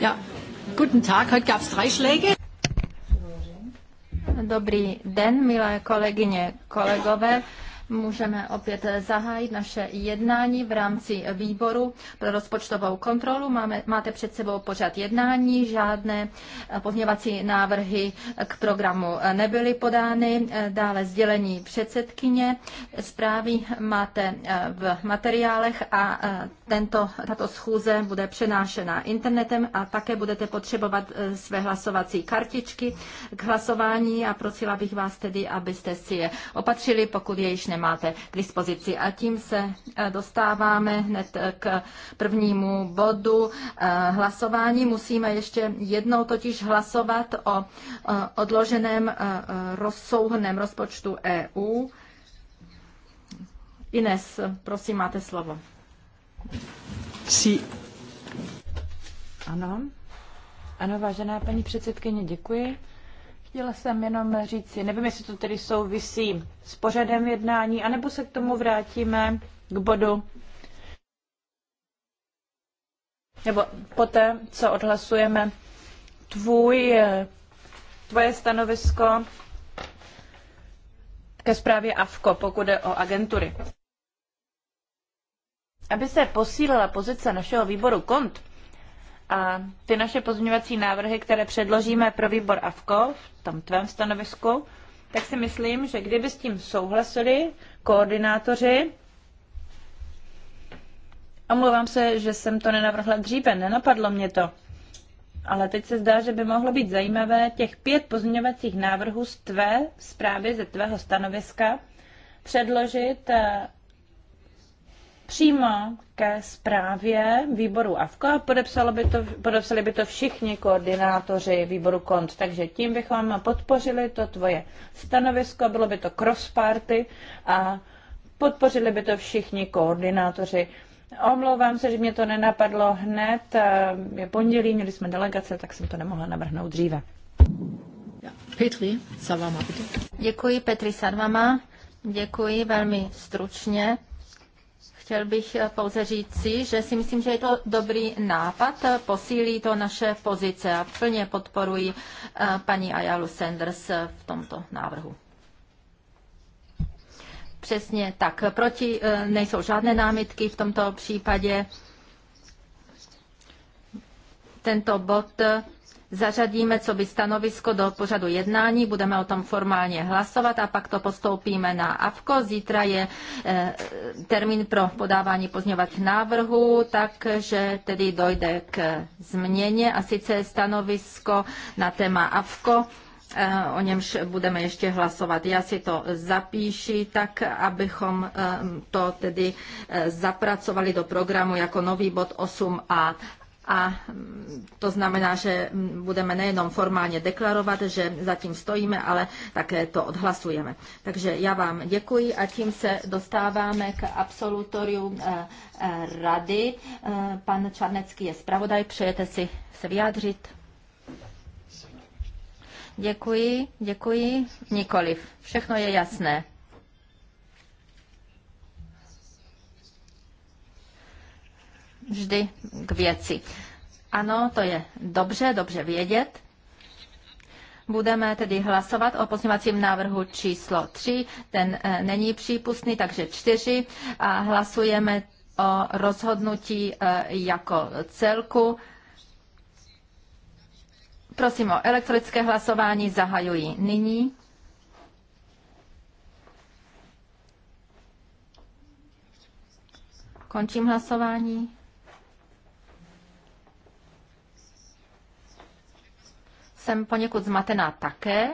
Ja, guten Tag, heute gab es drei Schläge. Dobrý den, milé kolegyně, kolegové můžeme opět zahájit naše jednání v rámci výboru pro rozpočtovou kontrolu. Máme, máte před sebou pořad jednání, žádné pozměvací návrhy k programu nebyly podány. Dále sdělení předsedkyně. Zprávy máte v materiálech a tento, tato schůze bude přenášena internetem a také budete potřebovat e, své hlasovací kartičky k hlasování a prosila bych vás tedy, abyste si je opatřili, pokud je již ne nemáte k dispozici. A tím se eh, dostáváme hned eh, k prvnímu bodu eh, hlasování. Musíme ještě jednou totiž hlasovat o odloženém rozsouhném rozpočtu EU. Ines, prosím, máte slovo. Sí. Ano. Ano, vážená paní předsedkyně, děkuji. Chtěla jsem jenom říci, nevím, jestli to tedy souvisí s pořadem jednání, anebo se k tomu vrátíme k bodu. Nebo poté, co odhlasujeme tvůj, tvoje stanovisko ke zprávě AFKO, pokud jde o agentury. Aby se posílila pozice našeho výboru KONT, a ty naše pozměňovací návrhy, které předložíme pro výbor AFKO v tom tvém stanovisku, tak si myslím, že kdyby s tím souhlasili koordinátoři, omlouvám se, že jsem to nenavrhla dříve, nenapadlo mě to, ale teď se zdá, že by mohlo být zajímavé těch pět pozměňovacích návrhů z tvé zprávy, ze tvého stanoviska, předložit eh, přímo ke zprávě výboru AFKO a podepsali by to, podepsali by to všichni koordinátoři výboru KONT. Takže tím bychom podpořili to tvoje stanovisko, bylo by to cross party a podpořili by to všichni koordinátoři. Omlouvám se, že mě to nenapadlo hned. Eh, je pondělí, měli jsme delegace, tak jsem to nemohla navrhnout dříve. Petri Savama, bitte. Děkuji Petri Savama. Děkuji velmi stručně. Chtěl bych eh, pouze říci, že si myslím, že je to dobrý nápad, eh, posílí to naše pozice a plně podporuji eh, paní Ayalu Sanders v tomto návrhu. Přesně tak. Proti nejsou žádné námitky v tomto případě. Tento bod zařadíme co by stanovisko do pořadu jednání, budeme o tom formálně hlasovat a pak to postoupíme na AVKO. Zítra je eh, termín pro podávání pozměňovacích návrhů, takže tedy dojde k změně a sice stanovisko na téma AVKO eh, o němž budeme ještě hlasovat. Já si to zapíši tak, abychom eh, to tedy zapracovali do programu jako nový bod 8a. A mm, to znamená, že mm, budeme nejenom formálně deklarovat, že zatím stojíme, ale také to odhlasujeme. Takže já vám děkuji a tím se dostáváme k absolutoriu eh, eh, rady. Eh, pan Čarnecký je zpravodaj, přejete si se vyjádřit? Děkuji, děkuji. Nikoliv. Všechno je jasné. vždy k věci. Ano, to je dobře, dobře vědět. Budeme tedy hlasovat o pozměňovacím návrhu číslo 3, ten eh, není přípustný, takže 4 a hlasujeme o rozhodnutí eh, jako celku. Prosím o elektronické hlasování, zahajuji nyní. Končím hlasování. jsem poněkud zmatená také.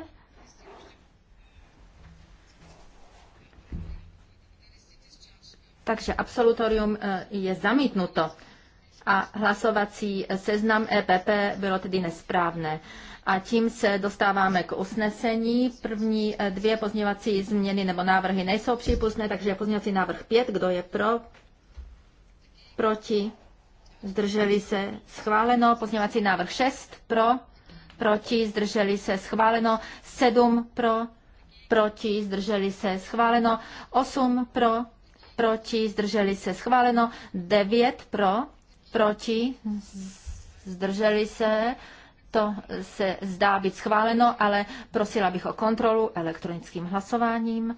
Takže absolutorium eh, je zamítnuto a hlasovací seznam EPP bylo tedy nesprávné. A tím se dostáváme k usnesení. První eh, dvě pozměňovací změny nebo návrhy nejsou přípustné, takže pozměňovací návrh 5. Kdo je pro? Proti? Zdrželi se? Schváleno. Pozměňovací návrh 6. Pro? proti, zdrželi se schváleno, 7 pro, proti, zdrželi se schváleno, 8 pro, proti, zdrželi se schváleno, 9 pro, proti, zdrželi se, to se zdá být schváleno, ale prosila bych o kontrolu elektronickým hlasováním.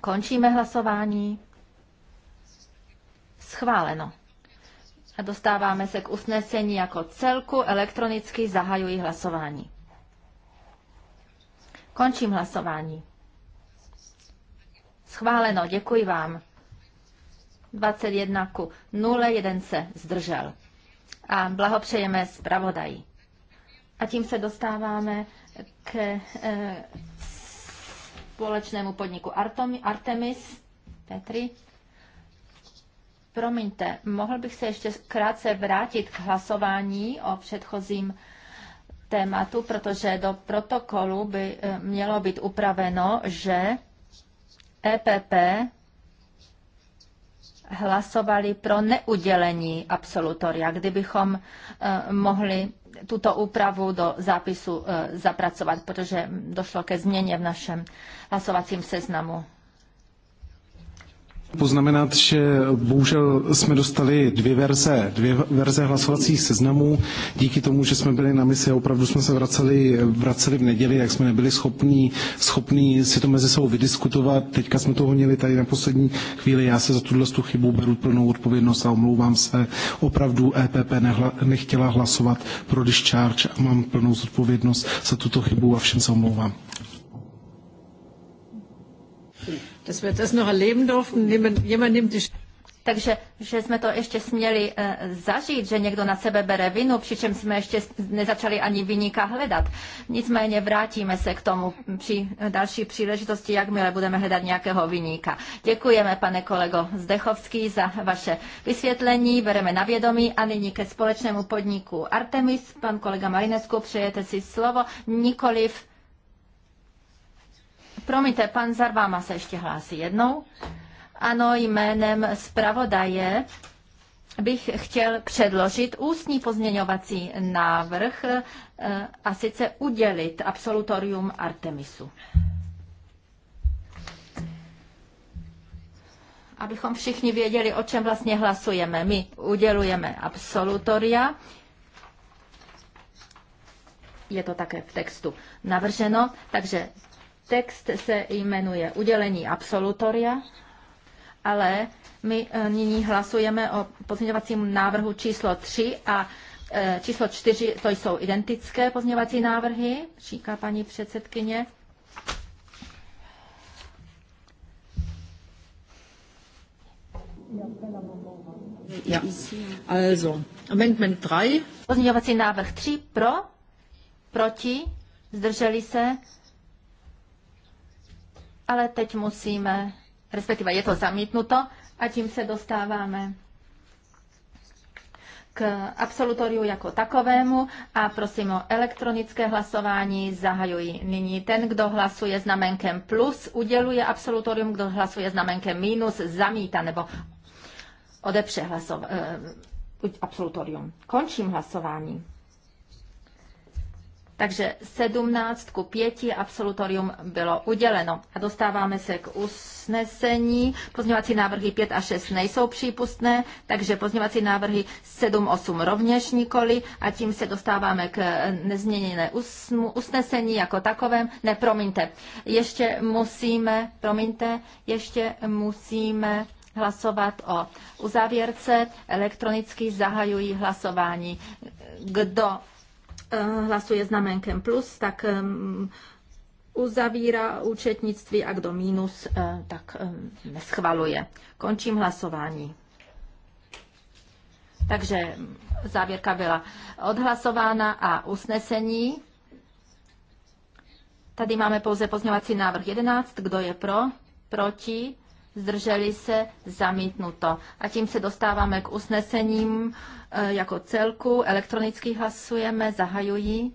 Končíme hlasování. Schváleno. A dostáváme se k usnesení jako celku. Elektronicky zahajuji hlasování. Končím hlasování. Schváleno, děkuji vám. 21 ku 0, jeden se zdržel. A blahopřejeme zpravodaji. A tím se dostáváme k e, společnému podniku Artemis. Petri. Promiňte, mohl bych se ještě krátce vrátit k hlasování o předchozím tématu, protože do protokolu by eh, mělo být upraveno, že EPP hlasovali pro neudělení absolutoria. Kdybychom eh, mohli tuto úpravu do zápisu eh, zapracovat, protože došlo ke změně v našem hlasovacím seznamu. Poznamenat, že bohužel jsme dostali dvě verze, dvě verze hlasovacích seznamů. Díky tomu, že jsme byli na misi a opravdu jsme se vraceli, vraceli v neděli, jak jsme nebyli schopní, schopní si to mezi sebou vydiskutovat. Teďka jsme to honili tady na poslední chvíli. Já se za tuhle tu chybu beru plnou odpovědnost a omlouvám se. Opravdu EPP nehla, nechtěla hlasovat pro discharge a mám plnou zodpovědnost za tuto chybu a všem se omlouvám dass wir das noch erleben durften. Jemand nimmt die takže, že jsme to ještě směli e, zažít, že někdo na sebe bere vinu, přičem jsme ještě nezačali ani vyníka hledat. Nicméně vrátíme se k tomu při další příležitosti, jakmile budeme hledat nějakého vyníka. Děkujeme, pane kolego Zdechovský, za vaše vysvětlení, bereme na vědomí a nyní ke společnému podniku Artemis. Pan kolega Marinesku, přejete si slovo, nikoliv Promiňte, pan Zarváma se ještě hlásí jednou. Ano, jménem zpravodaje bych chtěl předložit ústní pozměňovací návrh eh, a sice udělit absolutorium Artemisu. Abychom všichni věděli, o čem vlastně hlasujeme. My udělujeme absolutoria. Je to také v textu navrženo, takže Text se jmenuje Udělení absolutoria, ale my eh, nyní hlasujeme o pozměňovacím návrhu číslo 3 a eh, číslo 4, to jsou identické pozměňovací návrhy, říká paní předsedkyně. Ja. Also, Amendment 3. Pozměňovací návrh 3 pro, proti, zdrželi se, ale teď musíme, respektive je to zamítnuto a tím se dostáváme k absolutoriu jako takovému a prosím o elektronické hlasování zahajuji. Nyní ten, kdo hlasuje znamenkem plus, uděluje absolutorium, kdo hlasuje znamenkem minus, zamítá nebo odepře eh, absolutorium. Končím hlasování. Takže 17 ku 5 absolutorium bylo uděleno. A dostáváme se k usnesení. Pozněvací návrhy 5 a 6 nejsou přípustné, takže pozněvací návrhy 7, 8 rovněž nikoli. A tím se dostáváme k nezměněné usnesení jako takovém. Ne, promiňte, ještě musíme, promiňte, ještě musíme hlasovat o uzávěrce. Elektronicky zahajují hlasování. Kdo Eh, hlasuje znamenkem plus, tak uzavírá účetnictví a kdo minus eh, tak neschvaluje. Končím hlasování. Takže závěrka byla odhlasována a usnesení. Tady máme pouze pozměňovací návrh 11. Kdo je pro? Proti? Zdrželi se? Zamítnuto. A tím se dostáváme k usnesením E, jako celku. Elektronicky hlasujeme, zahajuji.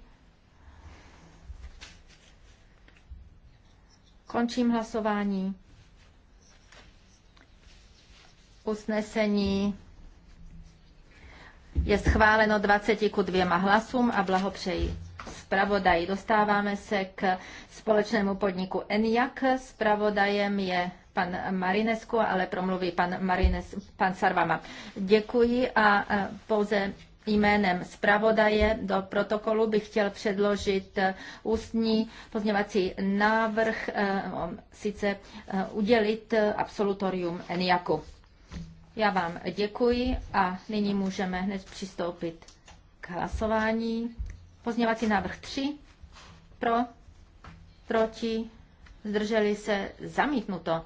Končím hlasování. Usnesení je schváleno 20 ku dvěma hlasům a blahopřeji zpravodaji. Dostáváme se k společnému podniku ENIAC. Spravodajem je pan Marinesku, ale promluví pan, Marines, pan Sarvama. Děkuji a e, pouze jménem zpravodaje do protokolu bych chtěl předložit e, ústní pozměvací návrh, e, sice udělit absolutorium ENIAKu. Já vám děkuji a nyní můžeme hned přistoupit k hlasování. Pozměvací návrh 3. Pro, proti, zdrželi se, zamítnuto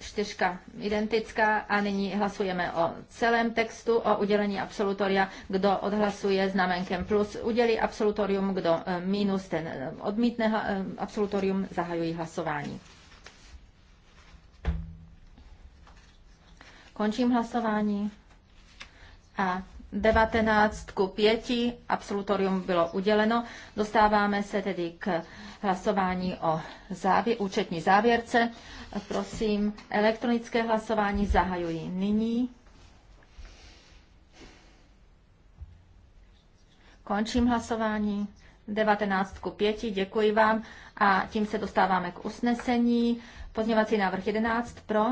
čtyřka identická a nyní hlasujeme o celém textu, o udělení absolutoria. Kdo odhlasuje znamenkem plus, udělí absolutorium, kdo eh, minus, ten eh, odmítne eh, absolutorium, zahajují hlasování. Končím hlasování a 19 ku 5 absolutorium bylo uděleno. Dostáváme se tedy k hlasování o závě, účetní závěrce. Prosím, elektronické hlasování zahajuji nyní. Končím hlasování. 19 ku 5, děkuji vám. A tím se dostáváme k usnesení. Pozněvací návrh 11 pro,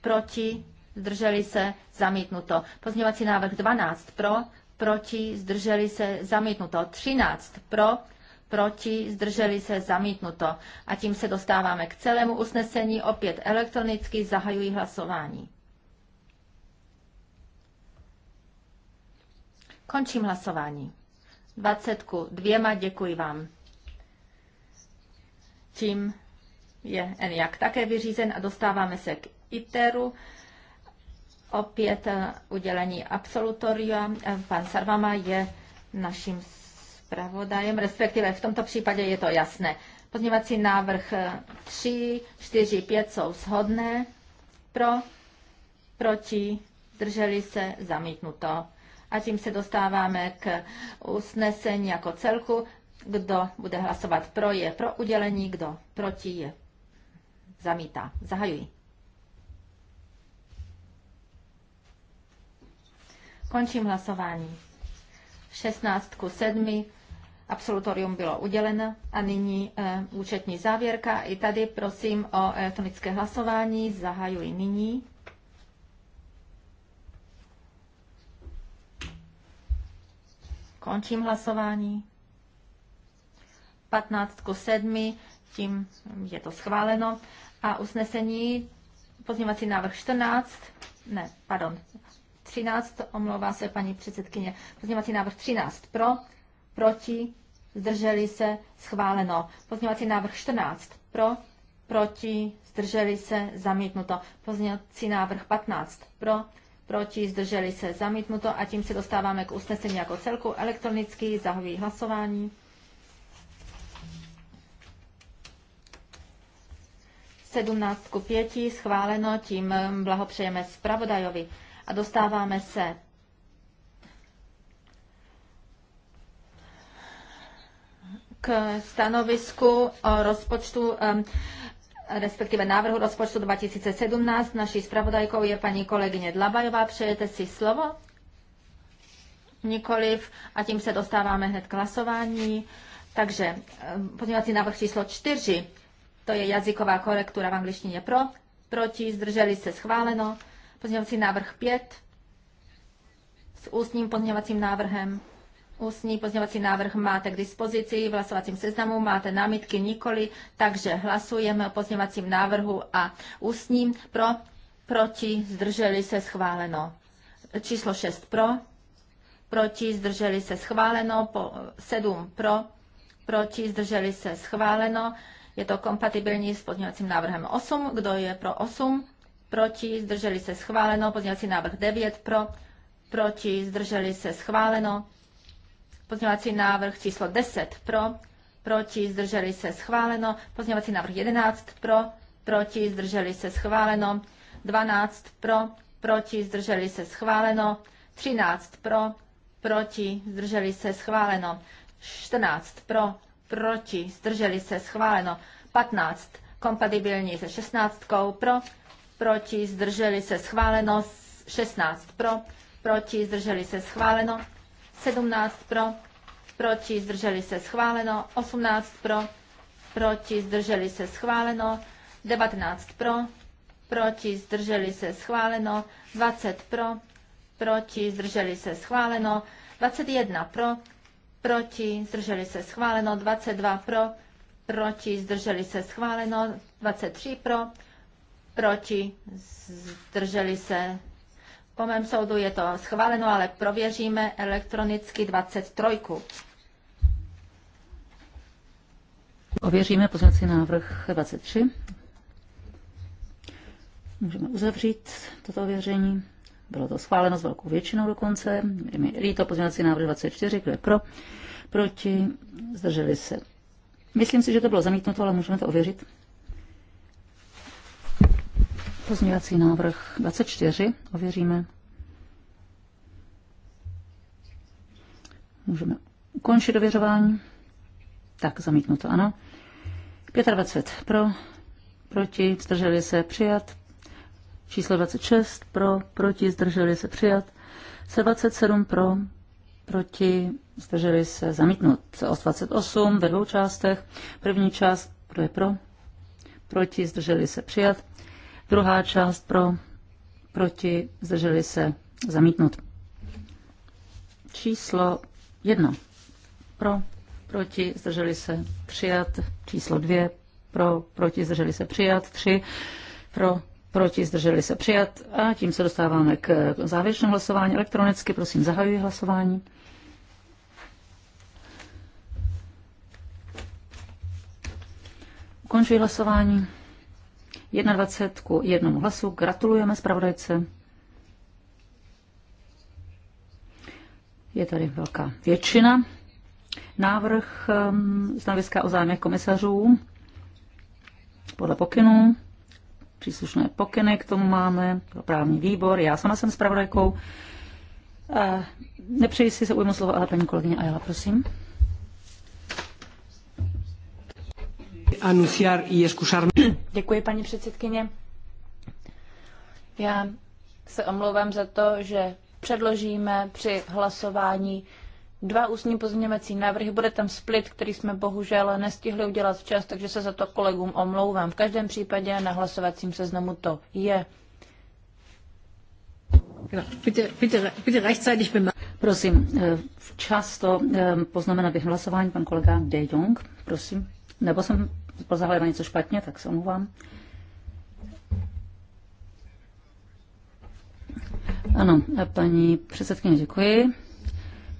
proti, zdrželi se, zamítnuto. Pozměňovací návrh 12 pro, proti, zdrželi se, zamítnuto. 13 pro, proti, zdrželi se, zamítnuto. A tím se dostáváme k celému usnesení. Opět elektronicky zahajují hlasování. Končím hlasování. 20 ku dvěma, děkuji vám. Tím je ENIAC také vyřízen a dostáváme se k ITERu opět eh, udělení absolutoria. Eh, pan Sarvama je naším zpravodajem, respektive v tomto případě je to jasné. Pozměňovací návrh 3, 4, 5 jsou shodné. Pro, proti, drželi se, zamítnuto. A tím se dostáváme k usnesení jako celku. Kdo bude hlasovat pro, je pro udělení, kdo proti, je zamítá. Zahajuji. Končím hlasování. 16 ku 7 absolutorium bylo uděleno a nyní e, účetní závěrka. I tady prosím o elektronické hlasování. Zahajuji nyní. Končím hlasování. 15 ku 7, tím je to schváleno. A usnesení, pozněvací návrh 14, ne, pardon, 13, omlouvá se paní předsedkyně. Pozměňovací návrh 13 pro, proti, zdrželi se, schváleno. Pozměňovací návrh 14 pro, proti, zdrželi se, zamítnuto. Pozměňovací návrh 15 pro, proti, zdrželi se, zamítnuto. A tím se dostáváme k usnesení jako celku elektronicky, zahoví hlasování. Sedmnáctku pěti, schváleno, tím blahopřejeme zpravodajovi a dostáváme se k stanovisku o rozpočtu, respektive návrhu rozpočtu 2017. Naší zpravodajkou je paní kolegyně Dlabajová. Přejete si slovo? Nikoliv. A tím se dostáváme hned k hlasování. Takže pozměňovací návrh číslo 4, to je jazyková korektura v angličtině pro, proti, zdrželi se schváleno. Pozměňovací návrh 5 s ústním pozměňovacím návrhem. Ústní pozměňovací návrh máte k dispozici v hlasovacím seznamu, máte námitky nikoli, takže hlasujeme o pozměňovacím návrhu a ústním pro, proti, zdrželi se schváleno. Číslo 6 pro, proti, zdrželi se schváleno, po 7 pro, proti, zdrželi se schváleno. Je to kompatibilní s pozměňovacím návrhem 8. Kdo je pro 8? proti, zdrželi se schváleno. Pozměňovací návrh 9 pro, proti, zdrželi se schváleno. Pozměňovací návrh číslo 10 pro, proti, zdrželi se schváleno. Pozměňovací návrh 11 pro, proti, zdrželi se schváleno. 12 pro, proti, zdrželi se schváleno. 13 pro, proti, zdrželi se schváleno. 14 pro, proti, zdrželi se schváleno. 15 kompatibilní se 16 pro, proti, zdrželi se schváleno, 16 pro, proti, zdrželi se schváleno, 17 pro, proti, zdrželi se schváleno, 18 pro, proti, zdrželi se schváleno, 19 pro, proti, zdrželi se schváleno, 20 pro, proti, zdrželi se schváleno, 21 pro, proti, zdrželi se schváleno, 22 pro, proti, zdrželi se schváleno, 23 pro, proti, zdrželi se. Po mém soudu je to schváleno, ale prověříme elektronicky 23. Ověříme pozvací návrh 23. Můžeme uzavřít toto ověření. Bylo to schváleno s velkou většinou dokonce. Je mi líto pozvací návrh 24, kdo je pro, proti, zdrželi se. Myslím si, že to bylo zamítnuto, ale můžeme to ověřit. Pozměňovací návrh 24 ověříme. Můžeme ukončit ověřování. Tak, zamítnuto, ano. 25 pro, proti, zdrželi se, přijat. Číslo 26 pro, proti, zdrželi se, přijat. 27 pro, proti, zdrželi se, zamítnut. Os 28 ve dvou částech. První část, kdo je pro, proti, zdrželi se, přijat. Druhá část pro, proti, zdrželi se, zamítnut. Číslo jedna pro, proti, zdrželi se, přijat. Číslo dvě pro, proti, zdrželi se, přijat. Tři pro, proti, zdrželi se, přijat. A tím se dostáváme k závěrečnému hlasování elektronicky. Prosím, zahajuji hlasování. Ukončuji hlasování. 21 ku jednomu hlasu. Gratulujeme zpravodajce. Je tady velká většina. Návrh ehm, stanoviska o zájmech komisařů podle pokynů. Příslušné pokyny k tomu máme, právní výbor, já sama jsem zpravodajkou. Nepřeji si se ujmu slovo, ale paní kolegyně Ajala, prosím. anunciar y excusarme. Děkuji, paní předsedkyně. Já se omlouvám za to, že předložíme při hlasování dva ústní pozměňovací návrhy. Bude tam split, který jsme bohužel nestihli udělat včas, takže se za to kolegům omlouvám. V každém případě na hlasovacím seznamu to je. Prosím, eh, včas to eh, poznamenat během hlasování pan kolega De Jong, prosím. Nebo jsem pozahajeme něco špatně, tak se omluvám. Ano, paní předsedkyně, děkuji.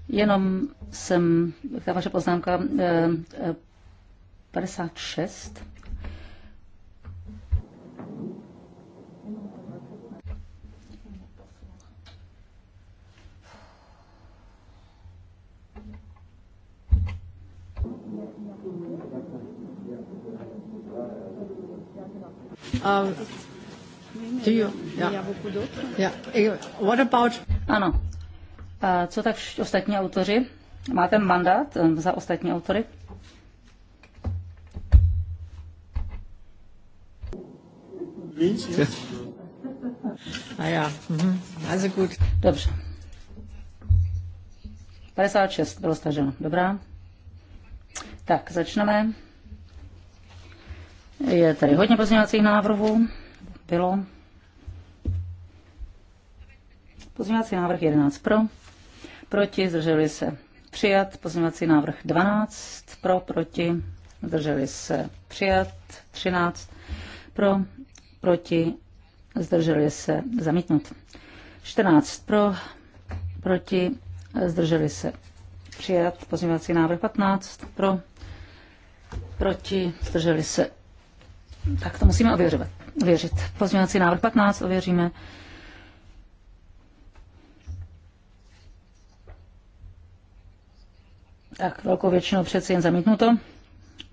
Jenom jsem, ta vaše poznámka 56, eh, eh, Um, do you? Yeah. Yeah. Eh, what about... Ano. A eh, co tak ostatní autoři? Máte mandát eh, za ostatní autory? Ah, A já. Mhm. Also gut. Dobře. 56 bylo staženo. Dobrá. Tak, začneme. Je tady hodně pozměňovacích návrhů. Bylo. Pozměňovací návrh 11 pro. Proti zdrželi se přijat. Pozměňovací návrh 12 pro. Proti zdrželi se přijat. 13 pro. Proti zdrželi se zamítnut. 14 pro. Proti zdrželi se přijat. Pozměňovací návrh 15 pro. Proti zdrželi se tak to musíme ověřovat. Ověřit. Pozměňovací návrh 15 ověříme. Tak velkou většinou přeci jen zamítnuto.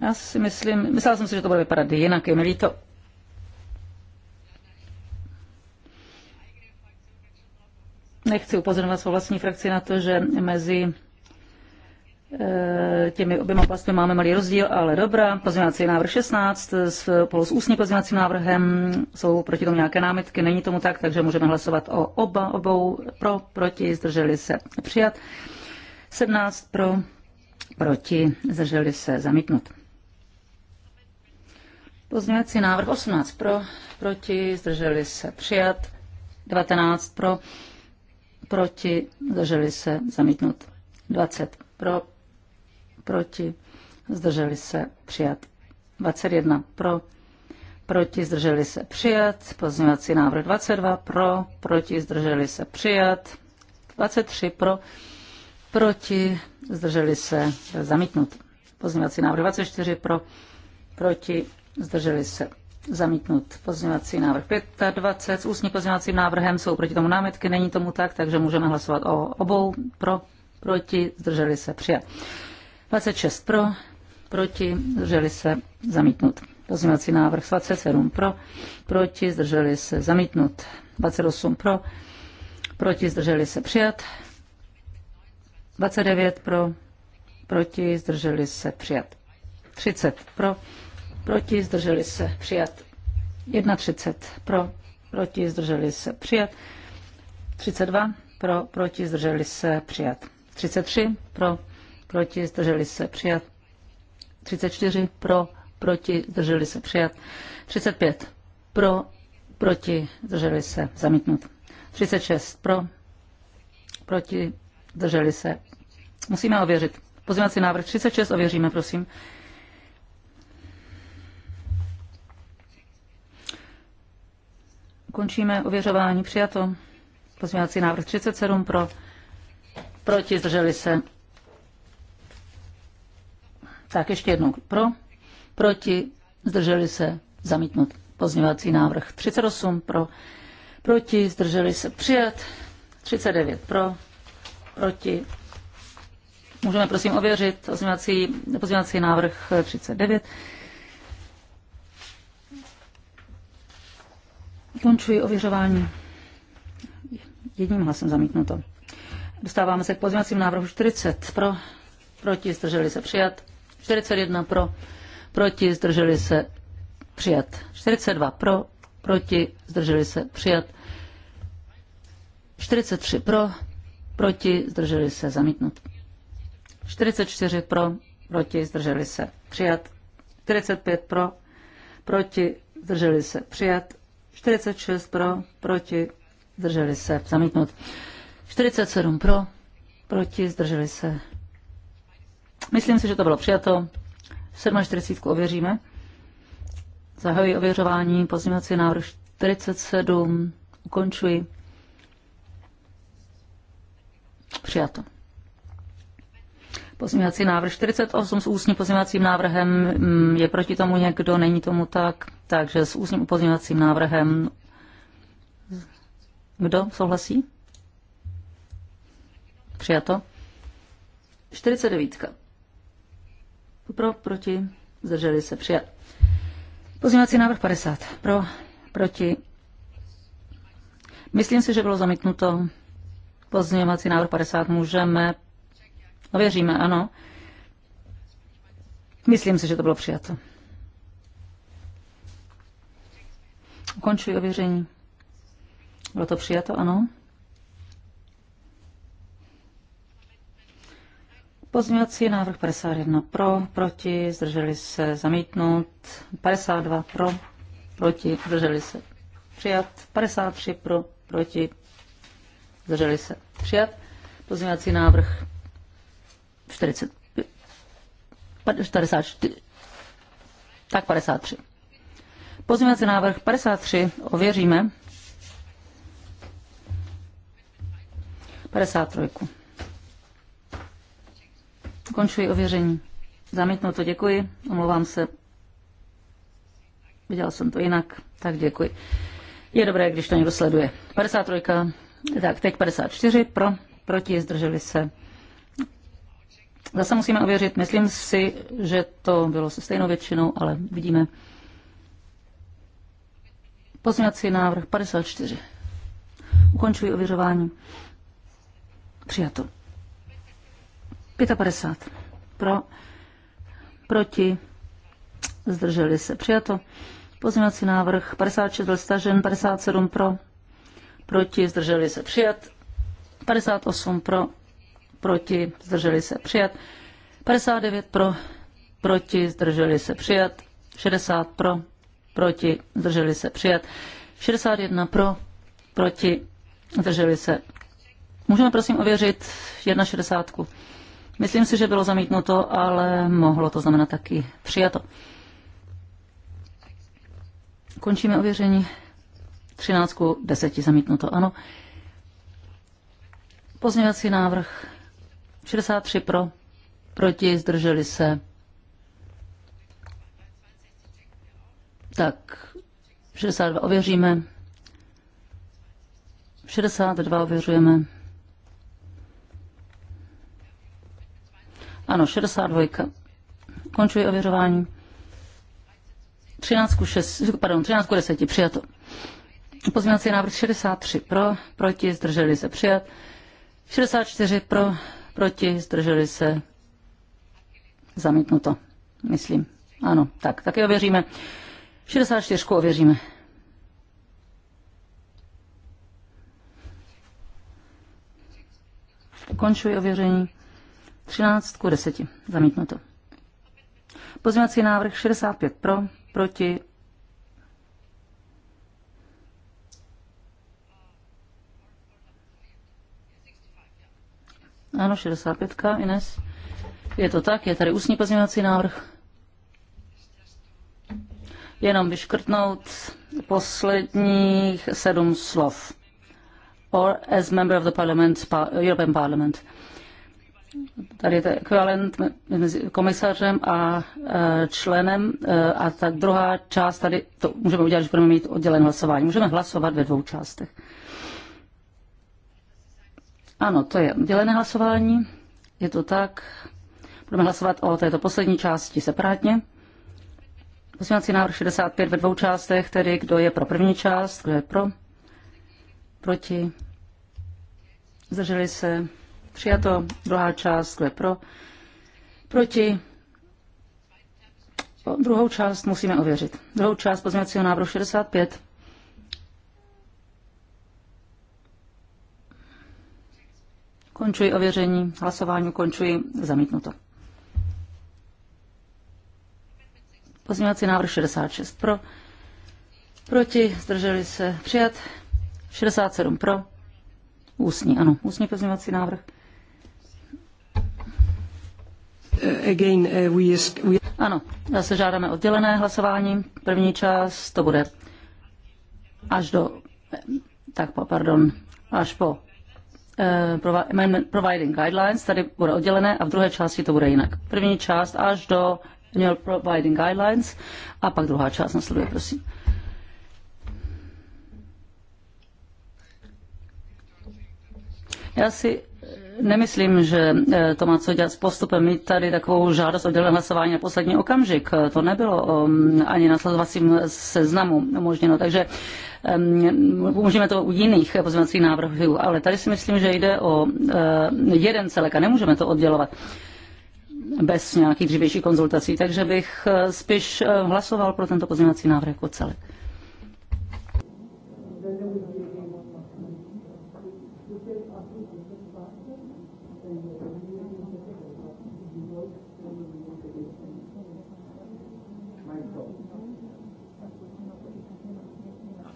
Já si myslím, myslela jsem si, že to bude vypadat jinak, je mi líto. Nechci upozorňovat svou vlastní frakci na to, že mezi Eh, těmi oběma oblastmi máme malý rozdíl, ale dobrá. Pozměňovací návrh 16 polo eh, s ústní pozměňovacím návrhem jsou proti tomu nějaké námitky, není tomu tak, takže můžeme hlasovat o oba, obou pro, proti, zdrželi se přijat. 17 pro, proti, zdrželi se zamítnut. Pozměňovací návrh 18 pro, proti, zdrželi se přijat. 19 pro, proti, zdrželi se zamítnut. 20 pro, proti, zdrželi se přijat. 21 pro, proti, zdrželi se přijat. Pozměňovací návrh 22 pro, proti, zdrželi se přijat. 23 pro, proti, zdrželi se zamítnut. Pozměňovací návrh 24 pro, proti, zdrželi se zamítnut. Pozměňovací návrh 25 s ústní pozměňovacím návrhem jsou proti tomu námitky, není tomu tak, takže můžeme hlasovat o obou pro, proti, zdrželi se přijat. 26 pro, proti, zdrželi se, zamítnut. Pozměňovací návrh 27 pro, proti, zdrželi se, zamítnut. 28 pro, proti, zdrželi se, přijat. 29 pro, proti, zdrželi se, přijat. 30 pro, proti, zdrželi se, přijat. 31 pro, proti, zdrželi se, přijat. 32 pro, proti, zdrželi se, přijat. 33 pro, proti, zdrželi se přijat. 34 pro, proti, zdrželi se přijat. 35 pro, proti, zdrželi se zamítnut. 36 pro, proti, zdrželi se. Musíme ověřit. Pozměňovací návrh 36 ověříme, prosím. Končíme ověřování. Přijato. Pozměňovací návrh 37 pro, proti, zdrželi se. Tak ještě jednou pro, proti, zdrželi se, zamítnut. pozměvací návrh 38 pro, proti, zdrželi se, přijat. 39 pro, proti. Můžeme prosím ověřit pozměvací, pozměvací návrh 39. Končuji ověřování. Jedním hlasem zamítnuto. Dostáváme se k pozměvacím návrhu 40. Pro, proti, zdrželi se přijat. 41 pro, proti, zdrželi se, přijat. 42 pro, proti, zdrželi se, přijat. 43 pro, proti, zdrželi se, zamítnut. 44 pro, proti, zdrželi se, přijat. 45 pro, proti, zdrželi se, přijat. 46 pro, proti, zdrželi se, zamítnut. 47 pro, proti, zdrželi se, Myslím si, že to bylo přijato. 47 ověříme. Zahajuji ověřování, pozměňovací návrh 47, ukončuji. Přijato. Pozměňovací návrh 48 s ústním pozměňovacím návrhem. Mm, Je proti tomu někdo? Není tomu tak. Takže s ústním pozměňovacím návrhem. Kdo souhlasí? Přijato. 49. Pro, proti, zdrželi se přijat. Pozměňovací návrh 50. Pro, proti. Myslím si, že bylo zamítnuto. Pozměňovací návrh 50 můžeme. Ověříme, ano. Myslím si, že to bylo přijato. Ukončuji ověření. Bylo to přijato, ano. Pozměňovací návrh 51 pro, proti, zdrželi se zamítnout, 52 pro, proti, zdrželi se přijat, 53 pro, proti, zdrželi se přijat. Pozměňovací návrh 44, tak 53. Pozměňovací návrh 53 ověříme. 53. Ukončuji ověření. Zamítnu to, děkuji. Omlouvám se. Viděl jsem to jinak, tak děkuji. Je dobré, když to někdo sleduje. 53. Tak, teď 54. Pro, proti, zdrželi se. Zase musíme ověřit. Myslím si, že to bylo se stejnou většinou, ale vidíme. Pozměňovací návrh 54. Ukončuji ověřování. Přijato. 55 pro, proti, zdrželi se, přijato. Pozměňovací návrh 56 byl stažen, 57 pro, proti, zdrželi se, přijat. 58 pro, proti, zdrželi se, přijat. 59 pro, proti, zdrželi se, přijat. 60 pro, proti, zdrželi se, přijat. 61 pro, proti, zdrželi se. Můžeme prosím ověřit 61. Myslím si, že bylo zamítnuto, ale mohlo to znamenat taky přijato. Končíme ověření. 13 ku 10 zamítnuto, ano. Pozměňovací návrh 63 pro, proti, zdrželi se. Tak, 62 ověříme. 62 ověřujeme. Ano, 62. Končuji ověřování. 13 ku, 6, pardon, 13 ku 10. Přijato. Pozměňovací návrh 63 pro, proti, zdrželi se přijat. 64 pro, proti, zdrželi se zamítnuto, myslím. Ano, tak, taky ověříme. 64 ověříme. Končuji ověření. 13 ku 10. Zamítnuto. Pozměňovací návrh 65 pro, proti. Ano, 65, Ines. Je to tak, je tady ústní pozměňovací návrh. Jenom vyškrtnout posledních sedm slov. Or as member of the parliament, European Parliament. Uh, tady je to ekvivalent mezi komisařem a e, členem e, a ta druhá část tady to můžeme udělat, že budeme mít oddělené hlasování. Můžeme hlasovat ve dvou částech. Ano, to je oddělené hlasování, je to tak. Budeme hlasovat o této poslední části separátně. Pozměňovací návrh 65 ve dvou částech, tedy kdo je pro první část, kdo je pro, proti, zdrželi se, Přijato druhá část, kdo je pro, proti. O druhou část musíme ověřit. Druhou část pozměňovacího návrhu 65. Končuji ověření, hlasování končuji, zamítnuto. Pozměňovací návrh 66 pro, proti, zdrželi se přijat, 67 pro, ústní, ano, ústní pozměňovací návrh. Again, eh, we... Ano, zase žádáme oddělené hlasování. První část to bude až do, eh, tak po, pardon, až po uh, providing guidelines, tady bude oddělené a v druhé části to bude jinak. První část až do měl providing guidelines a pak druhá část nasleduje, prosím. Já si Nemyslím, že eh, to má co dělat s postupem. Mít tady takovou žádost o dělené hlasování na poslední okamžik, eh, to nebylo ehm, ani na sledovacím seznamu umožněno. Takže ehm, Můžeme to u jiných pozměňovacích návrhů, ale tady si myslím, že jde o eh, jeden celek a nemůžeme to oddělovat bez nějakých dřívějších konzultací, takže bych spíš hlasoval pro tento pozměňovací návrh jako celek.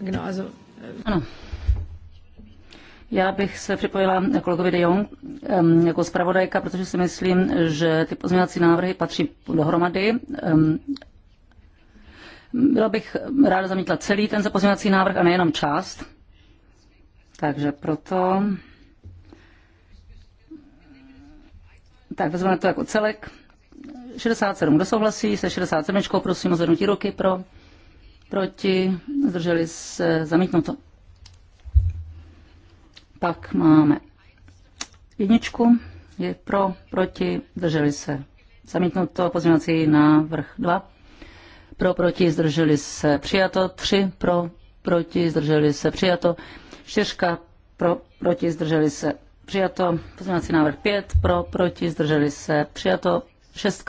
Genau, also, ano. Já bych se připojila kolegovi De Jong jako zpravodajka, protože si myslím, že ty pozměňovací návrhy patří dohromady. Byla bych ráda zamítla celý ten pozměňovací návrh a nejenom část. Takže proto... Tak vezmeme to jako celek. 67, kdo souhlasí se 67, prosím o zvednutí ruky pro proti, zdrželi se zamítnuto. Pak máme jedničku, je pro, proti, zdrželi se zamítnuto, pozměňovací návrh 2, pro, proti, zdrželi se přijato, 3, pro, proti, zdrželi se přijato, 4, pro, proti, zdrželi se přijato, pozměňovací návrh 5, pro, proti, zdrželi se přijato, 6,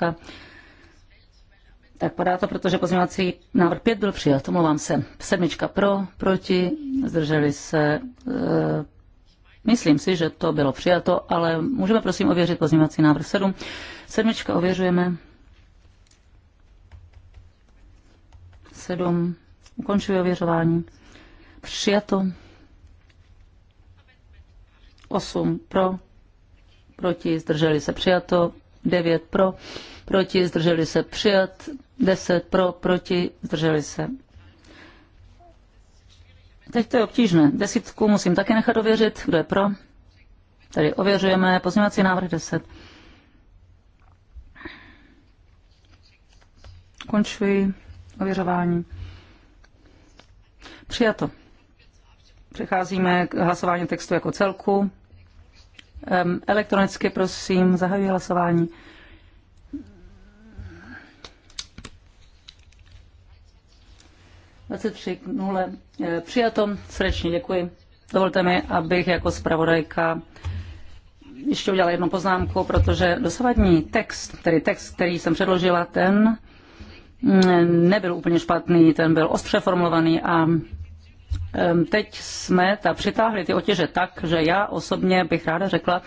tak padá to, protože pozměňovací návrh 5 byl přijat, omlouvám se. Sedmička pro, proti, zdrželi se. E, myslím si, že to bylo přijato, ale můžeme prosím ověřit pozměňovací návrh 7. Sedmička ověřujeme. 7. Ukončuje ověřování. Přijato. 8 pro, proti, zdrželi se přijato, 9 pro, proti, zdrželi se přijat, 10 pro, proti, zdrželi se. Teď to je obtížné. Desítku musím taky nechat ověřit. Kdo je pro? Tady ověřujeme pozměňovací návrh 10. Končuji ověřování. Přijato. Přecházíme k hlasování textu jako celku. Elektronicky prosím, zahajuji hlasování. 23 e, Přijato, srdečně děkuji. Dovolte mi, abych jako zpravodajka ještě udělala jednu poznámku, protože dosavadní text, tedy text, který jsem předložila, ten mm, nebyl úplně špatný, ten byl ostře formulovaný a teď jsme ta přitáhli ty otěže tak, že já osobně bych ráda řekla,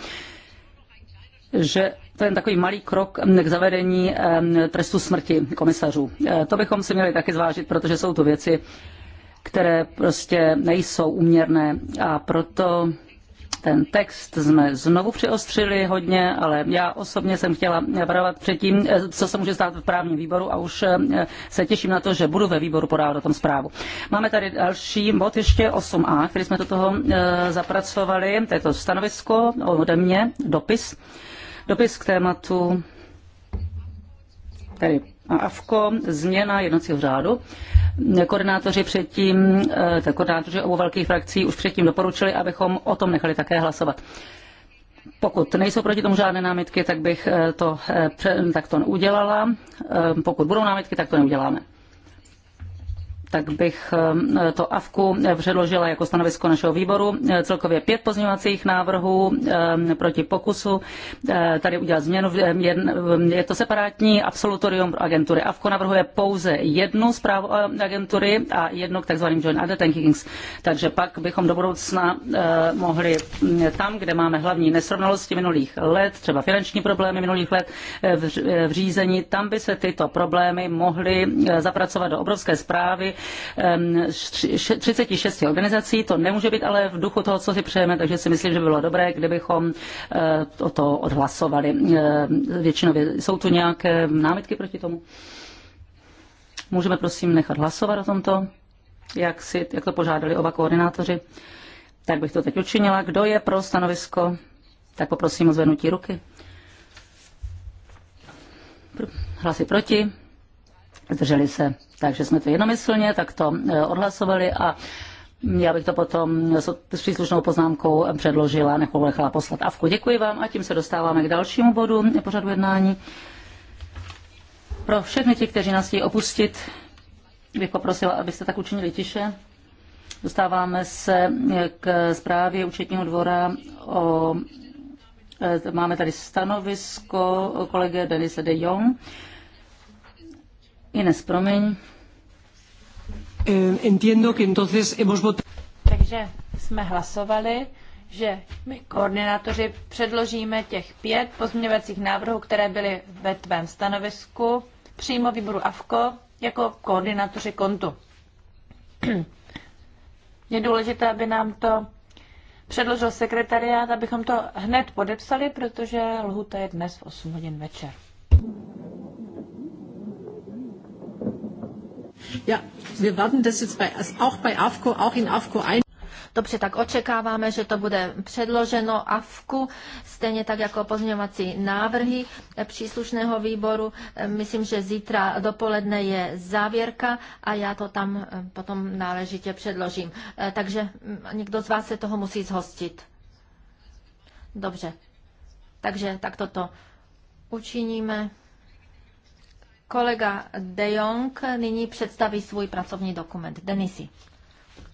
že to je takový malý krok mm, k zavedení mm, trestu smrti komisařů. E, to bychom si měli taky zvážit, protože jsou to věci, které prostě nejsou uměrné a proto ten text jsme znovu přiostřili hodně, ale já osobně jsem chtěla varovat před tím, e, co se může stát v právním výboru a už e, se těším na to, že budu ve výboru podávat o tom zprávu. Máme tady další bod ještě 8a, který jsme do toho zapracovali, to je to stanovisko ode mě, dopis Dopis k tématu, tedy AFKO, změna jednacího řádu. Koordinátoři předtím, eh, tak koordinátoři obou velkých frakcí už předtím doporučili, abychom o tom nechali také hlasovat. Pokud nejsou proti tomu žádné námitky, tak bych eh, to eh, takto neudělala. Pokud budou námitky, tak to neuděláme tak bych ehm, to AVKu předložila jako stanovisko našeho výboru. Eh, celkově pět pozměňovacích návrhů ehm, proti pokusu eh, tady udělat změnu. Ehm, je to separátní absolutorium agentury. AVKo navrhuje pouze jednu zprávu eh, agentury a jedno k tzv. joint undertakings. Takže pak bychom do budoucna mohli mm, tam, kde máme hlavní nesrovnalosti minulých let, třeba finanční problémy minulých let v řízení, tam by se tyto problémy mohly zapracovat do obrovské zprávy 36 ehm, organizací. To nemůže být ale v duchu toho, co si přejeme, takže si myslím, že by bylo dobré, kdybychom eh, o to odhlasovali. Ehm, většinově jsou tu nějaké námitky proti tomu? Můžeme prosím nechat hlasovat o tomto, jak, si, jak to požádali oba koordinátoři. Tak bych to teď učinila. Kdo je pro stanovisko, tak poprosím o zvednutí ruky. Hlasy proti zdrželi se. Takže jsme to jednomyslně takto eh, odhlasovali a já bych to potom s příslušnou poznámkou předložila, nebo nechala poslat avku. Děkuji vám a tím se dostáváme k dalšímu bodu pořadu jednání. Pro všechny ti, kteří nás chtějí opustit, bych poprosila, abyste tak učinili tiše. Dostáváme se eh, k zprávě účetního dvora o eh, Máme tady stanovisko kolege Denise de Jong Ines, promiň. Eh, entiendo que entonces hemos votado. Takže jsme hlasovali, že my koordinátoři předložíme těch pět pozměňovacích návrhů, které byly ve tvém stanovisku přímo výboru AFKO jako koordinátoři kontu. Je důležité, aby nám to předložil sekretariát, abychom to hned podepsali, protože lhuta je dnes v 8 hodin večer. Ja, wir werden das jetzt bei, auch bei AFCO, auch in AFCO ein. Dobře, tak očekáváme, že to bude předloženo AFKu, stejně tak jako pozměňovací návrhy příslušného výboru. E, myslím, že zítra dopoledne je závěrka a já to tam e, potom náležitě předložím. E, takže mm, někdo z vás se toho musí zhostit. Dobře, takže tak toto učiníme. Kolega De Jong nyní představí svůj pracovní dokument. Denisi,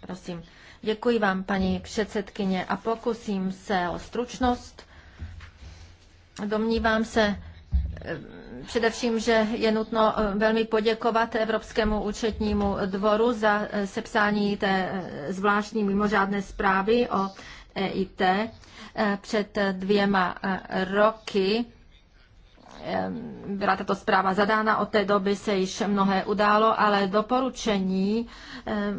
prosím. Děkuji vám, paní předsedkyně, a pokusím se o stručnost. Domnívám se, eh, Především, že je nutno eh, velmi poděkovat Evropskému účetnímu dvoru za eh, sepsání té zvláštní mimořádné zprávy o EIT před dvěma roky byla tato zpráva zadána, od té doby se již mnohé událo, ale doporučení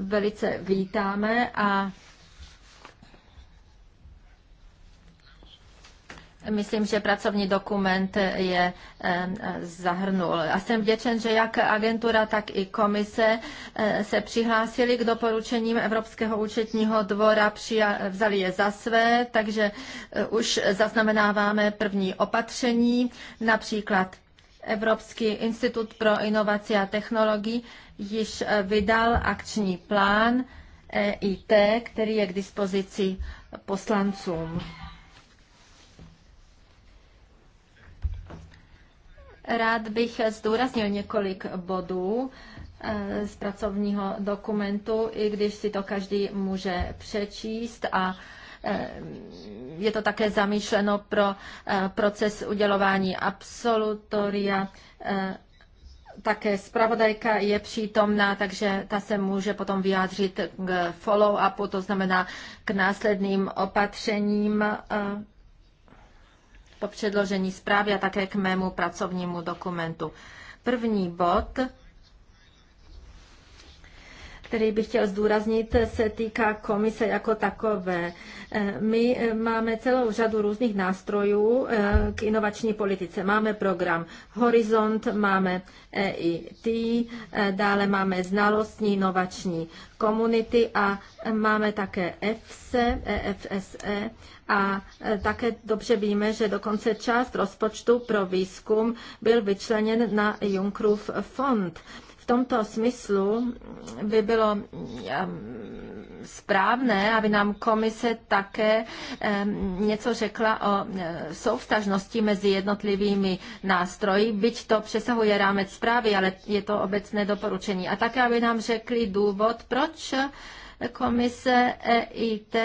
velice vítáme a Myslím, že pracovní dokument je eh, zahrnul. A jsem vděčen, že jak agentura, tak i komise eh, se přihlásili k doporučením Evropského účetního dvora, vzali je za své, takže eh, už zaznamenáváme první opatření, například Evropský institut pro inovaci a technologii již vydal akční plán EIT, který je k dispozici poslancům. Rád bych zdůraznil několik bodů eh, z pracovního dokumentu, i když si to každý může přečíst a eh, je to také zamýšleno pro eh, proces udělování absolutoria. Také zpravodajka je přítomná, takže ta se může potom vyjádřit k follow-upu, to znamená k následným opatřením po předložení zprávy a také k mému pracovnímu dokumentu. První bod který bych chtěl zdůraznit, se týká komise jako takové. Eh, my eh, máme celou řadu různých nástrojů eh, k inovační politice. Máme program Horizont, máme EIT, dále máme znalostní inovační komunity a máme také EFSE, EFSE a také dobře víme, že dokonce část rozpočtu pro výzkum byl vyčleněn na Junckerův fond. V tomto smyslu by bylo um, správné, aby nám komise také um, něco řekla o uh, souvstažnosti mezi jednotlivými nástroji, byť to přesahuje rámec zprávy, ale je to obecné doporučení. A také, aby nám řekli důvod, proč komise EIT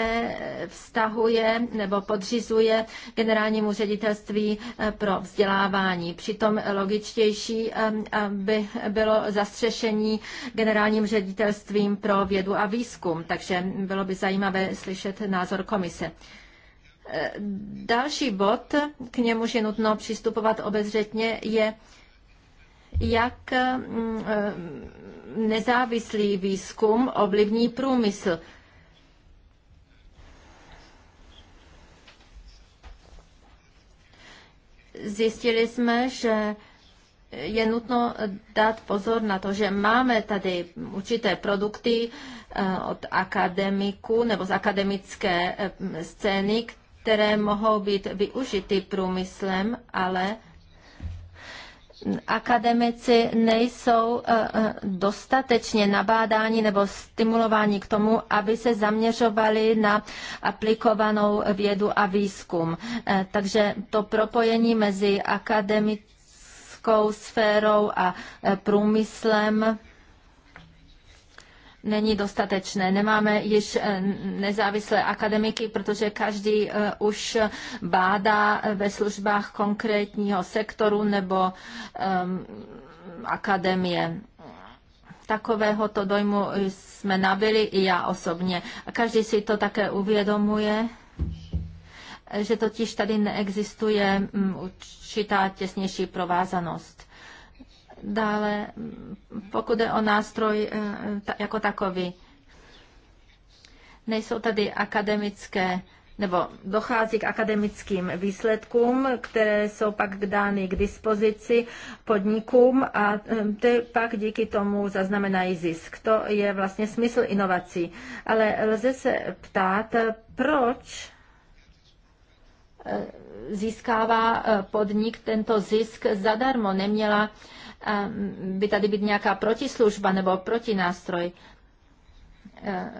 vztahuje nebo podřizuje generálnímu ředitelství eh, pro vzdělávání. Přitom logičtější eh, by bylo zastřešení generálním ředitelstvím pro vědu a výzkum, takže bylo by zajímavé slyšet názor komise. Eh, další bod, k němuž je nutno přistupovat obezřetně, je jak mm, eh, nezávislý výzkum ovlivní průmysl. Zjistili jsme, že je nutno dát pozor na to, že máme tady určité produkty eh, od akademiků nebo z akademické eh, scény, které mohou být využity průmyslem, ale akademici nejsou eh, eh, dostatečně nabádáni nebo stimulováni k tomu, aby se zaměřovali na aplikovanou vědu a výzkum. Eh, takže to propojení mezi akademickou sférou a průmyslem není dostatečné. Nemáme již eh, nezávislé akademiky, protože každý eh, už bádá eh, ve službách konkrétního sektoru nebo um, akademie takovéhoto dojmu jsme nabili i já osobně. A každý si to také uvědomuje, že totiž tady neexistuje mm, určitá těsnější provázanost. Dále, pokud jde o nástroj eh, jako takový, nejsou tady akademické nebo dochází k akademickým výsledkům, které jsou pak dány k dispozici podnikům a eh, ty pak díky tomu zaznamenají zisk. To je vlastně smysl inovací. Ale lze se ptát, proč eh, získává podnik tento zisk zadarmo, neměla by tady být nějaká protislužba nebo protinástroj. E,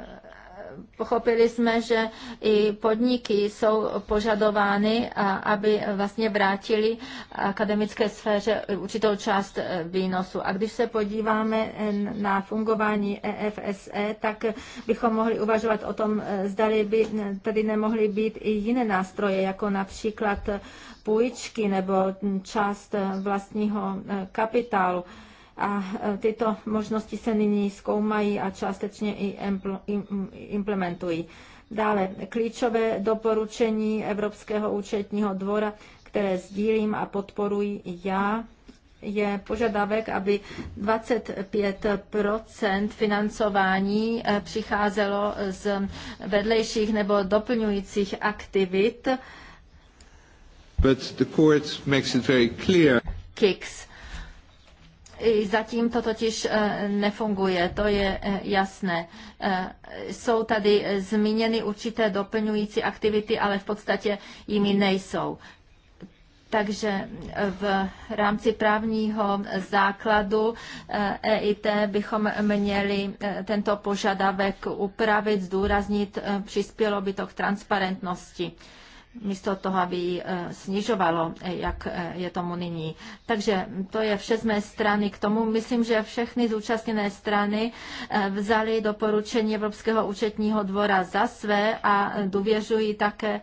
pochopili jsme, že i podniky jsou požadovány, aby vlastně vrátili akademické sféře určitou část e, výnosu. A když se podíváme e, na fungování EFSE, e, tak bychom mohli uvažovat o tom, zdali by tady nemohly být i jiné nástroje, jako například půjčky nebo část vlastního kapitálu a e, tyto možnosti se nyní zkoumají a částečně i implementují. Dále klíčové doporučení Evropského účetního dvora, které sdílím a podporuji já, je požadavek, aby 25 financování e, přicházelo z vedlejších nebo doplňujících aktivit. But the court makes it very clear. Kicks. Zatím to totiž eh, nefunguje, to je eh, jasné. Eh, jsou tady zmíněny určité doplňující aktivity, ale v podstatě jimi nejsou. Takže v rámci právního základu EIT e bychom měli tento požadavek upravit, zdůraznit, přispělo by to k transparentnosti místo toho, aby ji e, snižovalo, e, jak e, je tomu nyní. Takže to je vše z mé strany k tomu. Myslím, že všechny zúčastněné strany vzali doporučení Evropského účetního dvora za své a důvěřují také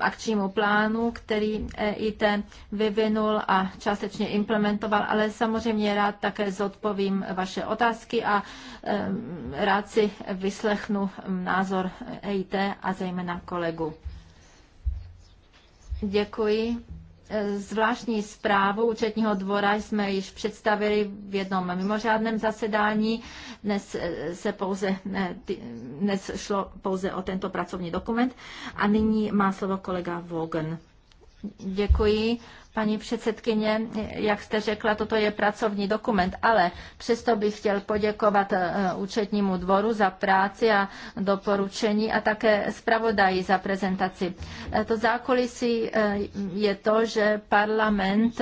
akčnímu plánu, který i ten vyvinul a částečně implementoval, ale samozřejmě rád také zodpovím vaše otázky a rád si vyslechnu názor EIT a zejména kolegu. Děkuji. Zvláštní zprávu účetního dvora jsme již představili v jednom mimořádném zasedání. Dnes, eh, se pouze, eh, dnes šlo pouze o tento pracovní dokument. A nyní má slovo kolega Vogen. Děkuji, Paní předsedkyně, jak jste řekla, toto je pracovní dokument, ale přesto bych chtěl poděkovat eh, účetnímu dvoru za práci a doporučení a také zpravodaji za prezentaci. Eh, to zákulisí eh, je to, že parlament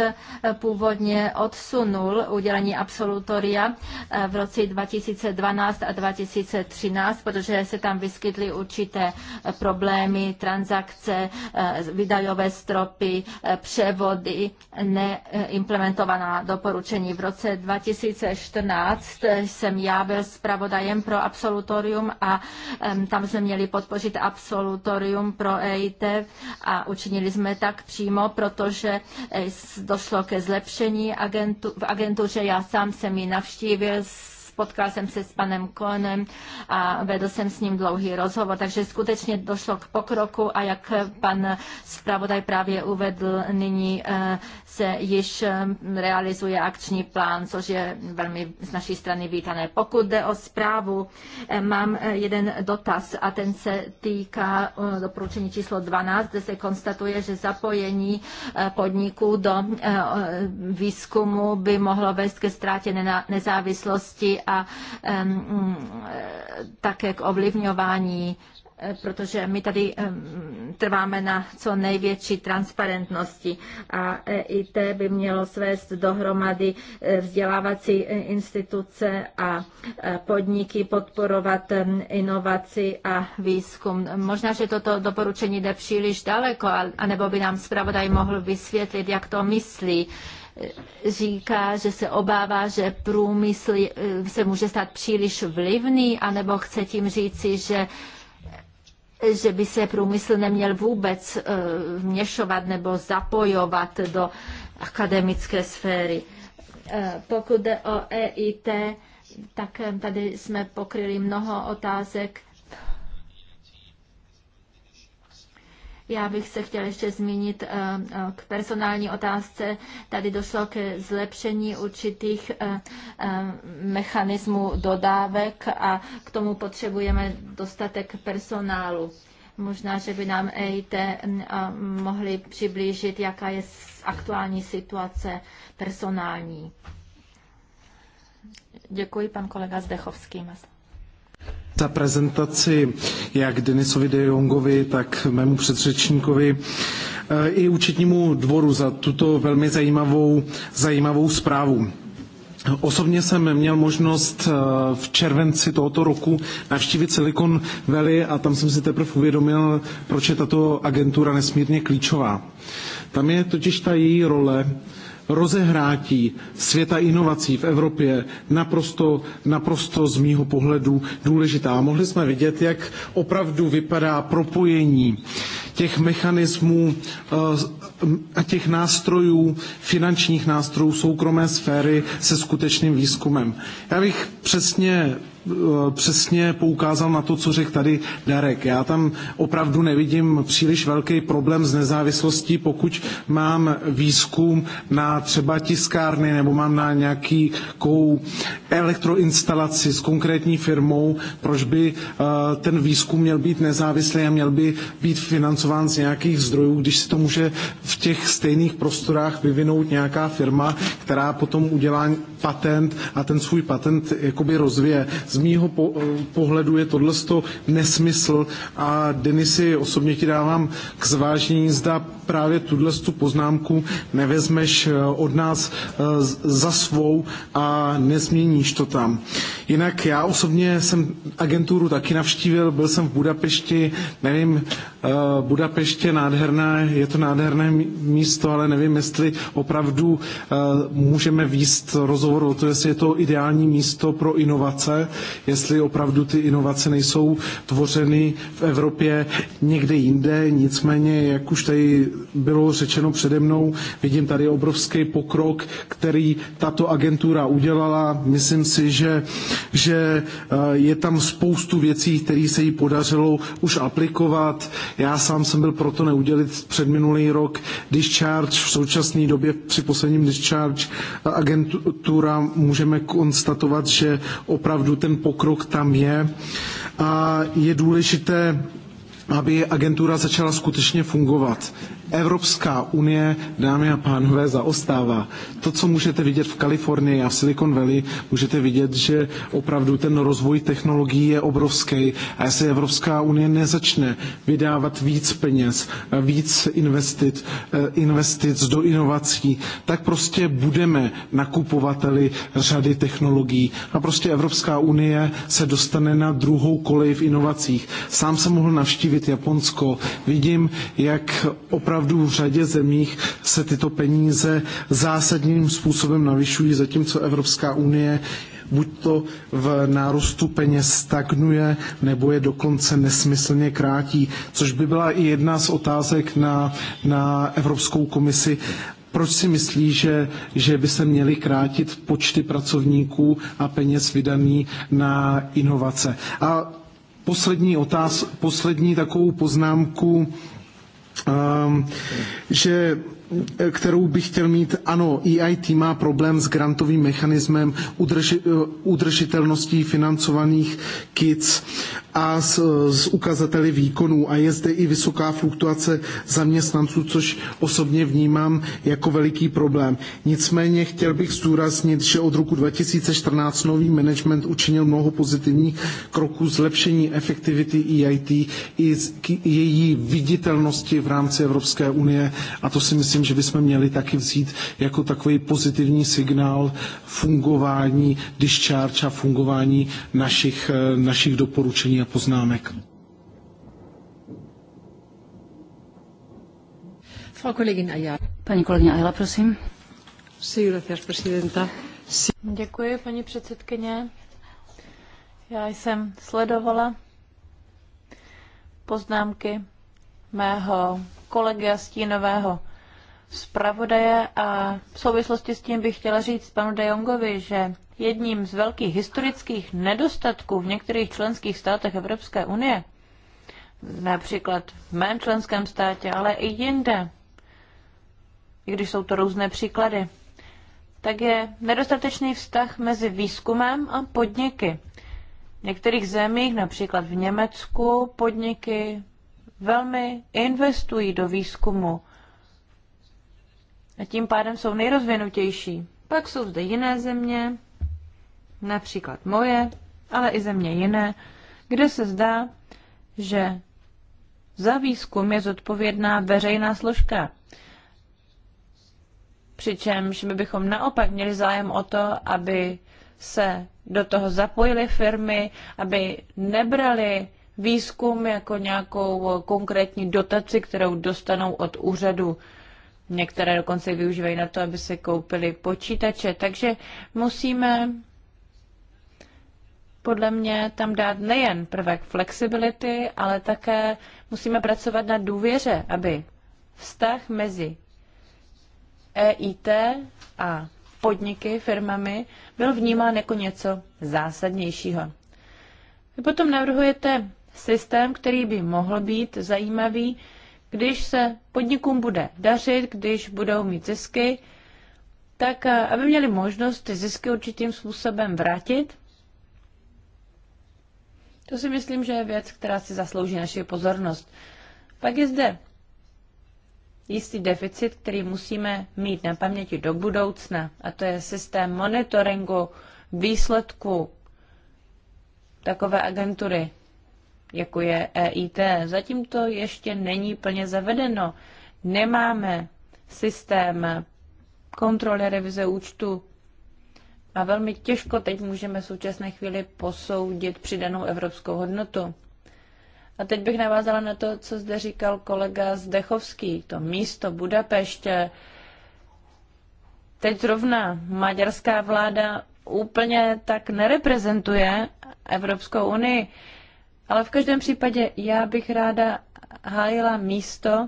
původně odsunul udělení absolutoria v roce 2012 a 2013, protože se tam vyskytly určité problémy, transakce, výdajové stropy, převody, i neimplementovaná doporučení. V roce 2014 jsem já byl zpravodajem pro absolutorium a tam jsme měli podpořit absolutorium pro EIT a učinili jsme tak přímo, protože eh, došlo ke zlepšení agentu, v agentuře. Já sám jsem ji navštívil, potkal jsem se s panem Kohnem a vedl jsem s ním dlouhý rozhovor, takže skutečně došlo k pokroku a jak pan zpravodaj právě uvedl, nyní eh, se již realizuje akční plán, což je velmi z naší strany vítané. Pokud jde o zprávu, mám eh, jeden dotaz a ten se týká eh, doporučení číslo 12, kde se konstatuje, že zapojení eh, podniků do výzkumu by mohlo vést ke ztrátě nezávislosti a mm, také k ovlivňování Eh, protože my tady trváme na co největší transparentnosti a EIT by mělo svést dohromady eh, vzdělávací eh, instituce a podniky podporovat inovaci a výzkum. Možná, že toto doporučení jde příliš daleko, anebo by nám zpravodaj mohl vysvětlit, jak to myslí říká, že se obává, že průmysl se může stát příliš vlivný, anebo chce tím říci, že že by se průmysl neměl vůbec eh, vměšovat nebo zapojovat do akademické sféry. Eh, pokud jde o EIT, tak eh, tady jsme pokryli mnoho otázek, Já bych se chtěla ještě zmínit eh, eh, k personální otázce. Tady došlo ke zlepšení určitých eh, mechanismů dodávek a k tomu potřebujeme dostatek personálu. Možná, že by nám EIT mohli přiblížit, jaká je aktuální situace personální. Děkuji, pan kolega Zdechovský za prezentaci jak Denisovi de Jongovi, tak mému předřečníkovi eh, i účetnímu dvoru za tuto velmi zajímavou, zajímavou zprávu. Osobně jsem měl možnost eh, v červenci tohoto roku navštívit Silicon Valley a tam jsem si teprve uvědomil, proč je tato agentura nesmírně klíčová. Tam je totiž ta její role rozehrátí světa inovací v Evropě naprosto, naprosto z mýho pohledu důležitá. Mohli jsme vidět, jak opravdu vypadá propojení těch mechanismů eh, a těch nástrojů, finančních nástrojů soukromé sféry se skutečným výzkumem. Já bych přesně Eh, přesně poukázal na to, co řekl tady Darek. Já tam opravdu nevidím příliš velký problém s nezávislostí, pokud mám výzkum na třeba tiskárny nebo mám na nějaký kou elektroinstalaci s konkrétní firmou, proč by eh, ten výzkum měl být nezávislý a měl by být financován z nějakých zdrojů, když se to může v těch stejných prostorách vyvinout nějaká firma, která potom udělá patent a ten svůj patent jakoby rozvíje. Z mýho po, pohledu je tohle nesmysl a Denisi osobně ti dávám k zvážení, zda právě tuhle tu poznámku nevezmeš eh, od nás eh, za svou a nezměníš to tam. Jinak já osobně jsem agenturu taky navštívil, byl jsem v Budapešti, nevím, eh, Budapešť je nádherná, je to nádherné místo, ale nevím, jestli opravdu můžeme výst rozhovor o to, jestli je to ideální místo pro inovace jestli opravdu ty inovace nejsou tvořeny v Evropě někde jinde. Nicméně, jak už tady bylo řečeno přede mnou, vidím tady obrovský pokrok, který tato agentura udělala. Myslím si, že, že eh, je tam spoustu věcí, které se jí podařilo už aplikovat. Já sám jsem byl proto neudělit předminulý rok discharge. V současné době při posledním discharge agentura můžeme konstatovat, že opravdu ten pokrok tam je a je důležité, aby agentura začala skutečně fungovat. Evropská unie, dámy a pánové, zaostává. To, co můžete vidět v Kalifornii a v Silicon Valley, můžete vidět, že opravdu ten rozvoj technologií je obrovský a jestli Evropská unie nezačne vydávat víc peněz, víc investit eh, investic do inovací, tak prostě budeme nakupovateli řady technologií a prostě Evropská unie se dostane na druhou kolej v inovacích. Sám jsem mohl navštívit Japonsko, vidím, jak opravdu opravdu v řadě zemích se tyto peníze zásadním způsobem navyšují, zatímco Evropská unie buď to v nárůstu peněz stagnuje, nebo je dokonce nesmyslně krátí, což by byla i jedna z otázek na, na Evropskou komisi, proč si myslí, že, že by se měly krátit počty pracovníků a peněz vydaný na inovace. A poslední, otáz, poslední takovou poznámku Ehm, že Eh, kterou bych chtěl mít, ano, EIT má problém s grantovým mechanismem udrži, eh, udržitelností financovaných KIC a s, eh, s ukazateli výkonů a je zde i vysoká fluktuace zaměstnanců, což osobně vnímám jako veliký problém. Nicméně chtěl bych zdůraznit, že od roku 2014 nový management učinil mnoho pozitivních kroků zlepšení efektivity EIT i její viditelnosti v rámci Evropské unie a to si myslím, myslím, že bychom měli taky vzít jako takový pozitivní signál fungování discharge a fungování našich, eh, našich doporučení a poznámek. Paní kolegyně Ayala, prosím. Děkuji, paní předsedkyně. Já jsem sledovala poznámky mého kolegy a stínového zpravodaje a v souvislosti s tím bych chtěla říct panu De Jongovi, že jedním z velkých historických nedostatků v některých členských státech Evropské unie, například v mém členském státě, ale i jinde, i když jsou to různé příklady, tak je nedostatečný vztah mezi výzkumem a podniky. V některých zemích, například v Německu, podniky velmi investují do výzkumu a tím pádem jsou nejrozvinutější. Pak jsou zde jiné země, například moje, ale i země jiné, kde se zdá, že za výzkum je zodpovědná veřejná složka. Přičemž my bychom naopak měli zájem o to, aby se do toho zapojily firmy, aby nebrali výzkum jako nějakou konkrétní dotaci, kterou dostanou od úřadu Některé dokonce využívají na to, aby se koupili počítače. Takže musíme podle mě tam dát nejen prvek flexibility, ale také musíme pracovat na důvěře, aby vztah mezi EIT a podniky, firmami, byl vnímán jako něco zásadnějšího. Vy potom navrhujete systém, který by mohl být zajímavý když se podnikům bude dařit, když budou mít zisky, tak eh, aby měli možnost ty zisky určitým způsobem vrátit. To si myslím, že je věc, která si zaslouží naši pozornost. Pak je zde jistý deficit, který musíme mít na paměti do budoucna, a to je systém monitoringu výsledku takové agentury jako je EIT. Zatím to ještě není plně zavedeno. Nemáme systém kontroly revize účtu a velmi těžko teď můžeme v současné chvíli posoudit přidanou evropskou hodnotu. A teď bych navázala na to, co zde říkal kolega Zdechovský, to místo Budapeště. Teď zrovna maďarská vláda úplně tak nereprezentuje Evropskou unii. Ale v každém případě já bych ráda hájila místo,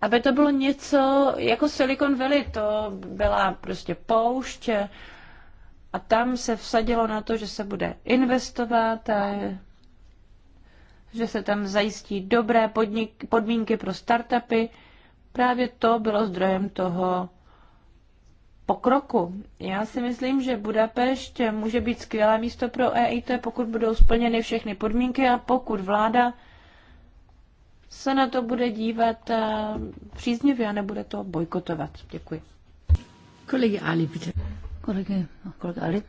aby to bylo něco jako Silicon Valley. To byla prostě poušť a tam se vsadilo na to, že se bude investovat a že se tam zajistí dobré podnik, podmínky pro startupy. Právě to bylo zdrojem toho pokroku. Já si myslím, že Budapešť může být skvělé místo pro EIT, pokud budou splněny všechny podmínky a pokud vláda se na to bude dívat eh, příznivě a nebude to bojkotovat. Děkuji. Kolegy Ali, bitte. Kolegy, no, kolega Ali.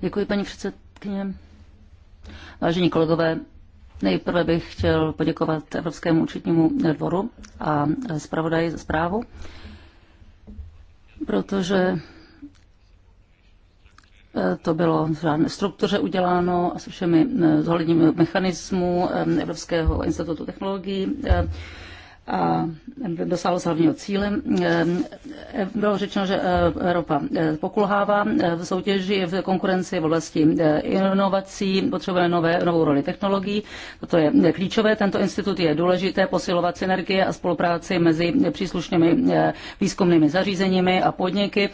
Děkuji, paní předsedkyně. Vážení kolegové, nejprve bych chtěl poděkovat Evropskému účetnímu dvoru a zpravodaji za zprávu protože eh, to bylo v žádné struktuře uděláno a se všemi eh, zohledněním mechanismů eh, Evropského institutu technologií a dosáhlo se hlavního cíle. Ehm, bylo řečeno, že eh, Evropa eh, pokulhává eh, v soutěži, v konkurenci v oblasti inovací, potřebuje nové, novou roli technologií. To je klíčové. Tento institut je důležité posilovat synergie a spolupráci mezi příslušnými výzkumnými zařízeními a podniky.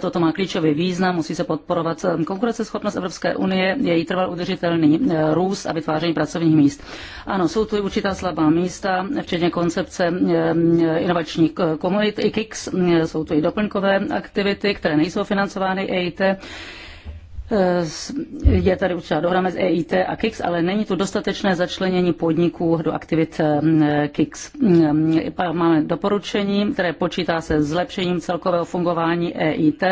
Toto má klíčový význam, musí se podporovat konkurenceschopnost Evropské unie, její trval udržitelný růst a vytváření pracovních míst. Ano, jsou tu určitá slabá místa, včetně koncepce organizace eh, eh, inovační komunity IKIX, eh, jsou to i doplňkové aktivity, které nejsou financovány EIT. Eh, je tady určitá dohra mezi EIT a KIX, ale není tu dostatečné začlenění podniků do aktivit eh, KIX. Mm, eh, máme doporučení, které počítá se zlepšením celkového fungování EIT,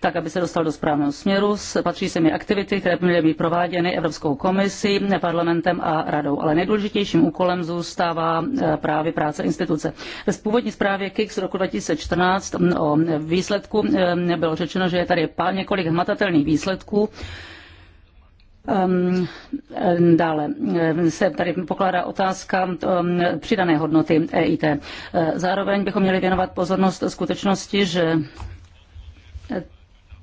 tak aby se dostal do správného směru. Patří se mi aktivity, které by měly být prováděny Evropskou komisí, parlamentem a radou. Ale nejdůležitějším úkolem zůstává právě práce instituce. V původní zprávě KIX roku 2014 mm, o výsledku bylo řečeno, že je tady pár několik hmatatelných výsledků, výsledků. Ehm, ehm, dále ehm, se tady pokládá otázka přidané hodnoty EIT. Zároveň bychom měli věnovat pozornost skutečnosti, že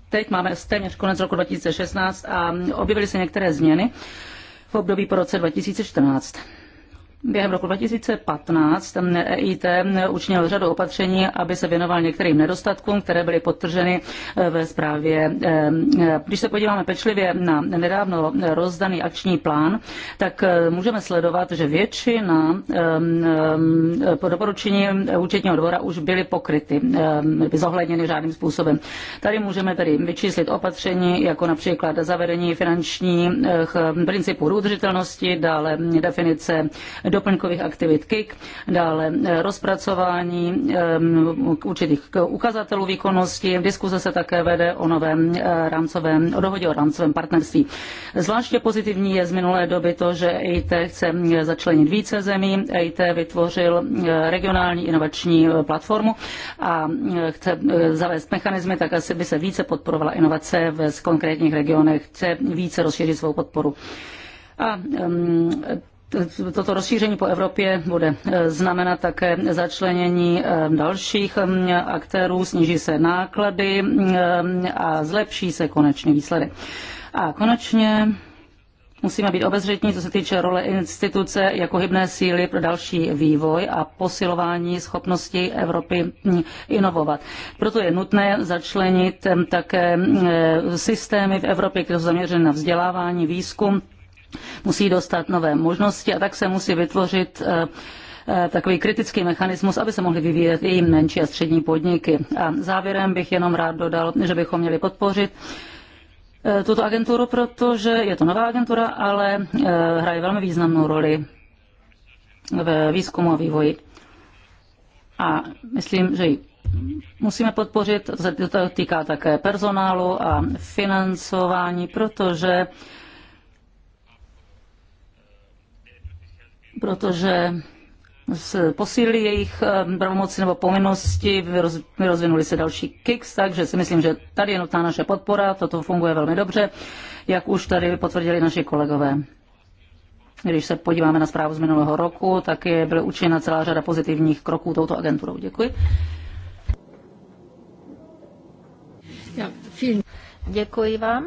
teď máme téměř konec roku 2016 a objevily se některé změny v období po roce 2014. Během roku 2015 EIT učinil řadu opatření, aby se věnoval některým nedostatkům, které byly podtrženy eh, ve zprávě. Eh, když se podíváme pečlivě na nedávno rozdaný akční plán, tak eh, můžeme sledovat, že většina doporučení účetního dvora už byly pokryty, zohledněny žádným způsobem. Tady můžeme tedy vyčíslit opatření, jako například zavedení finančních principů udržitelnosti, dále definice doplňkových aktivit KIK, dále eh, rozpracování eh, určitých ukazatelů výkonnosti. Diskuze se také vede o novém eh, rámcovém, o dohodě o rámcovém partnerství. Zvláště pozitivní je z minulé doby to, že EIT chce začlenit více zemí. EIT vytvořil regionální inovační platformu a chce zavést mechanizmy, tak asi by se více podporovala inovace v konkrétních regionech, chce více rozšířit svou podporu. A um, Toto rozšíření po Evropě bude eh, znamenat také začlenění eh, dalších mm, aktérů, sníží se náklady mm, a zlepší se konečný výsledek. A konečně Musíme být obezřetní, co se týče role instituce jako hybné síly pro další vývoj a posilování schopnosti Evropy mm, inovovat. Proto je nutné začlenit také systémy v Evropě, které jsou zaměřeny na vzdělávání, výzkum, musí dostat nové možnosti a tak se musí vytvořit eh, eh, takový kritický mechanismus, aby se mohly vyvíjet i menší a střední podniky. A závěrem bych jenom rád dodal, že bychom měli podpořit eh, tuto agenturu, protože je to nová agentura, ale hraje velmi významnou roli ve výzkumu a vývoji. A myslím, že ji musíme podpořit, to se týká také personálu a financování, protože protože posílí jejich eh, pravomoci nebo povinnosti, vyrozvinuli se další kicks, takže si myslím, že tady je nutná naše podpora, toto funguje velmi dobře, jak už tady potvrdili naši kolegové. Když se podíváme na zprávu z minulého roku, tak je byla učiněna celá řada pozitivních kroků touto agenturou. Děkuji. Děkuji vám.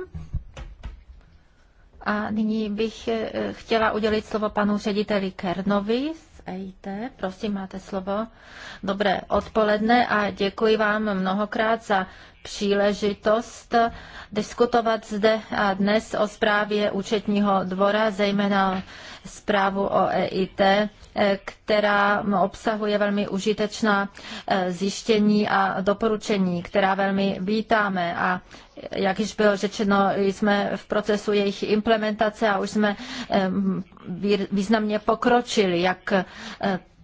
A nyní bych eh, chtěla udělit slovo panu řediteli Kernovi z EIT. Prosím, máte slovo. Dobré odpoledne a děkuji vám mnohokrát za příležitost diskutovat zde a dnes o zprávě účetního dvora, zejména zprávu o EIT Eh, která obsahuje velmi užitečná eh, zjištění a doporučení, která velmi vítáme a jak již bylo řečeno, jsme v procesu jejich implementace a už jsme eh, významně pokročili, jak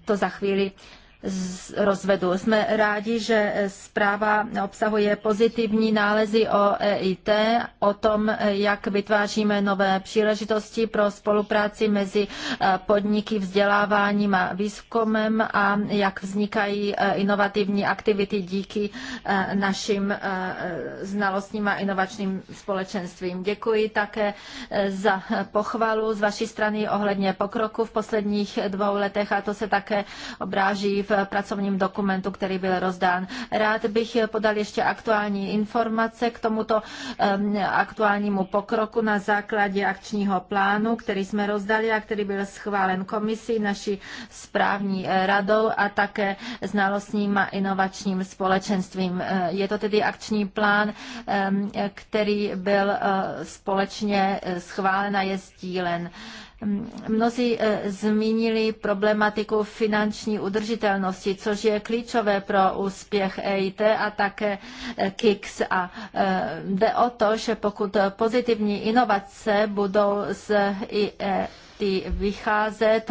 to za chvíli rozvedu. Jsme rádi, že zpráva obsahuje pozitivní nálezy o EIT, o tom, jak vytváříme nové příležitosti pro spolupráci mezi e, podniky vzděláváním a výzkumem a jak vznikají e, inovativní aktivity díky e, našim znalostním a inovačním společenstvím. Děkuji také za pochvalu z vaší strany ohledně pokroku v posledních dvou letech a to se také obráží v pracovním dokumentu, který byl rozdán. Rád bych podal ještě aktuální informace k tomuto aktuálnímu pokroku na základě akčního plánu, který jsme rozdali a který byl schválen komisí, naší správní eh, radou a také znalostním a inovačním společenstvím. Eh, je to tedy akční plán, který byl eh, společně schválen a je sdílen. Hm, mnozí eh, zmínili problematiku finanční udržitelnosti, což je klíčové pro úspěch EIT a také eh, KIX. A eh, jde o to, že pokud pozitivní inovace budou z ty vycházet,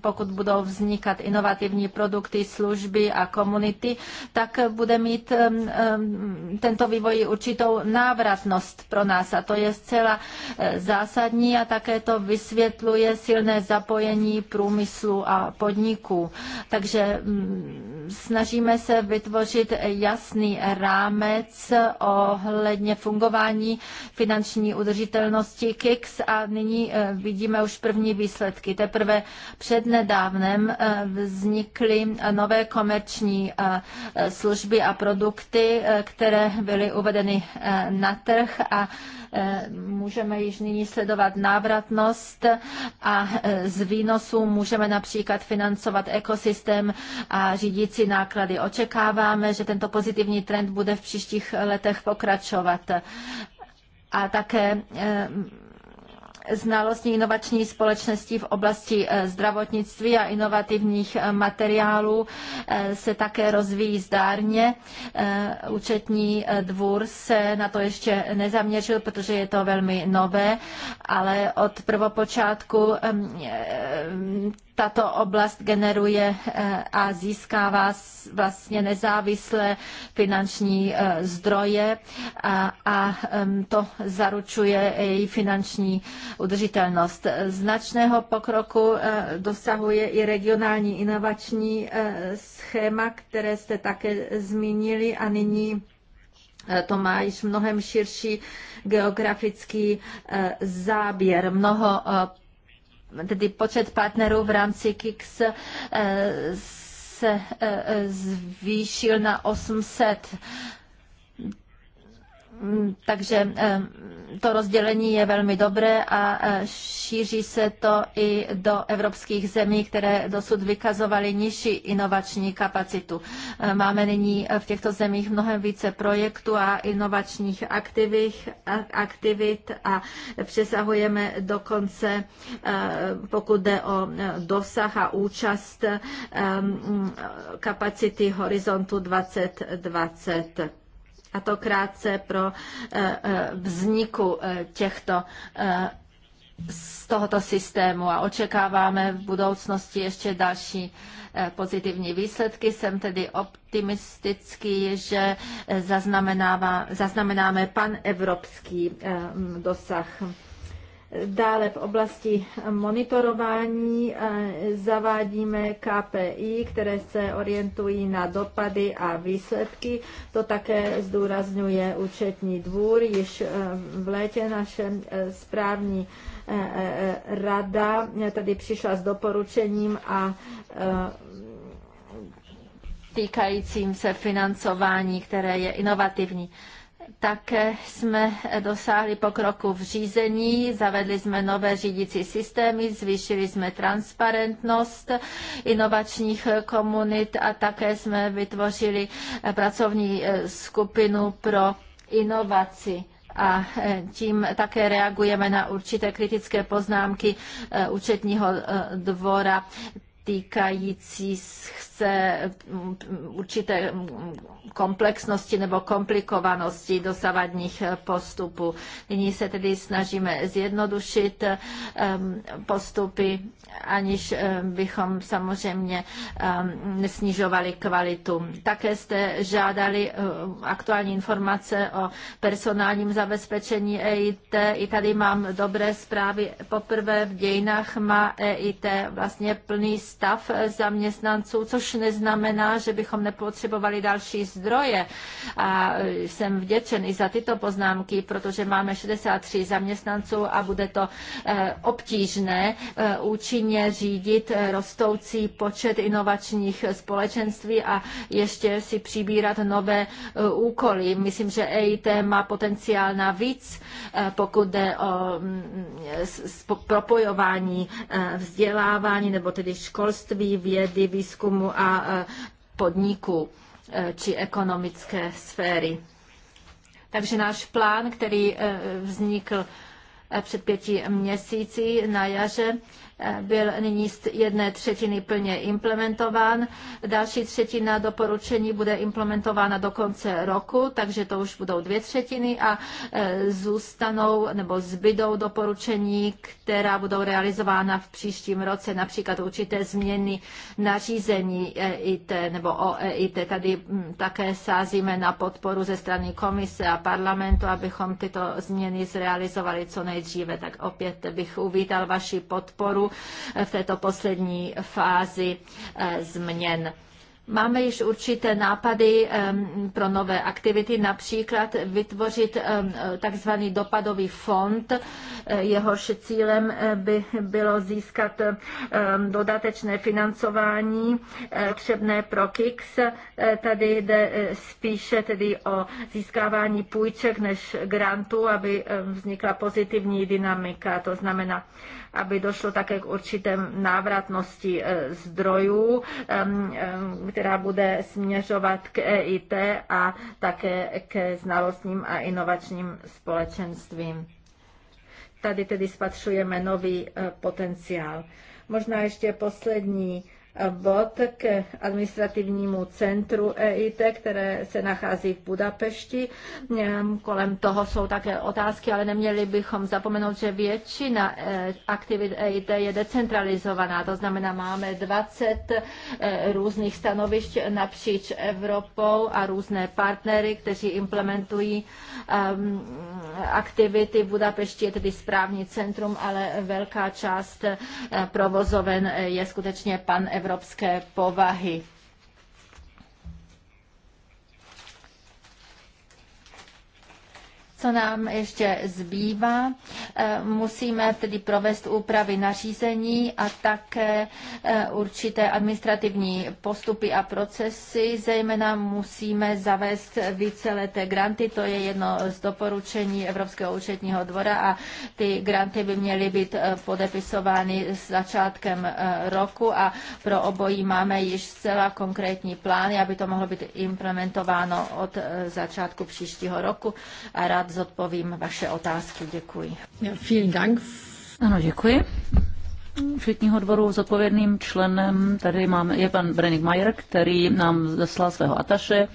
pokud budou vznikat inovativní produkty, služby a komunity, tak bude mít um, um, tento vývoj určitou návratnost pro nás a to je zcela eh, zásadní a také to vysvětluje silné zapojení průmyslu a podniků. Takže mm, snažíme se vytvořit jasný rámec ohledně fungování finanční udržitelnosti KIX a nyní eh, vidíme už první první výsledky. Teprve před nedávnem eh, vznikly eh, nové komerční eh, služby a produkty, které byly uvedeny na trh a můžeme již nyní sledovat návratnost a z výnosů můžeme například financovat ekosystém a řídící náklady. Očekáváme, že tento pozitivní trend bude v příštích letech pokračovat. A také znalostní inovační společnosti v oblasti eh, zdravotnictví a inovativních eh, materiálů eh, se také rozvíjí zdárně. Účetní dvůr se na to ještě nezaměřil, protože je to velmi nové, ale od prvopočátku tato oblast generuje eh, a získává vlastně nezávislé finanční eh, zdroje a, a to zaručuje její finanční udržitelnost. Značného pokroku eh, dosahuje i regionální inovační schéma, které jste také zmínili a nyní to má již mnohem širší geografický záběr. Mnoho tedy počet partnerů v rámci KIX eh, se eh, zvýšil na 800 Mm, takže to rozdělení je velmi dobré a e, šíří se to i do evropských zemí, které dosud vykazovaly nižší inovační kapacitu. E, máme nyní v těchto zemích mnohem více projektů a inovačních aktivit, a přesahujeme dokonce, e, pokud jde o dosah a účast kapacity horizontu 2020 a to krátce pro eh, eh, vzniku eh, těchto z tohoto systému a očekáváme v budoucnosti ještě další pozitivní výsledky. Jsem tedy optimistický, že zaznamenáme pan evropský dosah Dále v oblasti monitorování eh, zavádíme KPI, které se orientují na dopady a výsledky. To také zdůrazňuje účetní dvůr. Již eh, v létě naše eh, správní rada tady přišla s doporučením a týkajícím se financování, které je inovativní. Také jsme dosáhli pokroku v řízení, zavedli jsme nové řídící systémy, zvýšili jsme transparentnost inovačních komunit a také jsme vytvořili pracovní eh, skupinu pro inovaci a eh, tím také reagujeme na určité kritické poznámky eh, účetního dvora týkající se určité komplexnosti nebo komplikovanosti dosavadních postupů. Nyní se tedy snažíme zjednodušit ehm, postupy, aniž ehm, bychom samozřejmě ehm, nesnižovali kvalitu. Také jste žádali eh, aktuální informace o personálním zabezpečení EIT. I tady mám dobré zprávy. Poprvé v dějinách má EIT vlastně plný stav zaměstnanců, což neznamená, že bychom nepotřebovali další zdroje. A jsem vděčen i za tyto poznámky, protože máme 63 zaměstnanců a bude to eh, obtížné eh, účinně řídit eh, rostoucí počet inovačních společenství a ještě si přibírat nové úkoly. Myslím, že EIT má potenciál na víc, pokud jde o mm, propojování vzdělávání nebo tedy školství, vědy, výzkumu a e, podniků e, či ekonomické sféry. Takže náš plán, který e, vznikl před pěti měsíci na jaře, byl nyní z jedné třetiny plně implementován. Další třetina doporučení bude implementována do konce roku, takže to už budou dvě třetiny a e, zůstanou nebo zbydou doporučení, která budou realizována v příštím roce, například určité změny nařízení EIT nebo OEIT. Tady mm, také sázíme na podporu ze strany komise a parlamentu, abychom tyto změny zrealizovali co nejdříve. Tak opět bych uvítal vaši podporu v této poslední fázi eh, změn. Máme již určité nápady ehm, pro nové aktivity, například vytvořit ehm, takzvaný dopadový fond. Eh, jehož cílem eh, by bylo získat ehm, dodatečné financování křebné pro KIX. Tady jde spíše tedy o získávání půjček než grantů, aby vznikla pozitivní dynamika. To znamená, aby došlo také k určité návratnosti eh, zdrojů, která bude směřovat k EIT a také ke znalostním a inovačním společenstvím. Tady tedy spatřujeme nový eh, potenciál. Možná ještě poslední bod k administrativnímu centru EIT, které se nachází v Budapešti. Ehm, kolem toho jsou také otázky, ale neměli bychom zapomenout, že většina eh, aktivit EIT je decentralizovaná. To znamená, máme 20 eh, různých stanovišť napříč Evropou a různé partnery, kteří implementují ehm, aktivity. V Budapešti je tedy správní centrum, ale velká část eh, provozoven je skutečně pan evropské povahy. Co nám ještě zbývá? Eh, musíme tedy provést úpravy nařízení a také eh, určité administrativní postupy a procesy. Zejména musíme zavést víceleté granty, to je jedno z doporučení Evropského účetního dvora a ty granty by měly být eh, podepisovány s začátkem roku a pro obojí máme již zcela konkrétní plány, aby to mohlo být implementováno od začátku příštího roku. A rád zodpovím vaše otázky. Děkuji. Ja, vielen Dank. Ano, děkuji. Všetního dvoru zodpovědným členem tady máme, je pan Brenik Majer, který nám zaslal svého ataše.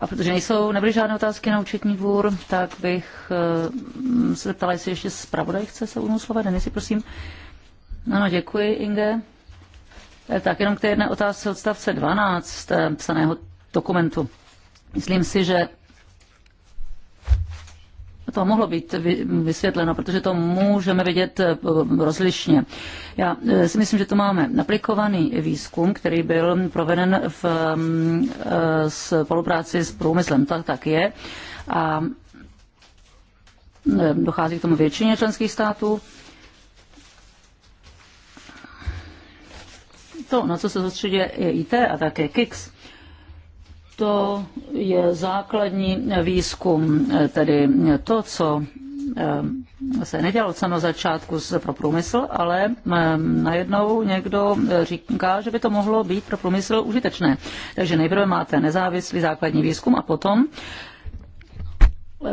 A protože nejsou, nebyly žádné otázky na účetní dvůr, tak bych eh, se zeptala, jestli ještě zpravodaj chce se ujmout slova. Denisi, prosím. Ano, děkuji, Inge. Eh, tak jenom k té jedné otázce odstavce 12 eh, psaného dokumentu. Myslím si, že to mohlo být vysvětleno, protože to můžeme vidět eh, rozlišně. Já eh, si myslím, že to máme aplikovaný výzkum, který byl proveden v mm, eh, spolupráci s průmyslem. Tak, tak je. A dochází k tomu většině členských států. To, na co se je IT a také KIX, to je základní výzkum, tedy to, co eh, se nedělalo samo začátku pro průmysl, ale eh, najednou někdo říká, že by to mohlo být pro průmysl užitečné. Takže nejprve máte nezávislý základní výzkum a potom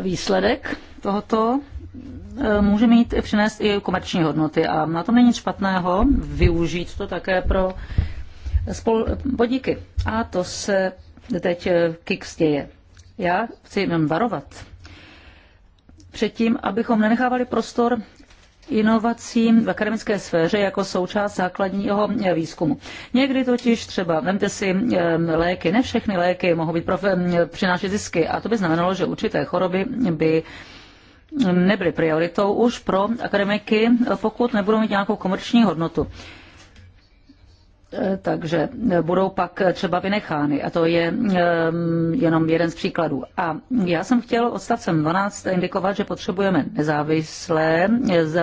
výsledek tohoto eh, může mít přinést i komerční hodnoty a na tom není nic špatného využít to také pro podíky. A to se teď eh, Kix děje. Já chci jim varovat předtím, abychom nenechávali prostor inovacím v akademické sféře jako součást základního eh, výzkumu. Někdy totiž třeba, vemte si eh, léky, ne všechny léky mohou být prof, přinášet zisky a to by znamenalo, že určité choroby by nebyly prioritou už pro akademiky, pokud nebudou mít nějakou komerční hodnotu. Eh, takže eh, budou pak eh, třeba vynechány. A to je jenom jeden z příkladů. A já jsem chtěl odstavcem 12 indikovat, že potřebujeme nezávislé,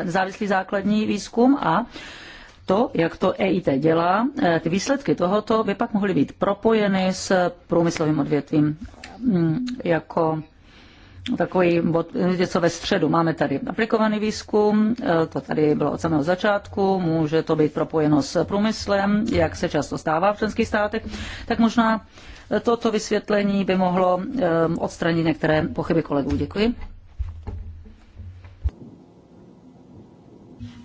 nezávislý základní výzkum a to, jak to EIT dělá, ty výsledky tohoto by pak mohly být propojeny s průmyslovým odvětvím mm, jako takový bod, něco ve středu. Máme tady aplikovaný výzkum, e, to tady bylo od samého začátku, může to být propojeno s průmyslem, jak se často stává v členských státech, tak možná toto vysvětlení by mohlo e, odstranit některé pochyby kolegů. Děkuji.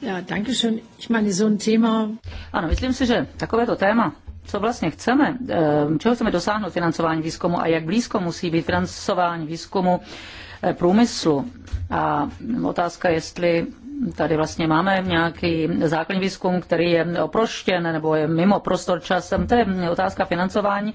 Ja, danke schön. Ich meine, so ein Thema... Ano, myslím si, že takovéto téma co vlastně chceme, eh, čeho chceme dosáhnout financování výzkumu a jak blízko musí být financování výzkumu eh, průmyslu. A otázka, jestli tady vlastně máme nějaký základní výzkum, který je oproštěn nebo je mimo prostor časem. To je otázka financování.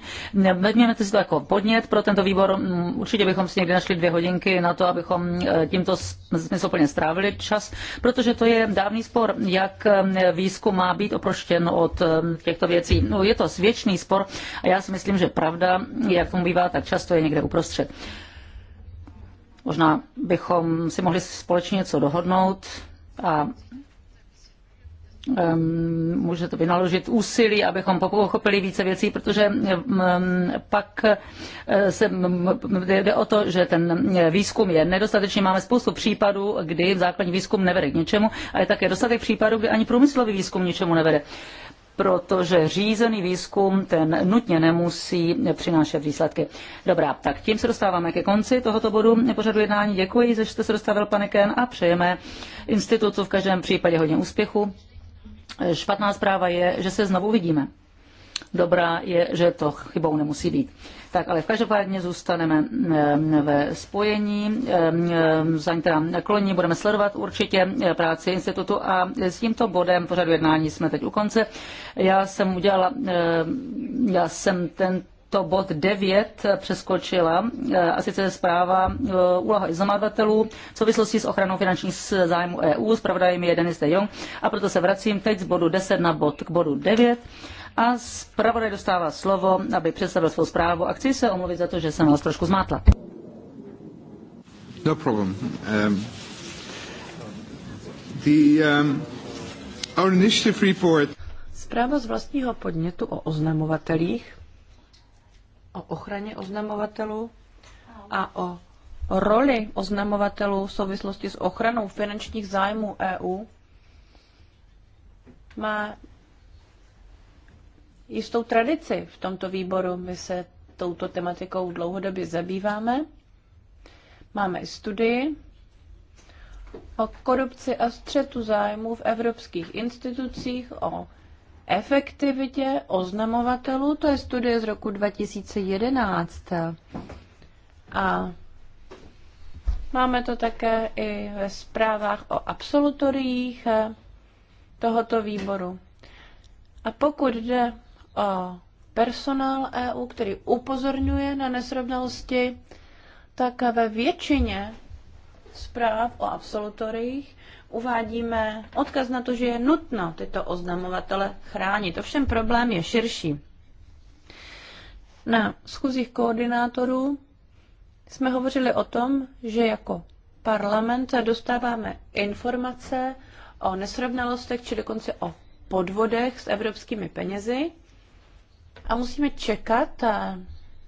Vezměme si to jako podnět pro tento výbor. Mm, Určitě bychom si někdy našli dvě hodinky na to, abychom e, tímto smysluplně strávili čas, protože to je dávný spor, jak e, výzkum má být oproštěn od e, těchto věcí. No, je to svěčný spor a já si myslím, že pravda, jak tomu bývá, tak často je někde uprostřed. Možná bychom si mohli společně něco dohodnout a může to vynaložit úsilí, abychom pochopili více věcí, protože pak eh, se jde o to, že ten výzkum je nedostatečný. Máme spoustu případů, kdy základní výzkum nevede k ničemu, ale také dostatek případů, kdy ani průmyslový výzkum ničemu nevede protože řízený výzkum ten nutně nemusí přinášet výsledky. Dobrá, tak tím se dostáváme ke konci tohoto bodu pořadu jednání. Děkuji, že jste se dostavil, pane Ken, a přejeme institutu v každém případě hodně úspěchu. Špatná zpráva je, že se znovu vidíme. Dobrá je, že to chybou nemusí být. Tak ale v každopádně zůstaneme eh, ve spojení, eh, eh, za teda kloní budeme sledovat určitě práci institutu a s tímto bodem pořadu jednání jsme teď u konce. Já jsem udělala, já jsem ten to bod 9 přeskočila, a sice zpráva úloha zamadatelů v souvislosti s ochranou finančních zájmů EU, zpravodajem je Denis de Jong, a proto se vracím teď z bodu 10 na bod k bodu 9. A zpravodaj dostává slovo, aby představil svou zprávu a chci se omluvit za to, že jsem vás trošku zmátla. No problem. Um, the, um, our initiative report... Zpráva z vlastního podnětu o oznamovatelích, o ochraně oznamovatelů a o roli oznamovatelů v souvislosti s ochranou finančních zájmů EU má jistou tradici v tomto výboru. My se touto tematikou dlouhodobě zabýváme. Máme studii o korupci a střetu zájmů v evropských institucích, o efektivitě oznamovatelů. To je studie z roku 2011. A máme to také i ve zprávách o absolutoriích tohoto výboru. A pokud jde personál EU, který upozorňuje na nesrovnalosti, tak ve většině zpráv o absolutoriích uvádíme odkaz na to, že je nutno tyto oznamovatele chránit. Ovšem problém je širší. Na schůzích koordinátorů jsme hovořili o tom, že jako parlament dostáváme informace o nesrovnalostech či dokonce o podvodech s evropskými penězi a musíme čekat, eh,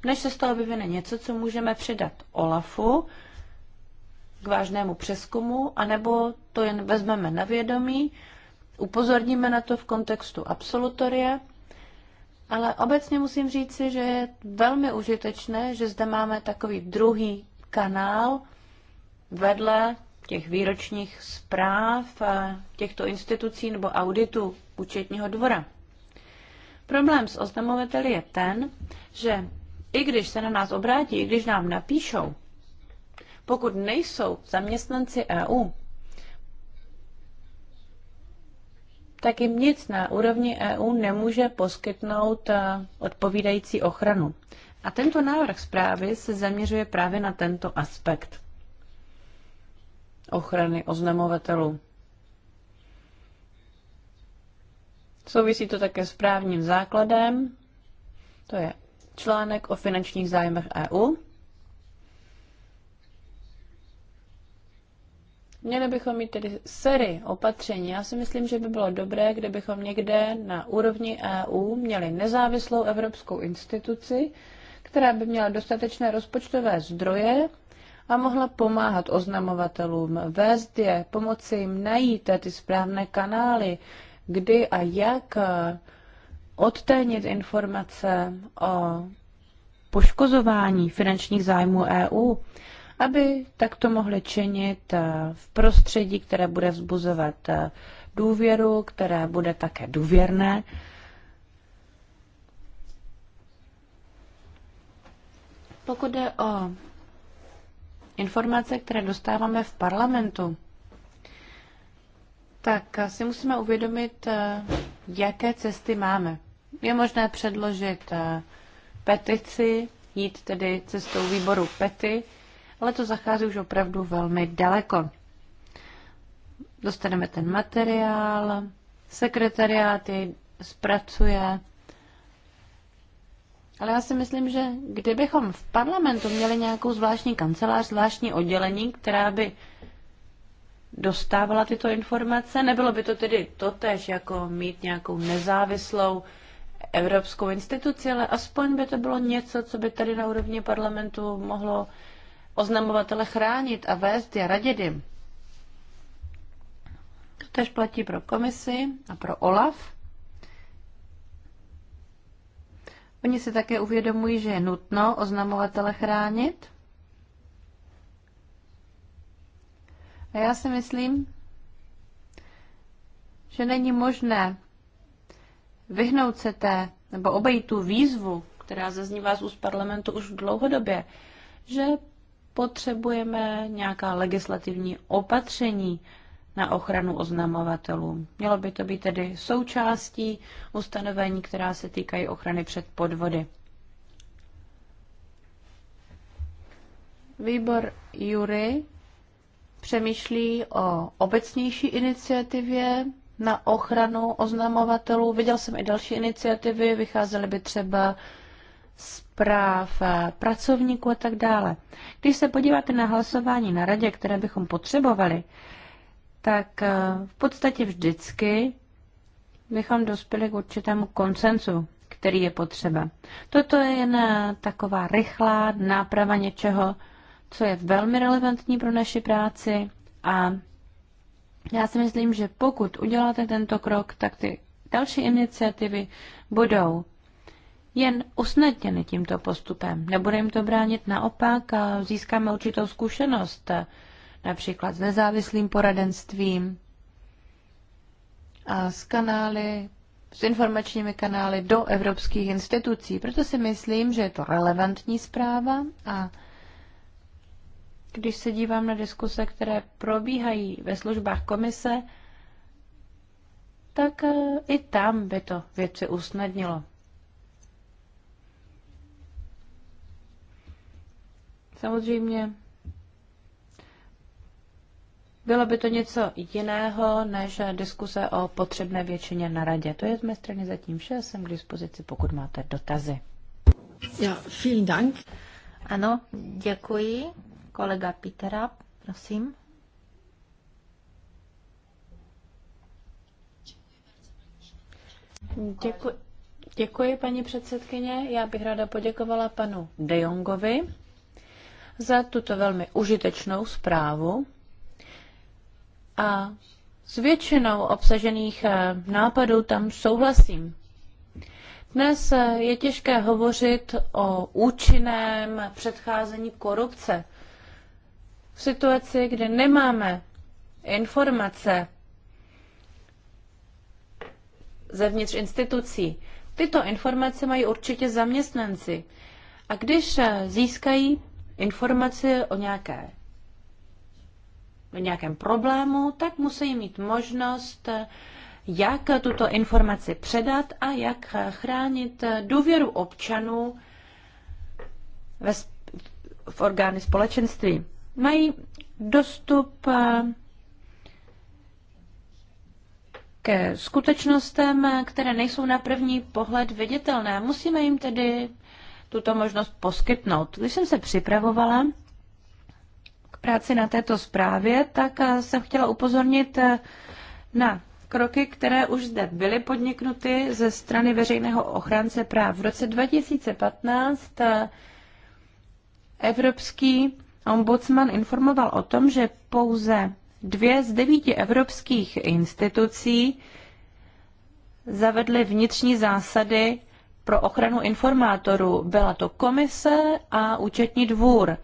než se z toho vyvine něco, co můžeme předat Olafu k vážnému přeskumu, anebo to jen vezmeme na vědomí, upozorníme na to v kontextu absolutoria, ale obecně musím říci, že je velmi užitečné, že zde máme takový druhý kanál vedle těch výročních zpráv těchto institucí nebo auditu účetního dvora. Problém s oznamovateli je ten, že i když se na nás obrátí, i když nám napíšou, pokud nejsou zaměstnanci EU, tak jim nic na úrovni EU nemůže poskytnout eh, odpovídající ochranu. A tento návrh zprávy se zaměřuje právě na tento aspekt ochrany oznamovatelů. Souvisí to také s právním základem, to je článek o finančních zájmech EU. Měli bychom mít tedy sérii opatření. Já si myslím, že by bylo dobré, kdybychom někde na úrovni EU měli nezávislou evropskou instituci, která by měla dostatečné rozpočtové zdroje a mohla pomáhat oznamovatelům, vést je, pomoci jim najít ty správné kanály, kdy a jak eh, odtajnit informace o poškozování finančních zájmů EU, aby takto mohli činit eh, v prostředí, které bude vzbuzovat eh, důvěru, které bude také důvěrné. Pokud jde o informace, které dostáváme v parlamentu, tak si musíme uvědomit, eh, jaké cesty máme. Je možné předložit eh, petici, jít tedy cestou výboru pety, ale to zachází už opravdu velmi daleko. Dostaneme ten materiál, sekretariát jej zpracuje. Ale já si myslím, že kdybychom v parlamentu měli nějakou zvláštní kancelář, zvláštní oddělení, která by dostávala tyto informace? Nebylo by to tedy totež jako mít nějakou nezávislou evropskou instituci, ale aspoň by to bylo něco, co by tady na úrovni parlamentu mohlo oznamovatele chránit a vést je, radit jim. To tež platí pro komisi a pro OLAF. Oni si také uvědomují, že je nutno oznamovatele chránit. A já si myslím, že není možné vyhnout se té nebo obejít tu výzvu, která zaznívá z úst parlamentu už dlouhodobě, že potřebujeme nějaká legislativní opatření na ochranu oznamovatelů. Mělo by to být tedy součástí ustanovení, která se týkají ochrany před podvody. Výbor Jury přemýšlí o obecnější iniciativě na ochranu oznamovatelů. Viděl jsem i další iniciativy, vycházely by třeba z práv pracovníků a tak dále. Když se podíváte na hlasování na radě, které bychom potřebovali, tak eh, v podstatě vždycky bychom dospěli k určitému konsenzu, který je potřeba. Toto je jen taková rychlá náprava něčeho, co je velmi relevantní pro naši práci a já si myslím, že pokud uděláte tento krok, tak ty další iniciativy budou jen usnadněny tímto postupem. Nebude jim to bránit naopak a získáme určitou zkušenost, například s nezávislým poradenstvím a s kanály, s informačními kanály do evropských institucí. Proto si myslím, že je to relevantní zpráva a když se dívám na diskuse, které probíhají ve službách komise, tak eh, i tam by to věci usnadnilo. Samozřejmě bylo by to něco jiného než diskuse o potřebné většině na radě. To je z mé strany zatím vše. Jsem k dispozici, pokud máte dotazy. Ja, vielen Dank. Ano, děkuji. Kolega Pitera, prosím. Děkuji. Děkuji, paní předsedkyně. Já bych ráda poděkovala panu De Jongovi za tuto velmi užitečnou zprávu a s většinou obsažených eh, nápadů tam souhlasím. Dnes eh, je těžké hovořit o účinném předcházení korupce v situaci, kdy nemáme informace zevnitř institucí. Tyto informace mají určitě zaměstnanci. A když eh, získají informace o nějaké o nějakém problému, tak musí mít možnost, eh, jak tuto informaci předat a jak eh, chránit důvěru občanů ve, v orgány společenství mají dostup eh, ke skutečnostem, eh, které nejsou na první pohled viditelné. Musíme jim tedy tuto možnost poskytnout. Když jsem se připravovala k práci na této zprávě, tak eh, jsem chtěla upozornit na kroky, které už zde byly podniknuty ze strany veřejného ochránce práv. V roce 2015 Evropský Ombudsman informoval o tom, že pouze dvě z devíti evropských institucí zavedly vnitřní zásady pro ochranu informátorů. Byla to komise a účetní dvůr.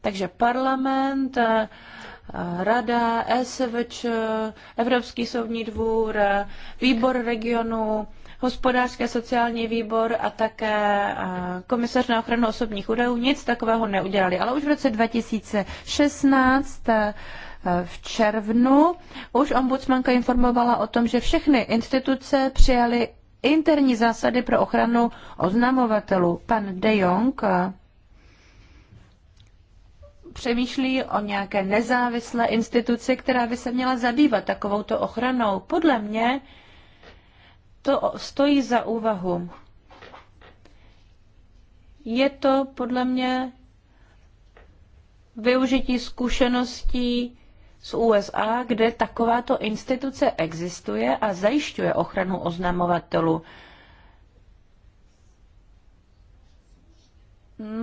Takže parlament, eh, rada, SVČ, Evropský soudní dvůr, eh, výbor regionu, hospodářský a sociální výbor a také komisař na ochranu osobních údajů nic takového neudělali. Ale už v roce 2016 e, v červnu už ombudsmanka informovala o tom, že všechny instituce přijaly interní zásady pro ochranu oznamovatelů. Pan De Jong e, přemýšlí o nějaké nezávislé instituci, která by se měla zabývat takovouto ochranou. Podle mě to stojí za úvahu. Je to podle mě využití zkušeností z USA, kde takováto instituce existuje a zajišťuje ochranu oznamovatelů.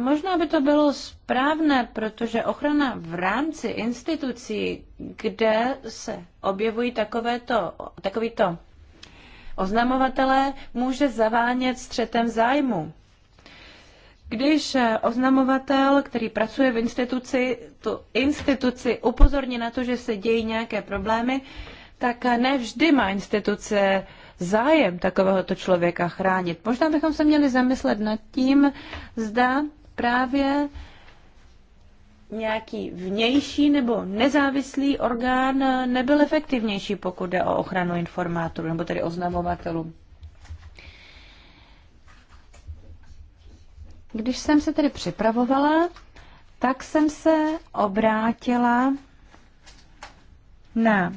Možná by to bylo správné, protože ochrana v rámci institucí, kde se objevují takovéto, takovýto oznamovatele může zavánět střetem zájmu. Když oznamovatel, který pracuje v instituci, tu instituci upozorní na to, že se dějí nějaké problémy, tak nevždy má instituce zájem takovéhoto člověka chránit. Možná bychom se měli zamyslet nad tím, zda právě nějaký vnější nebo nezávislý orgán nebyl efektivnější, pokud jde o ochranu informátorů nebo tedy oznamovatelů. Když jsem se tedy připravovala, tak jsem se obrátila na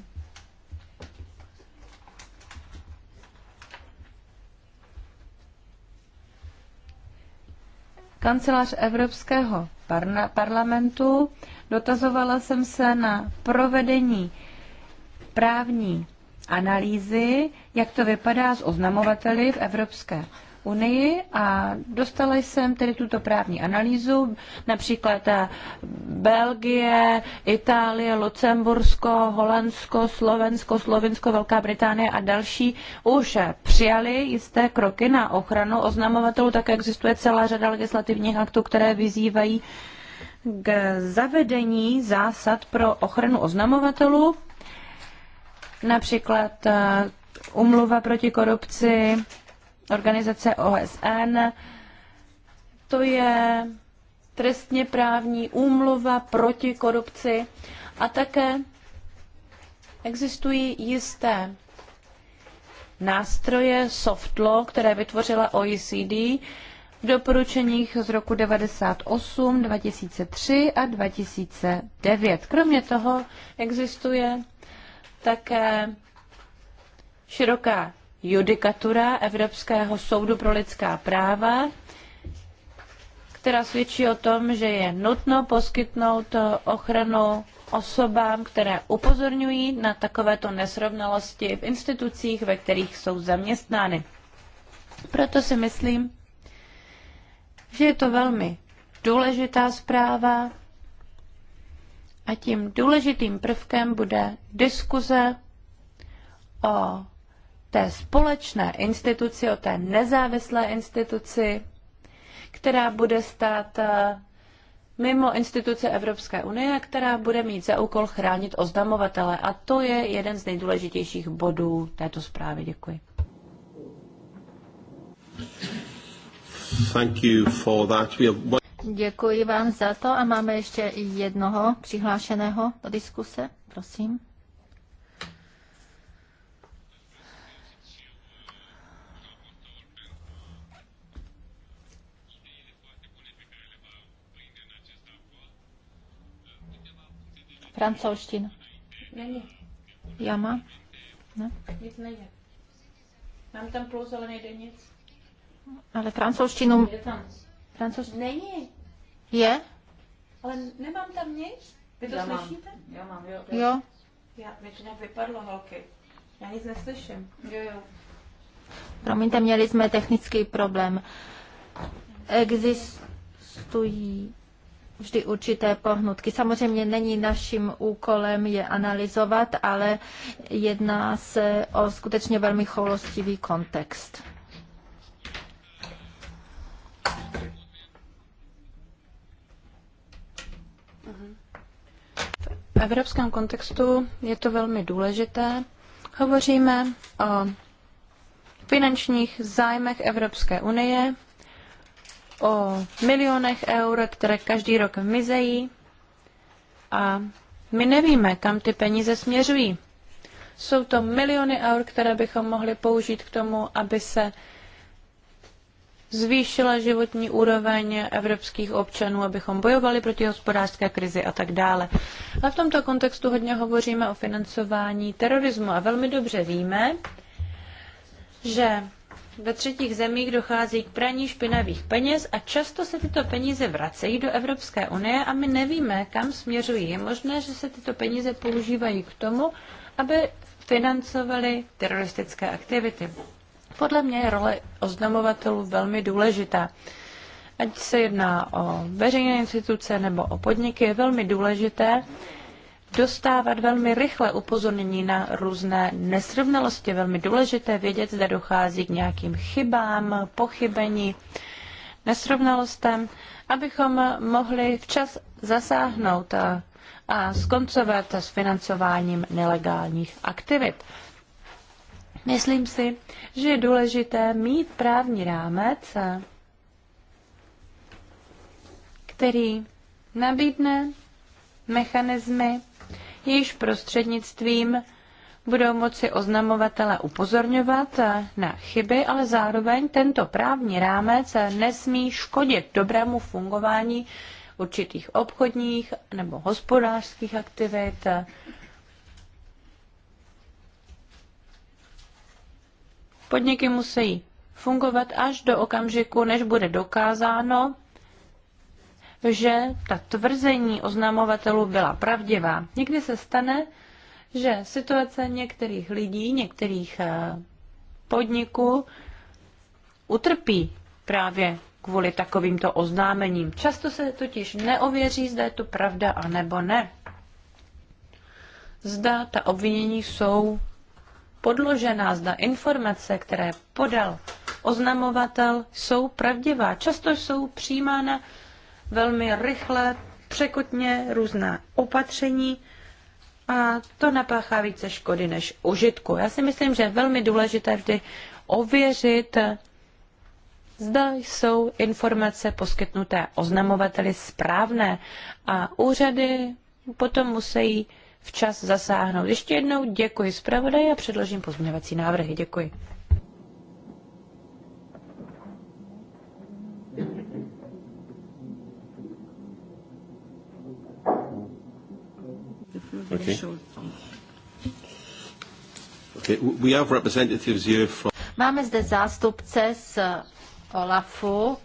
kancelář Evropského parna, parlamentu. Dotazovala jsem se na provedení právní analýzy, jak to vypadá s oznamovateli v Evropské unii a dostala jsem tedy tuto právní analýzu, například eh, Belgie, Itálie, Lucembursko, Holandsko, Slovensko, Slovinsko, Velká Británie a další už přijali jisté kroky na ochranu oznamovatelů, tak existuje celá řada legislativních aktů, které vyzývají k zavedení zásad pro ochranu oznamovatelů, například eh, umluva proti korupci, organizace OSN. To je trestně právní úmluva proti korupci a také existují jisté nástroje soft law, které vytvořila OECD v doporučeních z roku 98, 2003 a 2009. Kromě toho existuje také široká judikatura Evropského soudu pro lidská práva, která svědčí o tom, že je nutno poskytnout ochranu osobám, které upozorňují na takovéto nesrovnalosti v institucích, ve kterých jsou zaměstnány. Proto si myslím, že je to velmi důležitá zpráva a tím důležitým prvkem bude diskuze o té společné instituci, o té nezávislé instituci, která bude stát eh, mimo instituce Evropské unie, která bude mít za úkol chránit oznamovatele. A to je jeden z nejdůležitějších bodů této zprávy. Děkuji. Thank you for that. We have one... Děkuji vám za to a máme ještě jednoho přihlášeného do diskuse. Prosím. Francouzština. Není. Já mám? Ne? Nic nejde. Mám tam plus, ale nejde nic. Ale francouzštinu... Je tam. Francouz... Není. Je? Ale nemám tam nic. Vy to já slyšíte? Mám. Já mám, jo. Jo. jo. Já, mi to nějak vypadlo, holky. Já nic neslyším. Jo, jo. Promiňte, měli jsme technický problém. Existují vždy určité pohnutky. Samozřejmě není naším úkolem je analyzovat, ale jedná se o skutečně velmi choulostivý kontext. V evropském kontextu je to velmi důležité. Hovoříme o finančních zájmech Evropské unie, o milionech eur, které každý rok mizejí a my nevíme, kam ty peníze směřují. Jsou to miliony eur, které bychom mohli použít k tomu, aby se zvýšila životní úroveň evropských občanů, abychom bojovali proti hospodářské krizi a tak dále. A v tomto kontextu hodně hovoříme o financování terorismu a velmi dobře víme, že ve třetích zemích dochází k praní špinavých peněz a často se tyto peníze vracejí do Evropské unie a my nevíme, kam směřují. Je možné, že se tyto peníze používají k tomu, aby financovaly teroristické aktivity. Podle mě je role oznamovatelů velmi důležitá. Ať se jedná o veřejné instituce nebo o podniky, je velmi důležité, dostávat velmi rychle upozornění na různé nesrovnalosti. Velmi důležité vědět, zda dochází k nějakým chybám, pochybení, nesrovnalostem, abychom mohli včas zasáhnout a, a skoncovat s financováním nelegálních aktivit. Myslím si, že je důležité mít právní rámec, který nabídne mechanismy již prostřednictvím budou moci oznamovatele upozorňovat na chyby, ale zároveň tento právní rámec nesmí škodit dobrému fungování určitých obchodních nebo hospodářských aktivit. Podniky musí fungovat až do okamžiku, než bude dokázáno, že ta tvrzení oznamovatelů byla pravdivá. Někdy se stane, že situace některých lidí, některých eh, podniků utrpí právě kvůli takovýmto oznámením. Často se totiž neověří, zda je to pravda a nebo ne. Zda ta obvinění jsou podložená, zda informace, které podal oznamovatel, jsou pravdivá. Často jsou přijímána velmi rychle, překotně různá opatření a to napáchá více škody než užitku. Já si myslím, že je velmi důležité vždy ověřit, zda jsou informace poskytnuté oznamovateli správné a úřady potom musí včas zasáhnout. Ještě jednou děkuji zpravodaji a předložím pozměňovací návrhy. Děkuji. Okay. Okay. We have representatives here from... Máme zde zástupce z OLAFu.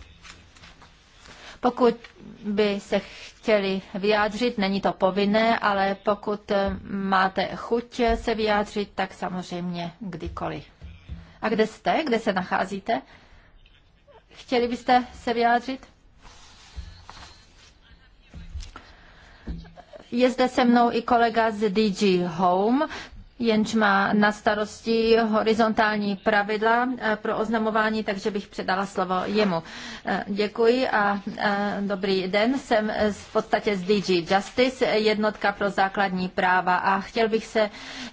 Pokud by se chtěli vyjádřit, není to povinné, ale pokud eh, máte chuť se vyjádřit, tak samozřejmě kdykoliv. A kde jste? Kde se nacházíte? Chtěli byste se vyjádřit? Je zde se mnou i kolega z DG Home, jenž má na starosti horizontální pravidla eh, pro oznamování, takže bych předala slovo jemu. Eh, děkuji a eh, dobrý den. Jsem v podstatě z DG Justice, jednotka pro základní práva a chtěl bych se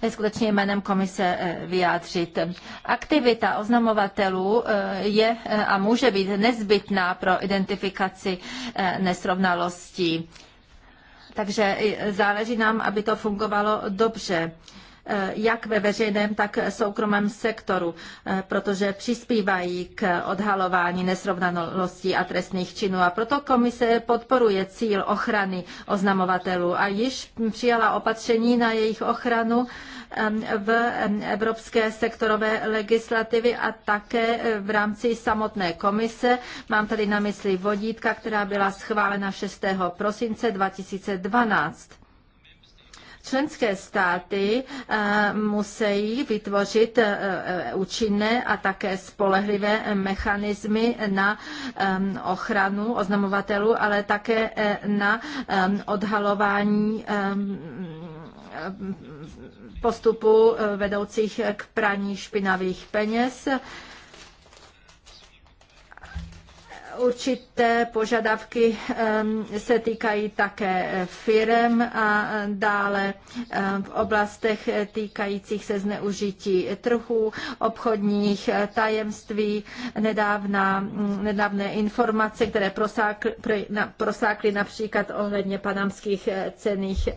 skutečně jménem komise vyjádřit. Aktivita oznamovatelů je a může být nezbytná pro identifikaci nesrovnalostí takže záleží nám, aby to fungovalo dobře. Eh, jak ve veřejném, tak soukromém sektoru, eh, protože přispívají k odhalování nesrovnalostí a trestných činů. A proto komise podporuje cíl ochrany oznamovatelů a již přijala opatření na jejich ochranu v evropské sektorové legislativy a také eh, v rámci samotné komise. Mám tady na mysli vodítka, která byla schválena 6. prosince 2012. Členské státy eh, musí vytvořit eh, eh, účinné a také spolehlivé mechanismy na ochranu oznamovatelů, ale také na odhalování postupů vedoucích k praní špinavých peněz Určité požadavky ehm, se týkají také eh, firem a eh, dále ehm, v oblastech eh, týkajících se zneužití trhů, obchodních tajemství, nedávna, mm, nedávné informace, které prosákly, prosákly například ohledně panamských cených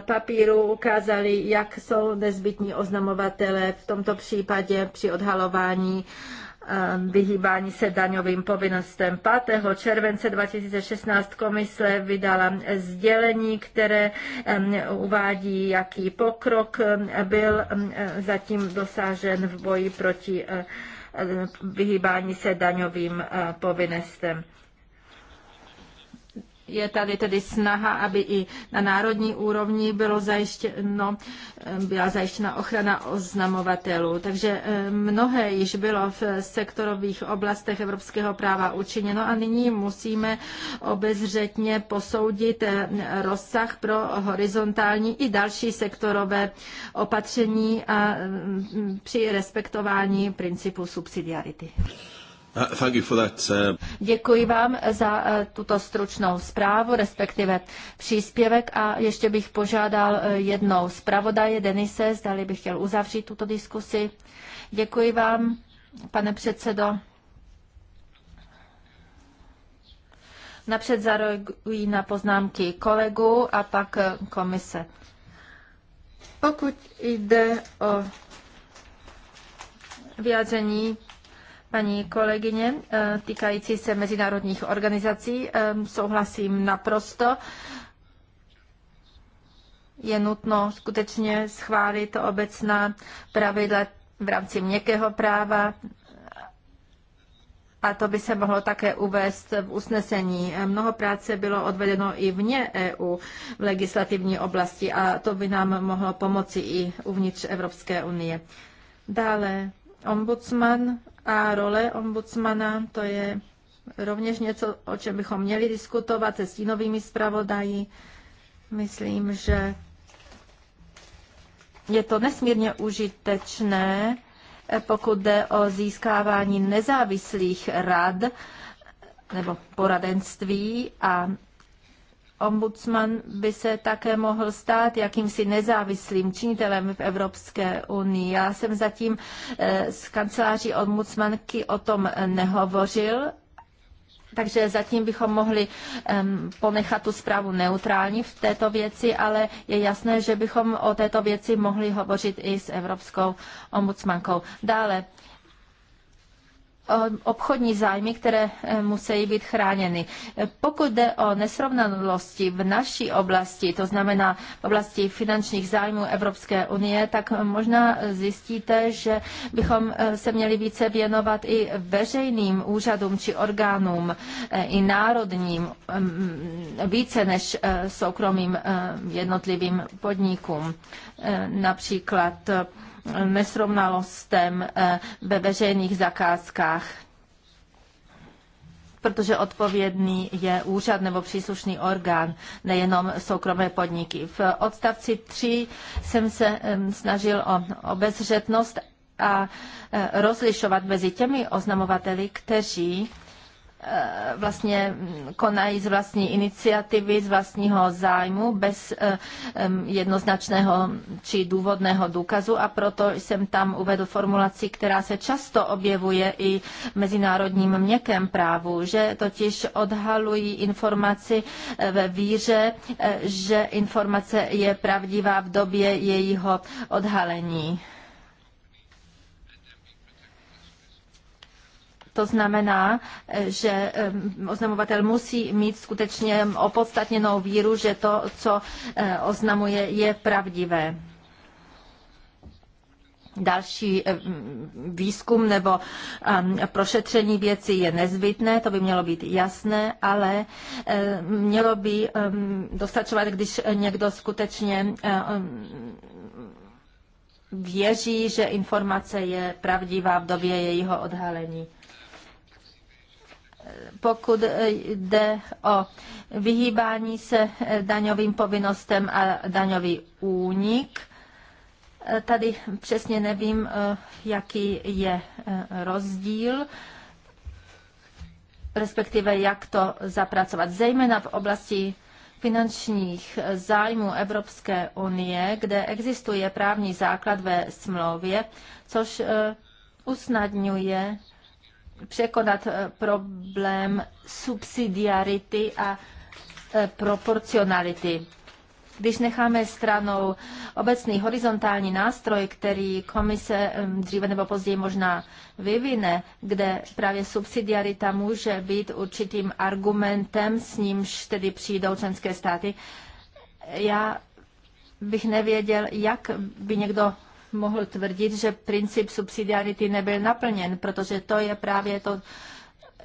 papírů, ukázaly, jak jsou nezbytní oznamovatelé v tomto případě při odhalování Eh, vyhýbání se daňovým povinnostem. 5. července 2016 komise vydala sdělení, které uvádí, jaký pokrok eh, byl eh, zatím dosažen v boji proti vyhýbání se daňovým povinnostem je tady tedy snaha, aby i na národní úrovni bylo zajištěno, eh, byla zajištěna ochrana oznamovatelů. Takže eh, mnohé již bylo v sektorových oblastech evropského práva učiněno a nyní musíme obezřetně posoudit eh, rozsah pro horizontální i další sektorové opatření a mm, při respektování principu subsidiarity. Uh, uh, Děkuji vám za uh, tuto stručnou zprávu, respektive příspěvek a ještě bych požádal jednou zpravodaje Denise, zdali bych chtěl uzavřít tuto diskusi. Děkuji vám, pane předsedo. Napřed zareagují na poznámky kolegů a pak komise. Pokud jde o vyjádření paní kolegyně, eh, týkající se mezinárodních organizací. Eh, souhlasím naprosto. Je nutno skutečně schválit obecná pravidla v rámci měkkého práva, a to by se mohlo také uvést v usnesení. Eh, mnoho práce bylo odvedeno i vně EU v legislativní oblasti a to by nám mohlo pomoci i uvnitř Evropské unie. Dále ombudsman a role ombudsmana, to je rovněž něco, o čem bychom měli diskutovat se stínovými zpravodají. Myslím, že je to nesmírně užitečné, pokud jde o získávání nezávislých rad nebo poradenství a Ombudsman by se také mohl stát jakýmsi nezávislým činitelem v Evropské unii. Já jsem zatím s eh, kanceláří ombudsmanky o tom nehovořil, takže zatím bychom mohli um, ponechat tu zprávu neutrální v této věci, ale je jasné, že bychom o této věci mohli hovořit i s Evropskou ombudsmankou. Dále Um, obchodní zájmy, které eh, musí být chráněny. Pokud jde o nesrovnalosti v naší oblasti, to znamená v oblasti finančních zájmů Evropské unie, tak možná zjistíte, že bychom eh, se měli více věnovat i veřejným úřadům či orgánům, eh, i národním, mm, více než soukromým jednotlivým podnikům. Například nesrovnalostem eh, ve veřejných zakázkách protože odpovědný je úřad nebo příslušný orgán, nejenom soukromé podniky. V odstavci 3 jsem se snažil o obezřetnost a eh, rozlišovat mezi těmi oznamovateli, kteří Eh, vlastně konají z vlastní iniciativy, z vlastního zájmu, bez eh, jednoznačného či důvodného důkazu a proto jsem tam uvedl formulaci, která se často objevuje i v mezinárodním měkkém právu, že totiž odhalují informaci eh, ve víře, že informace je pravdivá v době jejího odhalení. To znamená, že oznamovatel musí mít skutečně opodstatněnou víru, že to, co e, oznamuje, je pravdivé další e, výzkum nebo prošetření věcí je nezbytné, to by mělo být jasné, ale e, mělo by dostačovat, když někdo skutečně věří, že informace je pravdivá v době jejího odhalení pokud jde o vyhýbání se daňovým povinnostem a daňový únik, tady přesně nevím, jaký je rozdíl, respektive jak to zapracovat, zejména v oblasti finančních zájmů Evropské unie, kde existuje právní základ ve smlouvě, což eh, usnadňuje překonat eh, problém subsidiarity a eh, proporcionality. Když necháme stranou obecný horizontální nástroj, který komise dříve nebo později možná vyvine, kde právě subsidiarita může být určitým argumentem, s nímž tedy přijdou členské státy, já bych nevěděl, jak by někdo mohl tvrdit, že princip subsidiarity nebyl naplněn, protože to je právě to eh,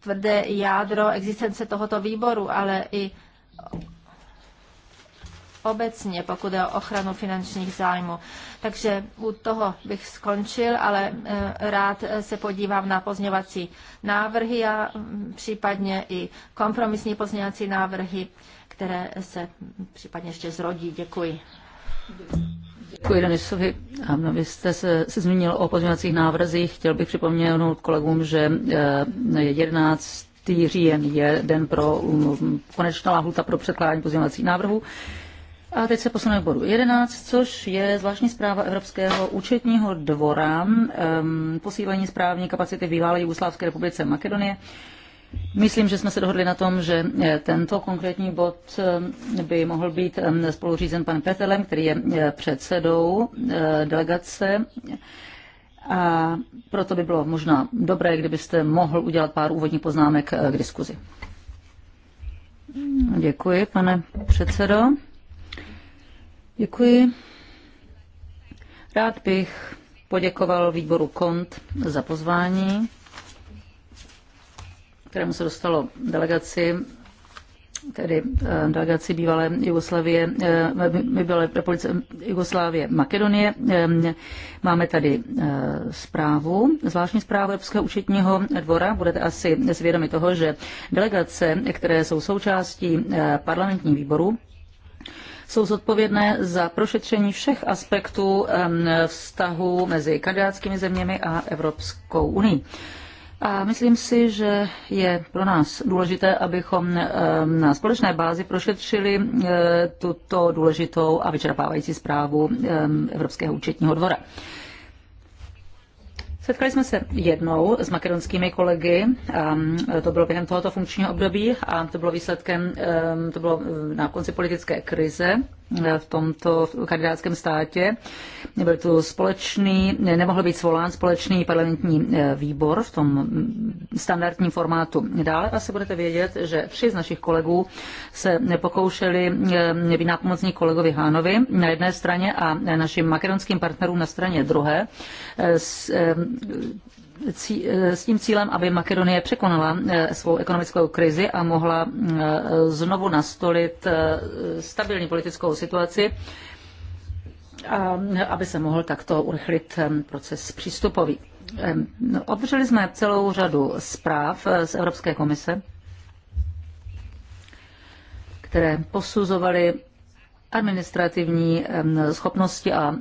tvrdé jádro existence tohoto výboru, ale i obecně, pokud je o ochranu finančních zájmů. Takže u toho bych skončil, ale eh, rád se podívám na pozměňovací návrhy a mm, případně i kompromisní pozměňovací návrhy, které se případně ještě zrodí. Děkuji. Děkuji Danisovi. vy jste se, se zmínil o pozměňovacích návrzích. Chtěl bych připomenout kolegům, že 11. Eh, říjen je den pro um, konečná lahuta pro předkládání pozměňovacích návrhů. A teď se posuneme k bodu 11, což je zvláštní zpráva Evropského účetního dvora, um, posílení správní kapacity v bývalé Jugoslávské republice Makedonie. Uh, Myslím, že jsme se dohodli na tom, že eh, tento konkrétní bod eh, by mohl být eh, spoluřízen panem Petelem, který je předsedou delegace. A proto by bylo možná dobré, kdybyste mohl udělat pár úvodních poznámek k diskuzi. Děkuji, pane předsedo. Děkuji. Rád bych poděkoval výboru KONT za pozvání kterému se dostalo delegaci tedy eh, delegaci bývalé Jugoslavie, eh, bývalé republice Jugoslávie Makedonie. Eh, máme tady zprávu, zvláštní zprávu Evropského účetního dvora. Budete asi svědomi toho, že delegace, které jsou součástí parlamentní výboru, jsou zodpovědné za prošetření všech aspektů vztahu mezi kandidátskými zeměmi a Evropskou unii. A myslím si, že je pro nás důležité, abychom eh, na společné bázi prošetřili eh, tuto důležitou a vyčerpávající zprávu eh, Evropského účetního dvora. Setkali jsme se jednou s makedonskými kolegy, to bylo během tohoto funkčního období a to bylo výsledkem, to bylo na konci politické krize, v tomto kandidátském státě. Byl tu společný, nemohl být svolán společný parlamentní eh, výbor v tom mm, standardním formátu. Dále asi budete vědět, že tři z našich kolegů se nepokoušeli eh, být nápomocní kolegovi Hánovi na jedné straně a našim makedonským partnerům na straně druhé eh, Eh, s tím cílem, aby Makedonie překonala eh, svou ekonomickou krizi a mohla eh, znovu nastolit stabilní politickou situaci, a aby se mohl takto urychlit proces přístupový. Obdrželi jsme celou řadu zpráv z Evropské komise, které posuzovaly administrativní schopnosti a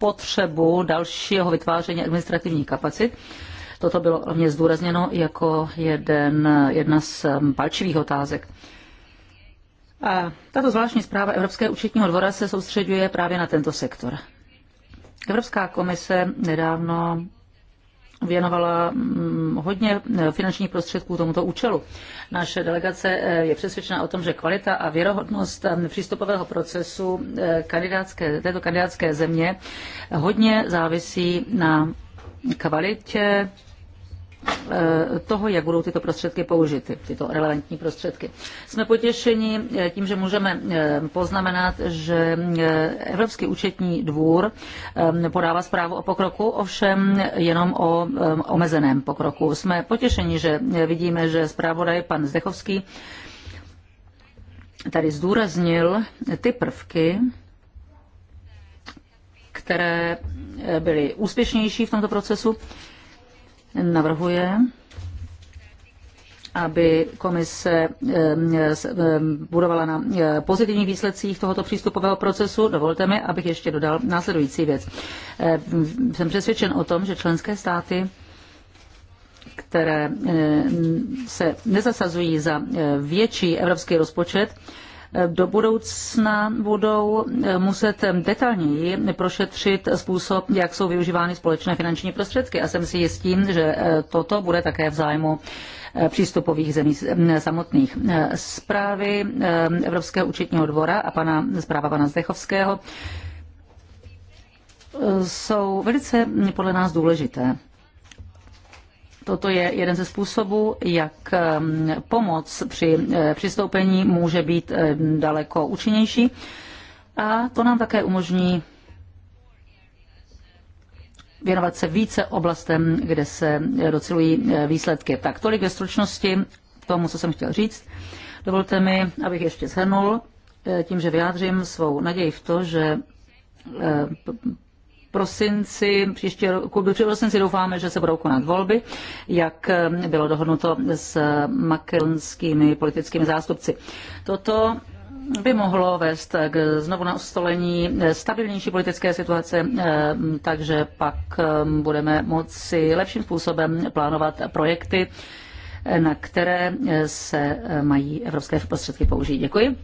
potřebu dalšího vytváření administrativních kapacit. Toto bylo hlavně zdůrazněno jako jeden, jedna z palčivých otázek. A tato zvláštní zpráva Evropské účetního dvora se soustředuje právě na tento sektor. Evropská komise nedávno věnovala mm, hodně eh, finančních prostředků tomuto účelu. Naše delegace eh, je přesvědčena o tom, že kvalita a věrohodnost eh, přístupového procesu kandidátské, této kandidátské země hodně závisí na kvalitě Eh, toho, jak budou tyto prostředky použity, tyto relevantní prostředky. Jsme potěšeni eh, tím, že můžeme eh, poznamenat, že Evropský účetní dvůr podává zprávu o pokroku, ovšem jenom o omezeném pokroku. Jsme potěšeni, že vidíme, že zprávodaj pan Zdechovský tady zdůraznil ty prvky, které byly úspěšnější v tomto procesu navrhuje, aby komise budovala na e, pozitivních výsledcích tohoto přístupového procesu. Dovolte mi, abych ještě dodal následující věc. E, jsem přesvědčen o tom, že členské státy které e, se nezasazují za větší evropský rozpočet, do budoucna budou eh, muset eh, detailněji prošetřit způsob, jak jsou využívány společné finanční prostředky. A jsem si jistý, že eh, toto bude také v zájmu přístupových zemí samotných. Zprávy Evropského účetního dvora a pana, zpráva pana Zdechovského jsou velice podle nás důležité. Toto je jeden ze způsobů, jak pomoc při eh, přistoupení může být daleko účinnější. A to nám také umožní věnovat se více oblastem, kde se docelují eh, výsledky. Tak tolik ve stručnosti k tomu, co jsem chtěl říct. Dovolte mi, abych ještě shrnul eh, tím, že vyjádřím svou naději v to, že prosinci, příští roku, při prosinci doufáme, že se budou konat volby, jak eh, bylo dohodnuto s makedonskými politickými zástupci. Toto by mohlo vést k znovu nastolení eh, stabilnější politické situace, eh, takže pak budeme moci lepším způsobem plánovat projekty, na které se mají evropské prostředky použít. Děkuji.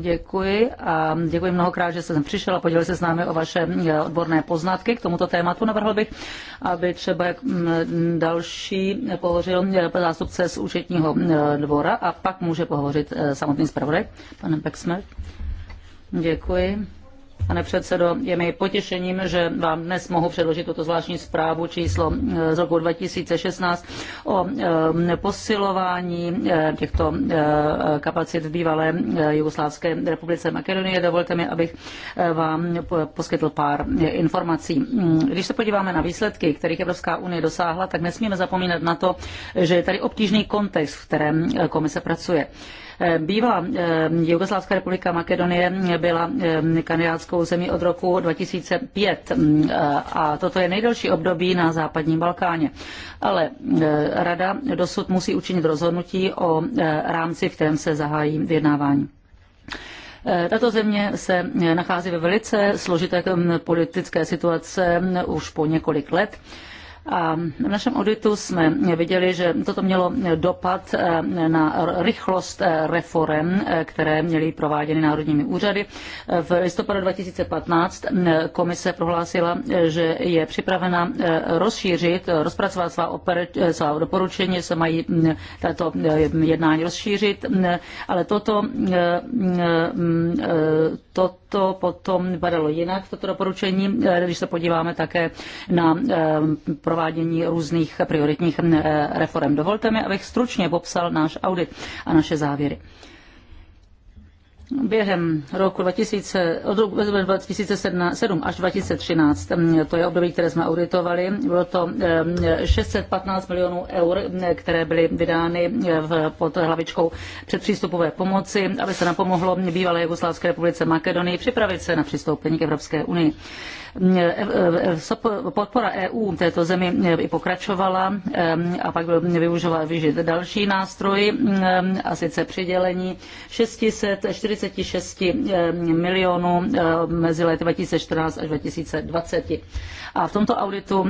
Děkuji a děkuji mnohokrát, že jste sem přišel a podělil se s námi o vaše eh, odborné poznatky k tomuto tématu. Navrhl bych, aby třeba mm, další pohořil eh, zástupce z účetního eh, dvora a pak může pohovořit samotný zpravodaj, pan Pexmer. Děkuji. Pane předsedo, je mi potěšením, že vám dnes mohu předložit tuto zvláštní zprávu číslo eh, z roku 2016 o eh, posilování eh, těchto kapacit v bývalé Jugoslávské republice Makedonie. Dovolte mi, abych vám poskytl pár informací. Mm, když se podíváme na výsledky, kterých Evropská unie dosáhla, tak nesmíme zapomínat na to, že je tady obtížný kontext, v kterém komise pracuje. Eh, bývalá eh, Jugoslávská republika Makedonie byla eh, kandidátskou zemí od roku 2005 mm, a toto je nejdelší období na západním Balkáně. Ale Rada dosud musí učinit rozhodnutí o rámci, v kterém se zahájí vyjednávání. Tato země se nachází ve velice složité mm, politické situace mm, už po několik let a v našem auditu jsme viděli, že toto mělo dopad eh, na rychlost eh, reform, eh, které měly prováděny národními úřady. V listopadu 2015 komise prohlásila, že je připravena rozšířit, rozpracovat svá, oper, svá doporučení, se mají mm, tato jednání rozšířit, mm, ale toto, mm, toto potom vypadalo jinak, toto doporučení, když se podíváme také na provádění různých prioritních eh, reform. Dovolte mi, abych stručně popsal náš audit a naše závěry během roku 2000, od roku 2007 až 2013, mm, to je období, které jsme auditovali, bylo to 615 mm, milionů eur, mm, které byly vydány pod hlavičkou předpřístupové pomoci, aby se napomohlo bývalé Jugoslávské republice Makedonii připravit se na přistoupení k Evropské unii. Podpora EU této zemi i pokračovala a pak byl využila vyžit další nástroj, a sice přidělení 640 46 eh, milionů eh, mezi lety 2014 až 2020. A v tomto auditu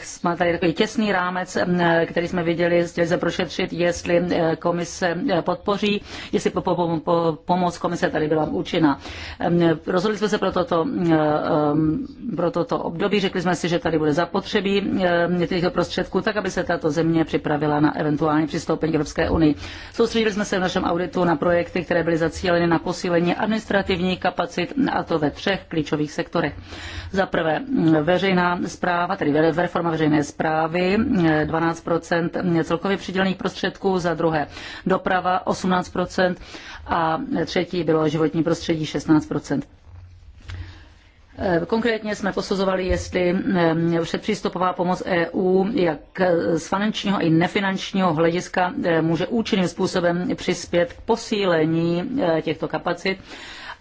jsme eh, tady takový těsný rámec, který jsme viděli, chtěli se prošetřit, jestli komise podpoří, jestli pomoc komise tady byla účinná. Rozhodli jsme se pro toto, pro toto období, řekli jsme si, že tady bude zapotřebí těchto prostředků, tak aby se tato země připravila na eventuální přistoupení k Evropské unii. Soustředili jsme se v našem auditu na projekty, které byly zacílené cíleny na posílení administrativních kapacit, a to ve třech klíčových sektorech. Za prvé mm, veřejná zpráva, tedy reforma veřejné zprávy, 12 mm, celkově přidělených prostředků, za druhé doprava 18 a třetí bylo životní prostředí 16 Eh, konkrétně jsme posuzovali, jestli eh, předpřístupová pomoc EU, jak z finančního i nefinančního hlediska, eh, může účinným způsobem přispět k posílení těchto kapacit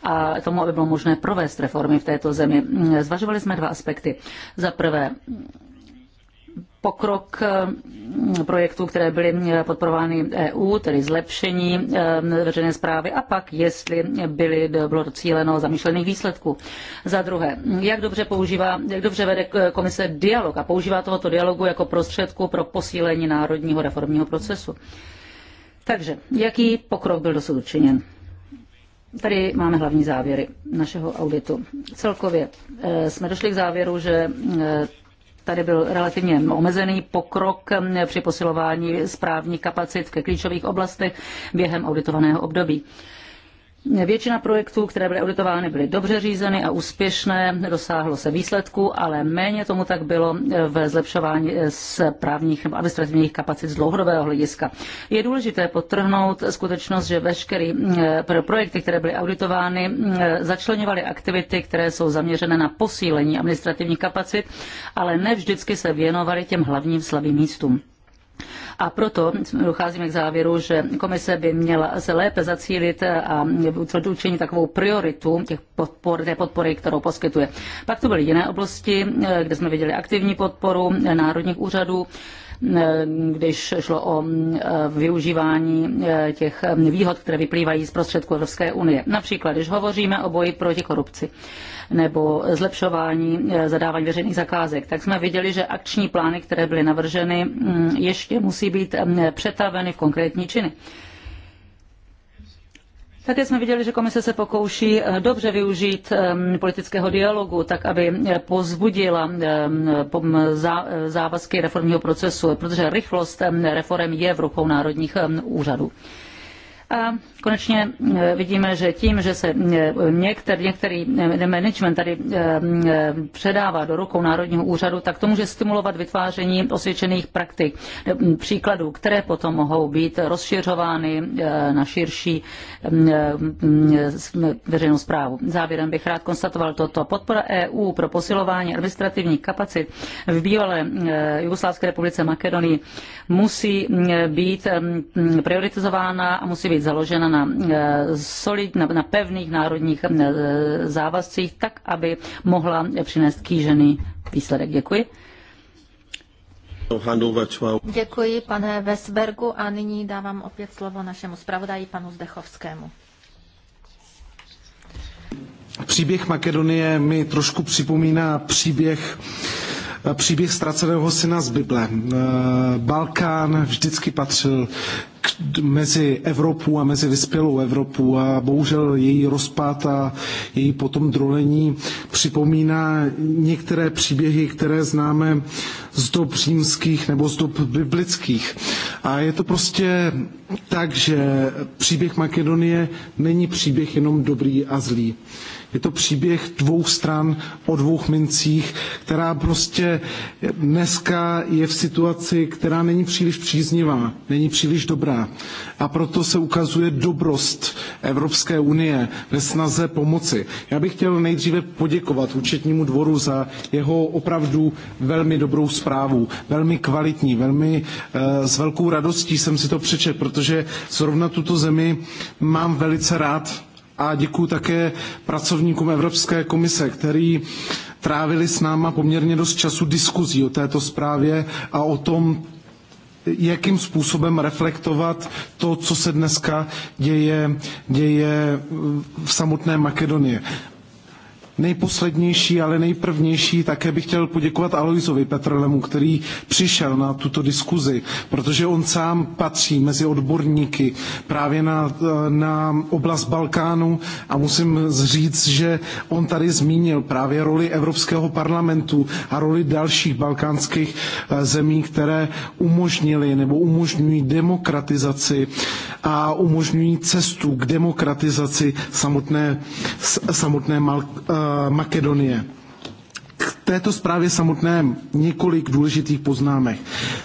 a tomu, aby bylo možné provést reformy v této zemi. Zvažovali jsme dva aspekty. Za prvé, pokrok eh, projektů, které byly eh, podporovány EU, tedy zlepšení eh, veřejné zprávy a pak, jestli byly, bylo docíleno zamýšlených výsledků. Za druhé, jak dobře, používá, jak dobře vede komise dialog a používá tohoto dialogu jako prostředku pro posílení národního reformního procesu. Takže, jaký pokrok byl dosud učiněn? Tady máme hlavní závěry našeho auditu. Celkově jsme došli k závěru, že Tady byl relativně omezený pokrok při posilování správních kapacit v klíčových oblastech během auditovaného období. Většina projektů, které byly auditovány, byly dobře řízeny a úspěšné, dosáhlo se výsledku, ale méně tomu tak bylo ve zlepšování eh, právních nebo administrativních kapacit z dlouhodobého hlediska. Je důležité podtrhnout skutečnost, že veškeré eh, projekty, které byly auditovány, eh, začlenovaly aktivity, které jsou zaměřené na posílení administrativních kapacit, ale ne vždycky se věnovaly těm hlavním slabým místům. A proto docházíme k závěru, že komise by měla se lépe zacílit a učinit takovou prioritu těch podpor, té podpory, kterou poskytuje. Pak to byly jiné oblasti, eh, kde jsme viděli aktivní podporu národních úřadů, když šlo o e, využívání e, těch výhod, které vyplývají z prostředků Evropské unie. Například, když hovoříme o boji proti korupci nebo zlepšování e, zadávání veřejných zakázek, tak jsme viděli, že akční plány, které byly navrženy, ještě musí být přetaveny v konkrétní činy. Také jsme viděli, že komise se pokouší eh, dobře využít ehm, politického dialogu, tak aby eh, pozbudila ehm, eh, závazky reformního procesu, protože rychlost ehm, reform je v rukou národních úřadů. A konečně e, vidíme, že tím, že se e, některý, některý management tady e, předává do rukou Národního úřadu, tak to může stimulovat vytváření osvědčených praktik, příkladů, které potom mohou být rozšiřovány na širší veřejnou zprávu. Závěrem bych rád konstatoval toto. Podpora EU pro posilování administrativních kapacit v bývalé Jugoslávské republice Makedonii musí být prioritizována a musí být být založena na, eh, solid, na, na pevných národních eh, závazcích, tak aby mohla přinést kýžený výsledek. Děkuji. Děkuji, pane Vesbergu, a nyní dávám opět slovo našemu zpravodaji, panu Zdechovskému. Příběh Makedonie mi trošku připomíná příběh příběh ztraceného syna z Bible. Eh, Balkán vždycky patřil mezi Evropu a mezi vyspělou Evropu a bohužel její rozpad a její potom drolení připomíná některé příběhy, které známe z dob římských nebo z dob biblických. A je to prostě tak, že příběh Makedonie není příběh jenom dobrý a zlý. Je to příběh dvou stran o dvou mincích, která prostě dneska je v situaci, která není příliš příznivá, není příliš dobrá. A proto se ukazuje dobrost Evropské unie ve snaze pomoci. Já bych chtěl nejdříve poděkovat účetnímu dvoru za jeho opravdu velmi dobrou zprávu, velmi kvalitní, velmi eh, s velkou radostí jsem si to přečetl, protože zrovna tuto zemi mám velice rád a děkuji také pracovníkům Evropské komise, který trávili s náma poměrně dost času diskuzí o této zprávě a o tom, jakým způsobem reflektovat to, co se dneska děje, děje v samotné Makedonii nejposlednější, ale nejprvnější, také bych chtěl poděkovat Aloisovi Petrolemu, který přišel na tuto diskuzi, protože on sám patří mezi odborníky právě na, na oblast Balkánu a musím říct, že on tady zmínil právě roli Evropského parlamentu a roli dalších balkánských eh, zemí, které umožnili nebo umožňují demokratizaci a umožňují cestu k demokratizaci samotné, samotné Mal, eh, Makedonie této zprávě samotné několik důležitých poznámek.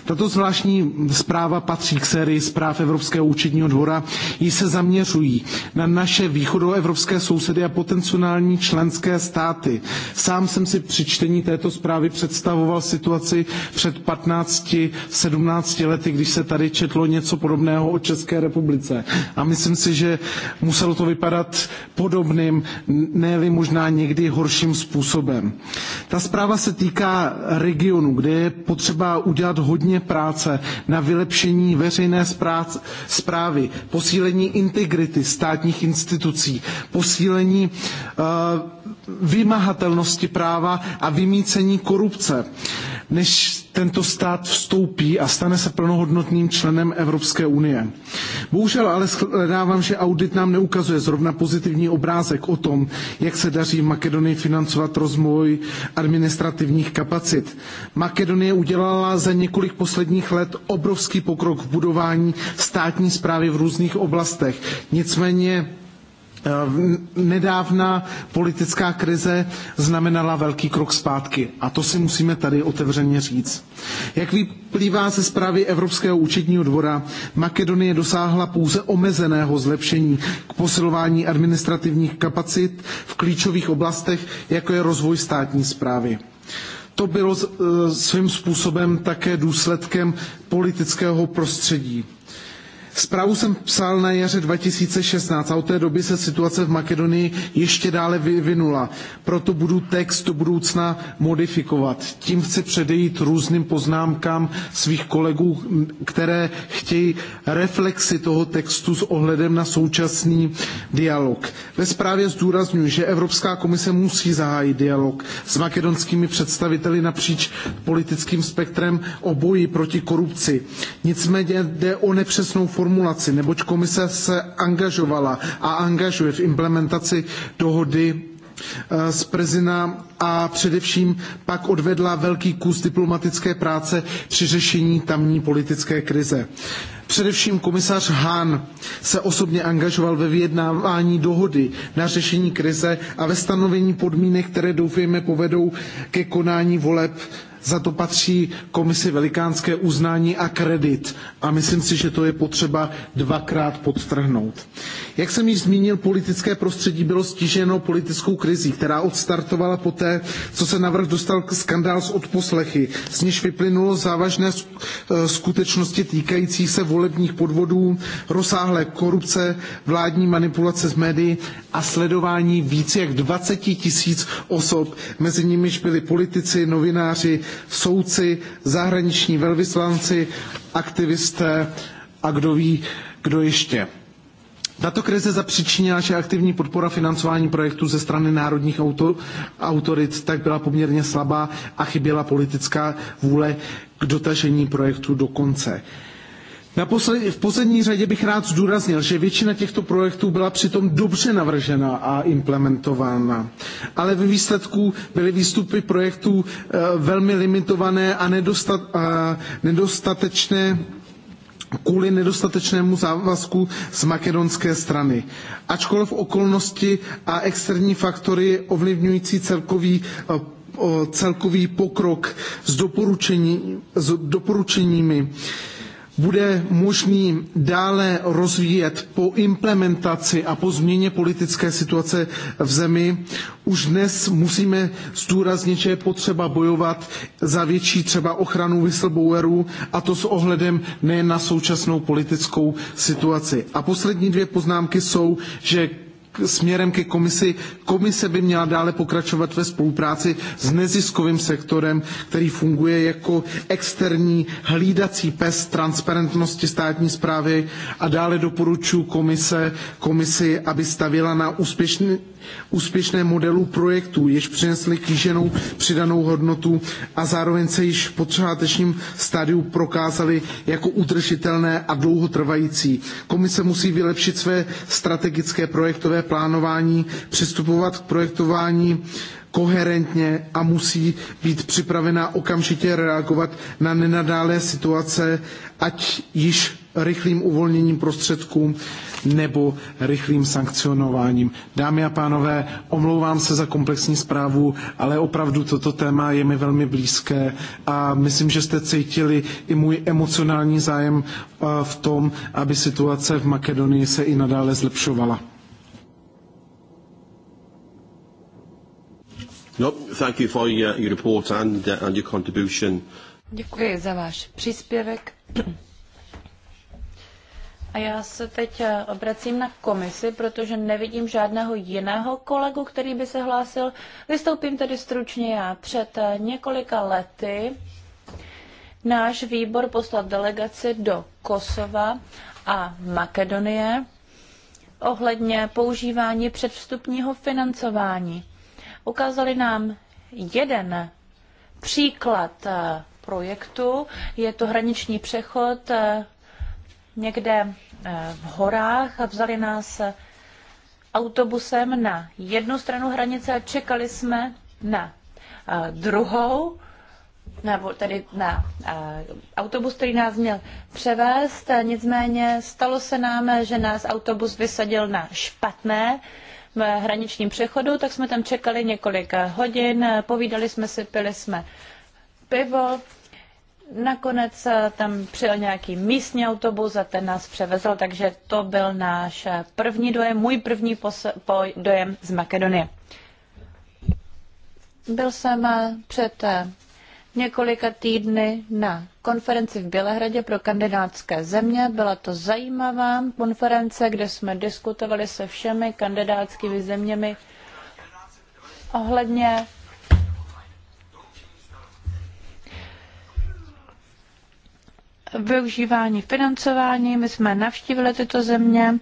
Tato zvláštní zpráva patří k sérii zpráv Evropského účetního dvora, jí se zaměřují na naše východoevropské sousedy a potenciální členské státy. Sám jsem si při čtení této zprávy představoval situaci před 15-17 lety, když se tady četlo něco podobného o České republice. A myslím si, že muselo to vypadat podobným, ne možná někdy horším způsobem. Ta zpráva se týká regionu, kde je potřeba udělat hodně práce na vylepšení veřejné správy, posílení integrity státních institucí, posílení uh, vymahatelnosti práva a vymícení korupce, než tento stát vstoupí a stane se plnohodnotným členem Evropské unie. Bohužel ale shledávám, že audit nám neukazuje zrovna pozitivní obrázek o tom, jak se daří v Makedonii financovat rozvoj administrativních kapacit. Makedonie udělala za několik posledních let obrovský pokrok v budování státní správy v různých oblastech. Nicméně Eh, nedávná politická krize znamenala velký krok zpátky a to si musíme tady otevřeně říct. Jak vyplývá ze zprávy Evropského účetního dvora, Makedonie dosáhla pouze omezeného zlepšení k posilování administrativních kapacit v klíčových oblastech, jako je rozvoj státní správy. To bylo eh, svým způsobem také důsledkem politického prostředí Zprávu jsem psal na jaře 2016 a od té doby se situace v Makedonii ještě dále vyvinula. Proto budu text do budoucna modifikovat. Tím chci předejít různým poznámkám svých kolegů, které chtějí reflexy toho textu s ohledem na současný dialog. Ve zprávě zdůrazňuji, že Evropská komise musí zahájit dialog s makedonskými představiteli napříč politickým spektrem o boji proti korupci. Nicméně jde o nepřesnou formu formulaci, neboť komise se angažovala a angažuje v implementaci dohody z eh, Prezina a především pak odvedla velký kus diplomatické práce při řešení tamní politické krize. Především komisař Hahn se osobně angažoval ve vyjednávání dohody na řešení krize a ve stanovení podmínek, které doufejme povedou ke konání voleb za to patří komisi velikánské uznání a kredit a myslím si, že to je potřeba dvakrát podtrhnout. Jak jsem již zmínil, politické prostředí bylo stíženo politickou krizí, která odstartovala poté, co se navrh dostal skandál s odposlechy, z níž vyplynulo závažné eh, skutečnosti týkající se volebních podvodů, rozsáhlé korupce, vládní manipulace s médii a sledování více jak 20 tisíc osob, mezi nimiž byli politici, novináři, soudci, zahraniční velvyslanci, aktivisté a kdo ví, kdo ještě. Tato krize zapříčinila, že aktivní podpora financování projektů ze strany národních autor, autorit tak byla poměrně slabá a chyběla politická vůle k dotažení projektu do konce v poslední řadě bych rád zdůraznil, že většina těchto projektů byla přitom dobře navržena a implementována, ale ve výsledku byly výstupy projektů e, velmi limitované a nedostat, e, nedostatečné kvůli nedostatečnému závazku z makedonské strany. Ačkoliv okolnosti a externí faktory ovlivňující celkový e, celkový pokrok s, doporučení, s doporučeními bude možný dále rozvíjet po implementaci a po změně politické situace v zemi. Už dnes musíme zdůraznit, že je potřeba bojovat za větší třeba ochranu whistleblowerů a to s ohledem nejen na současnou politickou situaci. A poslední dvě poznámky jsou, že směrem ke komisi. Komise by měla dále pokračovat ve spolupráci s neziskovým sektorem, který funguje jako externí hlídací pes transparentnosti státní správy a dále doporučuji komise, komisi, aby stavěla na úspěšný, úspěšné modelu projektů, jež přinesly kýženou přidanou hodnotu a zároveň se již v počátečním stádiu prokázaly jako udržitelné a dlouhotrvající. Komise musí vylepšit své strategické projektové plánování přistupovat k projektování koherentně a musí být připravena okamžitě reagovat na nenadálé situace, ať již rychlým uvolněním prostředků nebo rychlým sankcionováním. Dámy a pánové, omlouvám se za komplexní zprávu, ale opravdu toto téma je mi velmi blízké a myslím, že jste cítili i můj emocionální zájem eh, v tom, aby situace v Makedonii se i nadále zlepšovala. No, thank you for your, your report and, uh, and your contribution. Děkuji za váš příspěvek. A já se teď uh, obracím na komisi, protože nevidím žádného jiného kolegu, který by se hlásil. Vystoupím tedy stručně já. Před uh, několika lety náš výbor poslal delegaci do Kosova a Makedonie ohledně používání předvstupního financování. Ukázali nám jeden příklad eh, projektu. Je to hraniční přechod eh, někde eh, v horách a vzali nás autobusem na jednu stranu hranice a čekali jsme na druhou, nebo tedy na autobus, který nás měl převést. Nicméně stalo se nám, že nás autobus vysadil na špatné v hraničním přechodu, tak jsme tam čekali několik hodin, povídali jsme si, pili jsme pivo. Nakonec tam přijel nějaký místní autobus a ten nás převezl, takže to byl náš první dojem, můj první dojem z Makedonie. Byl jsem před několika týdny na konferenci v Bělehradě pro kandidátské země. Byla to zajímavá konference, kde jsme diskutovali se všemi kandidátskými zeměmi ohledně využívání financování. My jsme navštívili tyto země.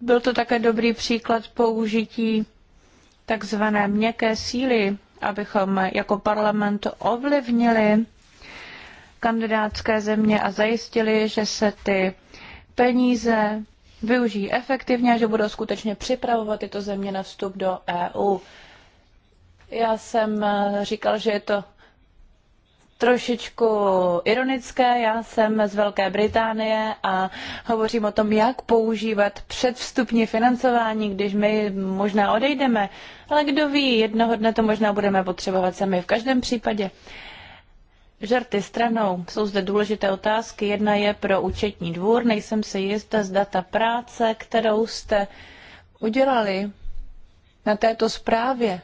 Byl to také dobrý příklad použití takzvané měkké síly, abychom jako parlament ovlivnili kandidátské země a zajistili, že se ty peníze využijí efektivně a že budou skutečně připravovat tyto země na vstup do EU. Já jsem eh, říkal, že je to trošičku ironické. Já jsem z Velké Británie a hovořím o tom, jak používat předvstupní financování, když my možná odejdeme. Ale kdo ví, jednoho dne to možná budeme potřebovat sami v každém případě. Žarty stranou, jsou zde důležité otázky. Jedna je pro účetní dvůr. Nejsem si jistá z data práce, kterou jste udělali na této zprávě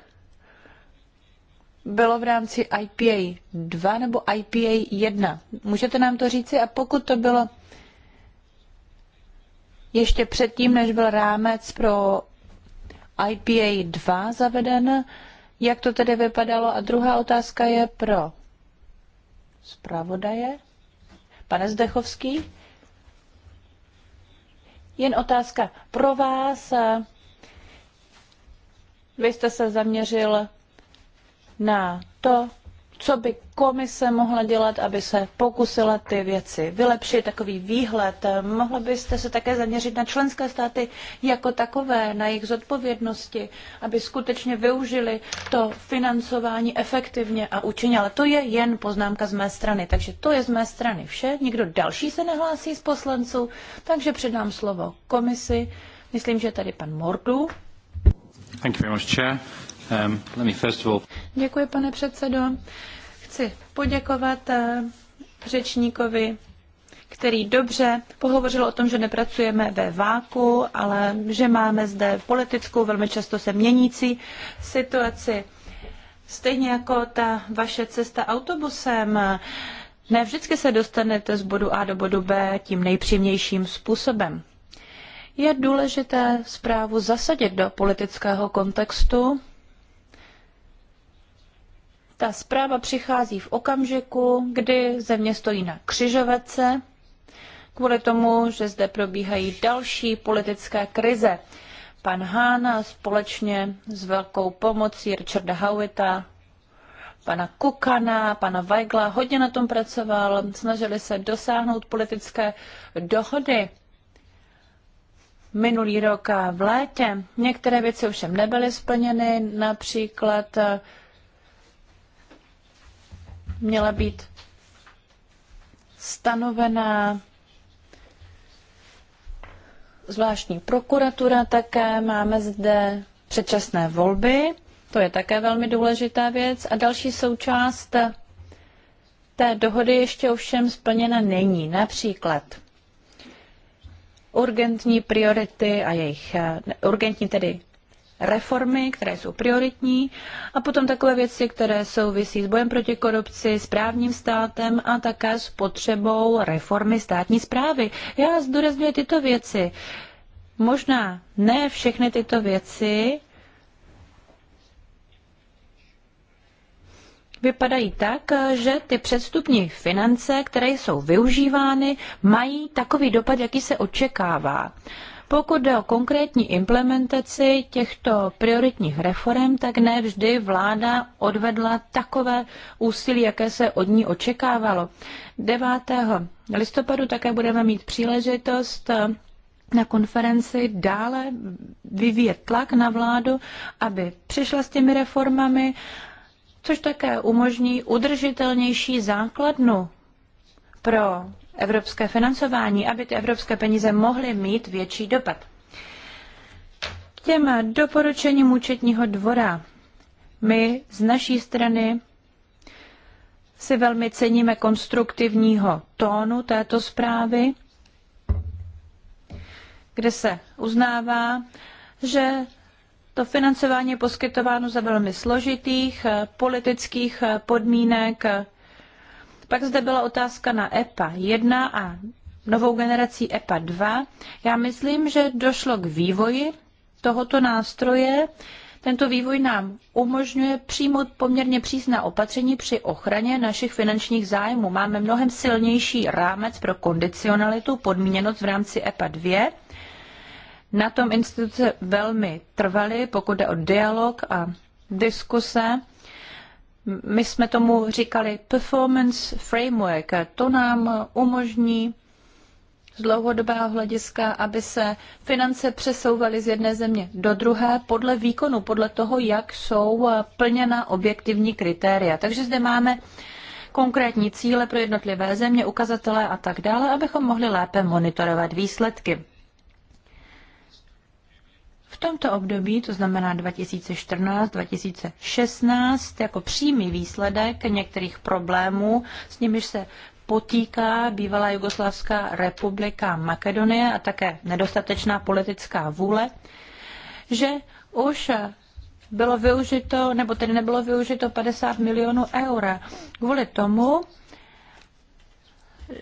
bylo v rámci IPA 2 nebo IPA 1. Můžete nám to říci? A pokud to bylo ještě předtím, než byl rámec pro IPA 2 zaveden, jak to tedy vypadalo? A druhá otázka je pro zpravodaje. Pane Zdechovský? Jen otázka pro vás. Vy jste se zaměřil na to, co by komise mohla dělat, aby se pokusila ty věci vylepšit, takový výhled. Mohla byste se také zaměřit na členské státy jako takové, na jejich zodpovědnosti, aby skutečně využili to financování efektivně a účinně. Ale to je jen poznámka z mé strany. Takže to je z mé strany vše. Nikdo další se nehlásí z poslanců, takže předám slovo komisi. Myslím, že je tady pan Mordu. Thank you very much, Chair. Um, Děkuji, pane předsedo. Chci poděkovat eh, řečníkovi, který dobře pohovořil o tom, že nepracujeme ve váku, ale že máme zde politickou, velmi často se měnící situaci. Stejně jako ta vaše cesta autobusem, ne vždycky se dostanete z bodu A do bodu B tím nejpřímějším způsobem. Je důležité zprávu zasadit do politického kontextu ta zpráva přichází v okamžiku, kdy země stojí na křižovatce, kvůli tomu, že zde probíhají další politické krize. Pan Hán společně s velkou pomocí Richarda Howita, pana Kukana, pana Weigla hodně na tom pracoval, snažili se dosáhnout politické dohody. Minulý rok v létě některé věci ovšem nebyly splněny, například měla být stanovená zvláštní prokuratura také, máme zde předčasné volby, to je také velmi důležitá věc. A další součást té dohody ještě ovšem splněna není. Například urgentní priority a jejich, urgentní tedy reformy, které jsou prioritní, a potom takové věci, které souvisí s bojem proti korupci, s právním státem a také s potřebou reformy státní zprávy. Já zdůrazňuji tyto věci. Možná ne všechny tyto věci vypadají tak, že ty předstupní finance, které jsou využívány, mají takový dopad, jaký se očekává. Pokud jde o konkrétní implementaci těchto prioritních reform, tak ne vždy vláda odvedla takové úsilí, jaké se od ní očekávalo. 9. listopadu také budeme mít příležitost eh, na konferenci dále vyvíjet tlak na vládu, aby přišla s těmi reformami, což také umožní udržitelnější základnu pro evropské financování, aby ty evropské peníze mohly mít větší dopad. K těm doporučením účetního dvora my z naší strany si velmi ceníme konstruktivního tónu této zprávy, kde se uznává, že to financování je poskytováno za velmi složitých eh, politických eh, podmínek, eh, pak zde byla otázka na EPA 1 a novou generací EPA 2. Já myslím, že došlo k vývoji tohoto nástroje. Tento vývoj nám umožňuje přijmout poměrně přísná opatření při ochraně našich finančních zájmů. Máme mnohem silnější rámec pro kondicionalitu, podmíněnost v rámci EPA 2. Na tom instituce velmi trvaly, pokud jde o dialog a diskuse my jsme tomu říkali performance framework. To nám umožní z dlouhodobého hlediska, aby se finance přesouvaly z jedné země do druhé podle výkonu, podle toho, jak jsou plněna objektivní kritéria. Takže zde máme konkrétní cíle pro jednotlivé země, ukazatele a tak dále, abychom mohli lépe monitorovat výsledky. V tomto období, to znamená 2014-2016, jako přímý výsledek některých problémů, s nimiž se potýká bývalá Jugoslavská republika Makedonie a také nedostatečná politická vůle, že už bylo využito, nebo tedy nebylo využito 50 milionů eur. Kvůli tomu,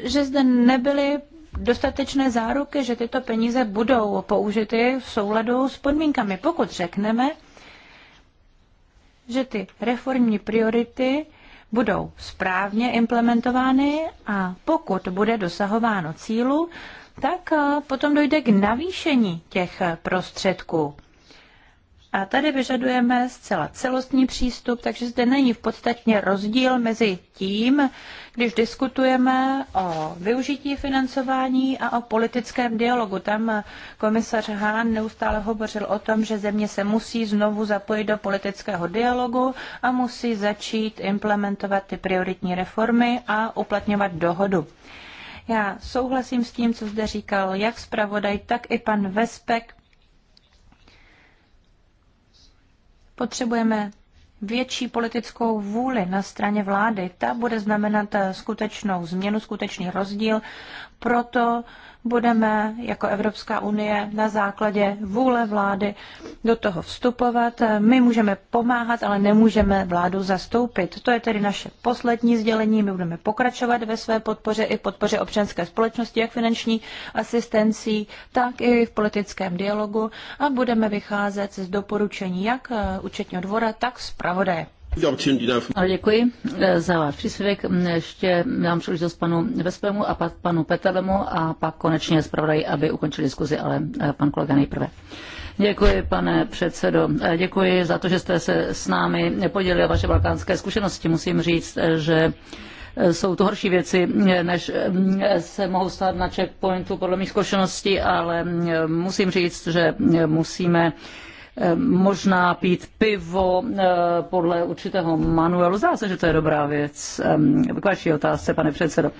že zde nebyly dostatečné záruky, že tyto peníze budou použity v souladu s podmínkami. Pokud řekneme, že ty reformní priority budou správně implementovány a pokud bude dosahováno cílu, tak eh, potom dojde k navýšení těch prostředků. A tady vyžadujeme zcela celostní přístup, takže zde není v podstatě rozdíl mezi tím, když diskutujeme o využití financování a o politickém dialogu. Tam komisař Hahn neustále hovořil o tom, že země se musí znovu zapojit do politického dialogu a musí začít implementovat ty prioritní reformy a uplatňovat dohodu. Já souhlasím s tím, co zde říkal jak zpravodaj, tak i pan Vespek, Potřebujeme větší politickou vůli na straně vlády. Ta bude znamenat eh, skutečnou změnu, skutečný rozdíl. Proto budeme jako Evropská unie na základě vůle vlády do toho vstupovat. My můžeme pomáhat, ale nemůžeme vládu zastoupit. To je tedy naše poslední sdělení. My budeme pokračovat ve své podpoře i podpoře občanské společnosti, jak finanční asistencí, tak i v politickém dialogu a budeme vycházet z doporučení jak eh, účetního dvora, tak zpravodaje děkuji eh, za váš příspěvek. Mm, Ještě dám příležitost panu Vespemu a pak panu Petelemu a pak konečně zpravodaj aby ukončili diskuzi, ale eh, pan kolega nejprve. Děkuji, pane předsedo. Eh, děkuji za to, že jste se s námi podělili o vaše balkánské zkušenosti. Musím říct, že jsou to horší věci, než se mohou stát na checkpointu podle mých zkušeností, ale musím říct, že musíme Eh, možná pít pivo eh, podle určitého manuelu. Zdá se, že to je dobrá věc. Eh, k vaší otázce, pane předsedo.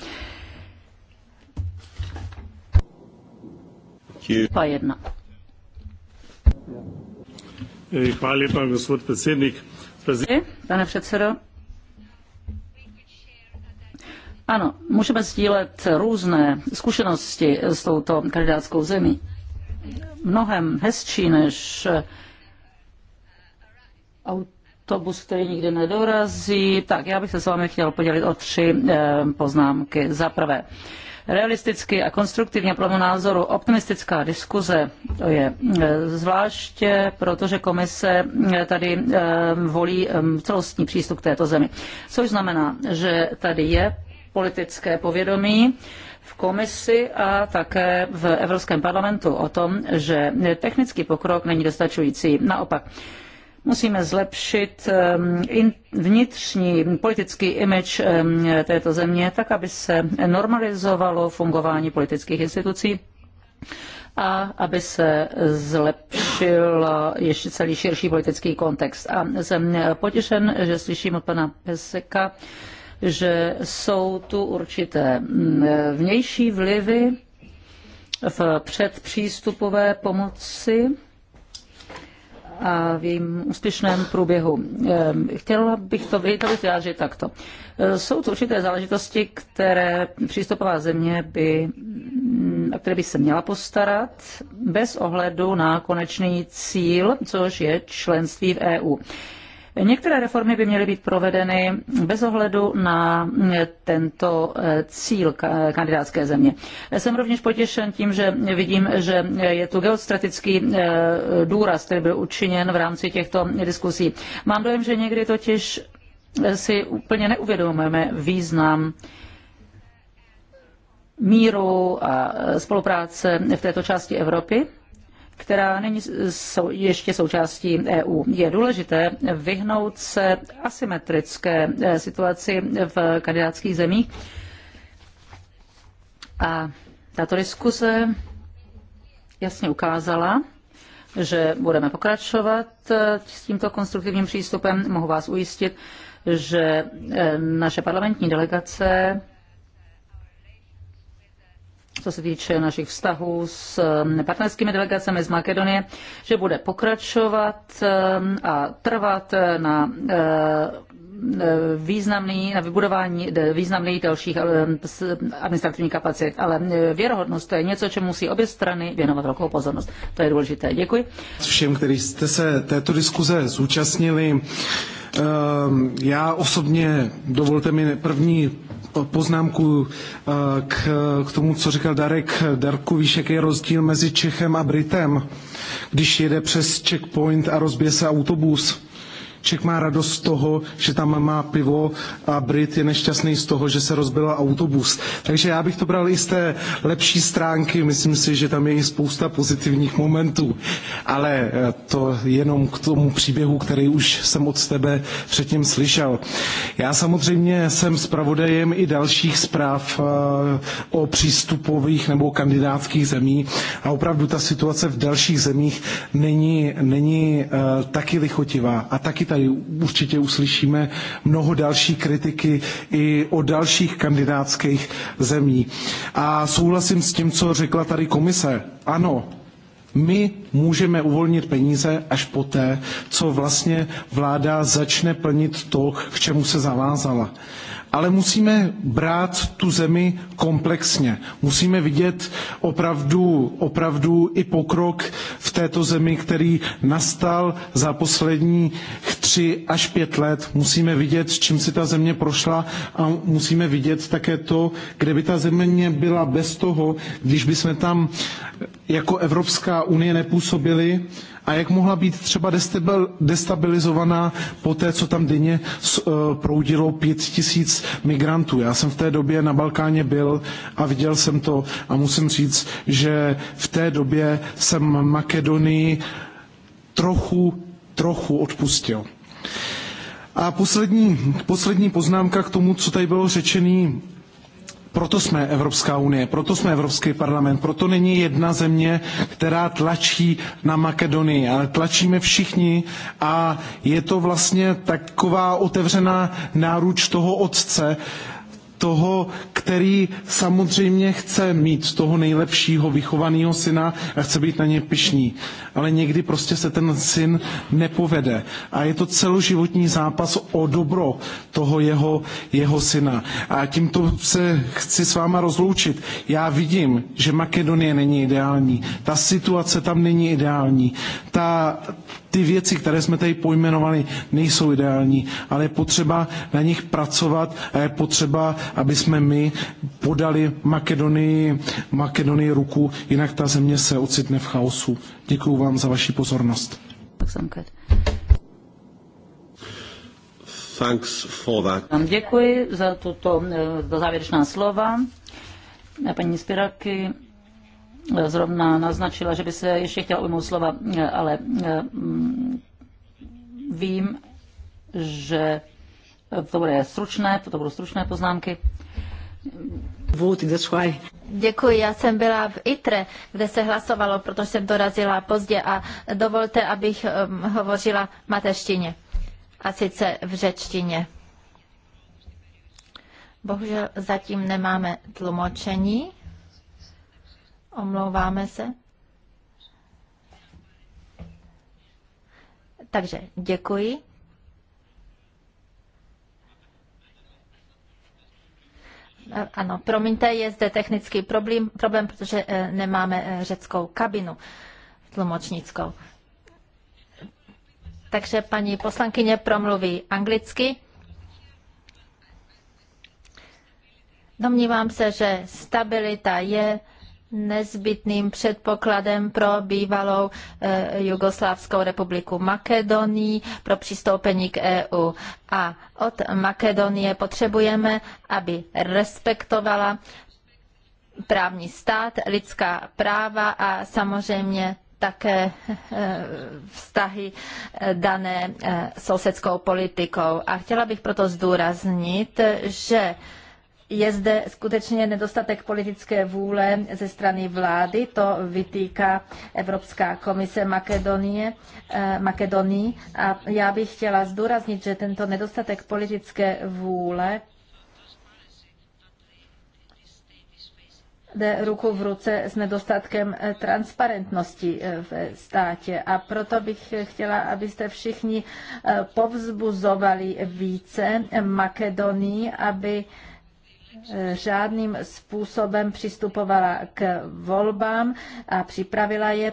Pa jedna. Hvala lepa, gospod predsednik. Pane předsedo. Ano, můžeme sdílet různé zkušenosti s touto kandidátskou zemí. Mnohem hezčí než autobus, který nikdy nedorazí. Tak já bych se s vámi chtěl podělit o tři eh, poznámky. Za prvé, realisticky a konstruktivně podle mého názoru optimistická diskuze je eh, zvláště, protože komise eh, tady volí celostní přístup k této zemi. Což znamená, že tady je politické povědomí, v komisi a také v Evropském parlamentu o tom, že technický pokrok není dostačující. Naopak, Musíme zlepšit ehm, vnitřní politický image ehm, této země, tak aby se normalizovalo fungování politických institucí a aby se zlepšil ještě celý širší politický kontext. A jsem potěšen, že slyším od pana Peseka, že jsou tu určité mm, vnější vlivy v předpřístupové pomoci a v jejím úspěšném průběhu. Ehm, chtěla bych to, to bych vyjádřit takto. Ehm, jsou to určité záležitosti, které přístupová země by, mm, a které by se měla postarat bez ohledu na konečný cíl, což je členství v EU. Některé reformy by měly být provedeny bez ohledu na tento eh, cíl kandidátské země. Jsem rovněž potěšen tím, že vidím, že je tu geostratický eh, důraz, který byl učiněn v rámci těchto diskusí. Mám dojem, že někdy totiž eh, si úplně neuvědomujeme význam míru a spolupráce v této části Evropy která není sou, ještě součástí EU. Je důležité vyhnout se asymetrické eh, situaci v kandidátských zemích. A tato diskuse jasně ukázala, že budeme pokračovat eh, s tímto konstruktivním přístupem. Mohu vás ujistit, že eh, naše parlamentní delegace co se týče našich vztahů s um, partnerskými delegacemi z Makedonie, že bude pokračovat um, a trvat na uh, uh, významný, na vybudování významných dalších um, administrativních kapacit, ale uh, věrohodnost to je něco, čemu musí obě strany věnovat velkou pozornost. To je důležité. Děkuji. Všem, kteří jste se této diskuze zúčastnili, Ehm, já osobně, dovolte mi první poznámku eh, k, k tomu, co říkal Darek Darkuvíš, jaký je rozdíl mezi Čechem a Britem, když jede přes checkpoint a rozbije se autobus. Čech má radost z toho, že tam má pivo a Brit je nešťastný z toho, že se rozbila autobus. Takže já bych to bral i z té lepší stránky, myslím si, že tam je i spousta pozitivních momentů. Ale eh, to jenom k tomu příběhu, který už jsem od tebe předtím slyšel. Já samozřejmě jsem zpravodajem i dalších zpráv eh, o přístupových nebo kandidátských zemí a opravdu ta situace v dalších zemích není, není eh, taky lichotivá a taky ta tady určitě uslyšíme mnoho další kritiky i o dalších kandidátských zemí. A souhlasím s tím, co řekla tady komise. Ano, my můžeme uvolnit peníze až poté, co vlastně vláda začne plnit to, k čemu se zavázala ale musíme brát tu zemi komplexně. Musíme vidět opravdu, opravdu i pokrok v této zemi, který nastal za posledních tři až pět let. Musíme vidět, s čím si ta země prošla a musíme vidět také to, kde by ta země byla bez toho, když by jsme tam jako Evropská unie nepůsobili, a jak mohla být třeba destabilizovaná po té, co tam denně eh, proudilo pět tisíc migrantů. Já jsem v té době na Balkáně byl a viděl jsem to a musím říct, že v té době jsem Makedonii trochu, trochu odpustil. A poslední, poslední poznámka k tomu, co tady bylo řečený proto jsme Evropská unie, proto jsme Evropský parlament, proto není jedna země, která tlačí na Makedonii, ale tlačíme všichni a je to vlastně taková otevřená náruč toho otce, toho, který samozřejmě chce mít toho nejlepšího vychovaného syna a chce být na ně pišný. Ale někdy prostě se ten syn nepovede. A je to celoživotní zápas o dobro toho jeho, jeho syna. A tímto se chci s váma rozloučit. Já vidím, že Makedonie není ideální. Ta situace tam není ideální. Ta, ty věci, které jsme tady pojmenovali, nejsou ideální, ale je potřeba na nich pracovat a je potřeba aby jsme my podali Makedonii, Makedonii ruku, jinak ta země se ocitne v chaosu. Děkuji vám za vaši pozornost. Thanks for that. Děkuji za tuto eh, za závěrečná slova. Paní Spiraky eh, zrovna naznačila, že by se ještě chtěla ujmout slova, eh, ale mm, vím, že to bude stručné, to budou stručné poznámky. Děkuji, já jsem byla v ITRE, kde se hlasovalo, protože jsem dorazila pozdě a dovolte, abych um, hovořila v mateřštině a sice v řečtině. Bohužel zatím nemáme tlumočení. Omlouváme se. Takže děkuji. Eh, ano, promiňte, je zde technický problém, problém protože eh, nemáme eh, řeckou kabinu tlumočnickou. Takže paní poslankyně promluví anglicky. Domnívám se, že stabilita je nezbytným předpokladem pro bývalou e, Jugoslávskou republiku Makedonii pro přistoupení k EU. A od Makedonie potřebujeme, aby respektovala právní stát, lidská práva a samozřejmě také eh, vztahy eh, dané sousedskou politikou. A chtěla bych proto zdůraznit, že je zde skutečně nedostatek politické vůle ze strany vlády, to vytýká Evropská komise Makedonie, eh, Makedonii. A já bych chtěla zdůraznit, že tento nedostatek politické vůle jde ruku v ruce s nedostatkem eh, transparentnosti eh, v státě. A proto bych chtěla, abyste všichni povzbuzovali více Makedonii, aby žádným způsobem přistupovala k volbám a připravila je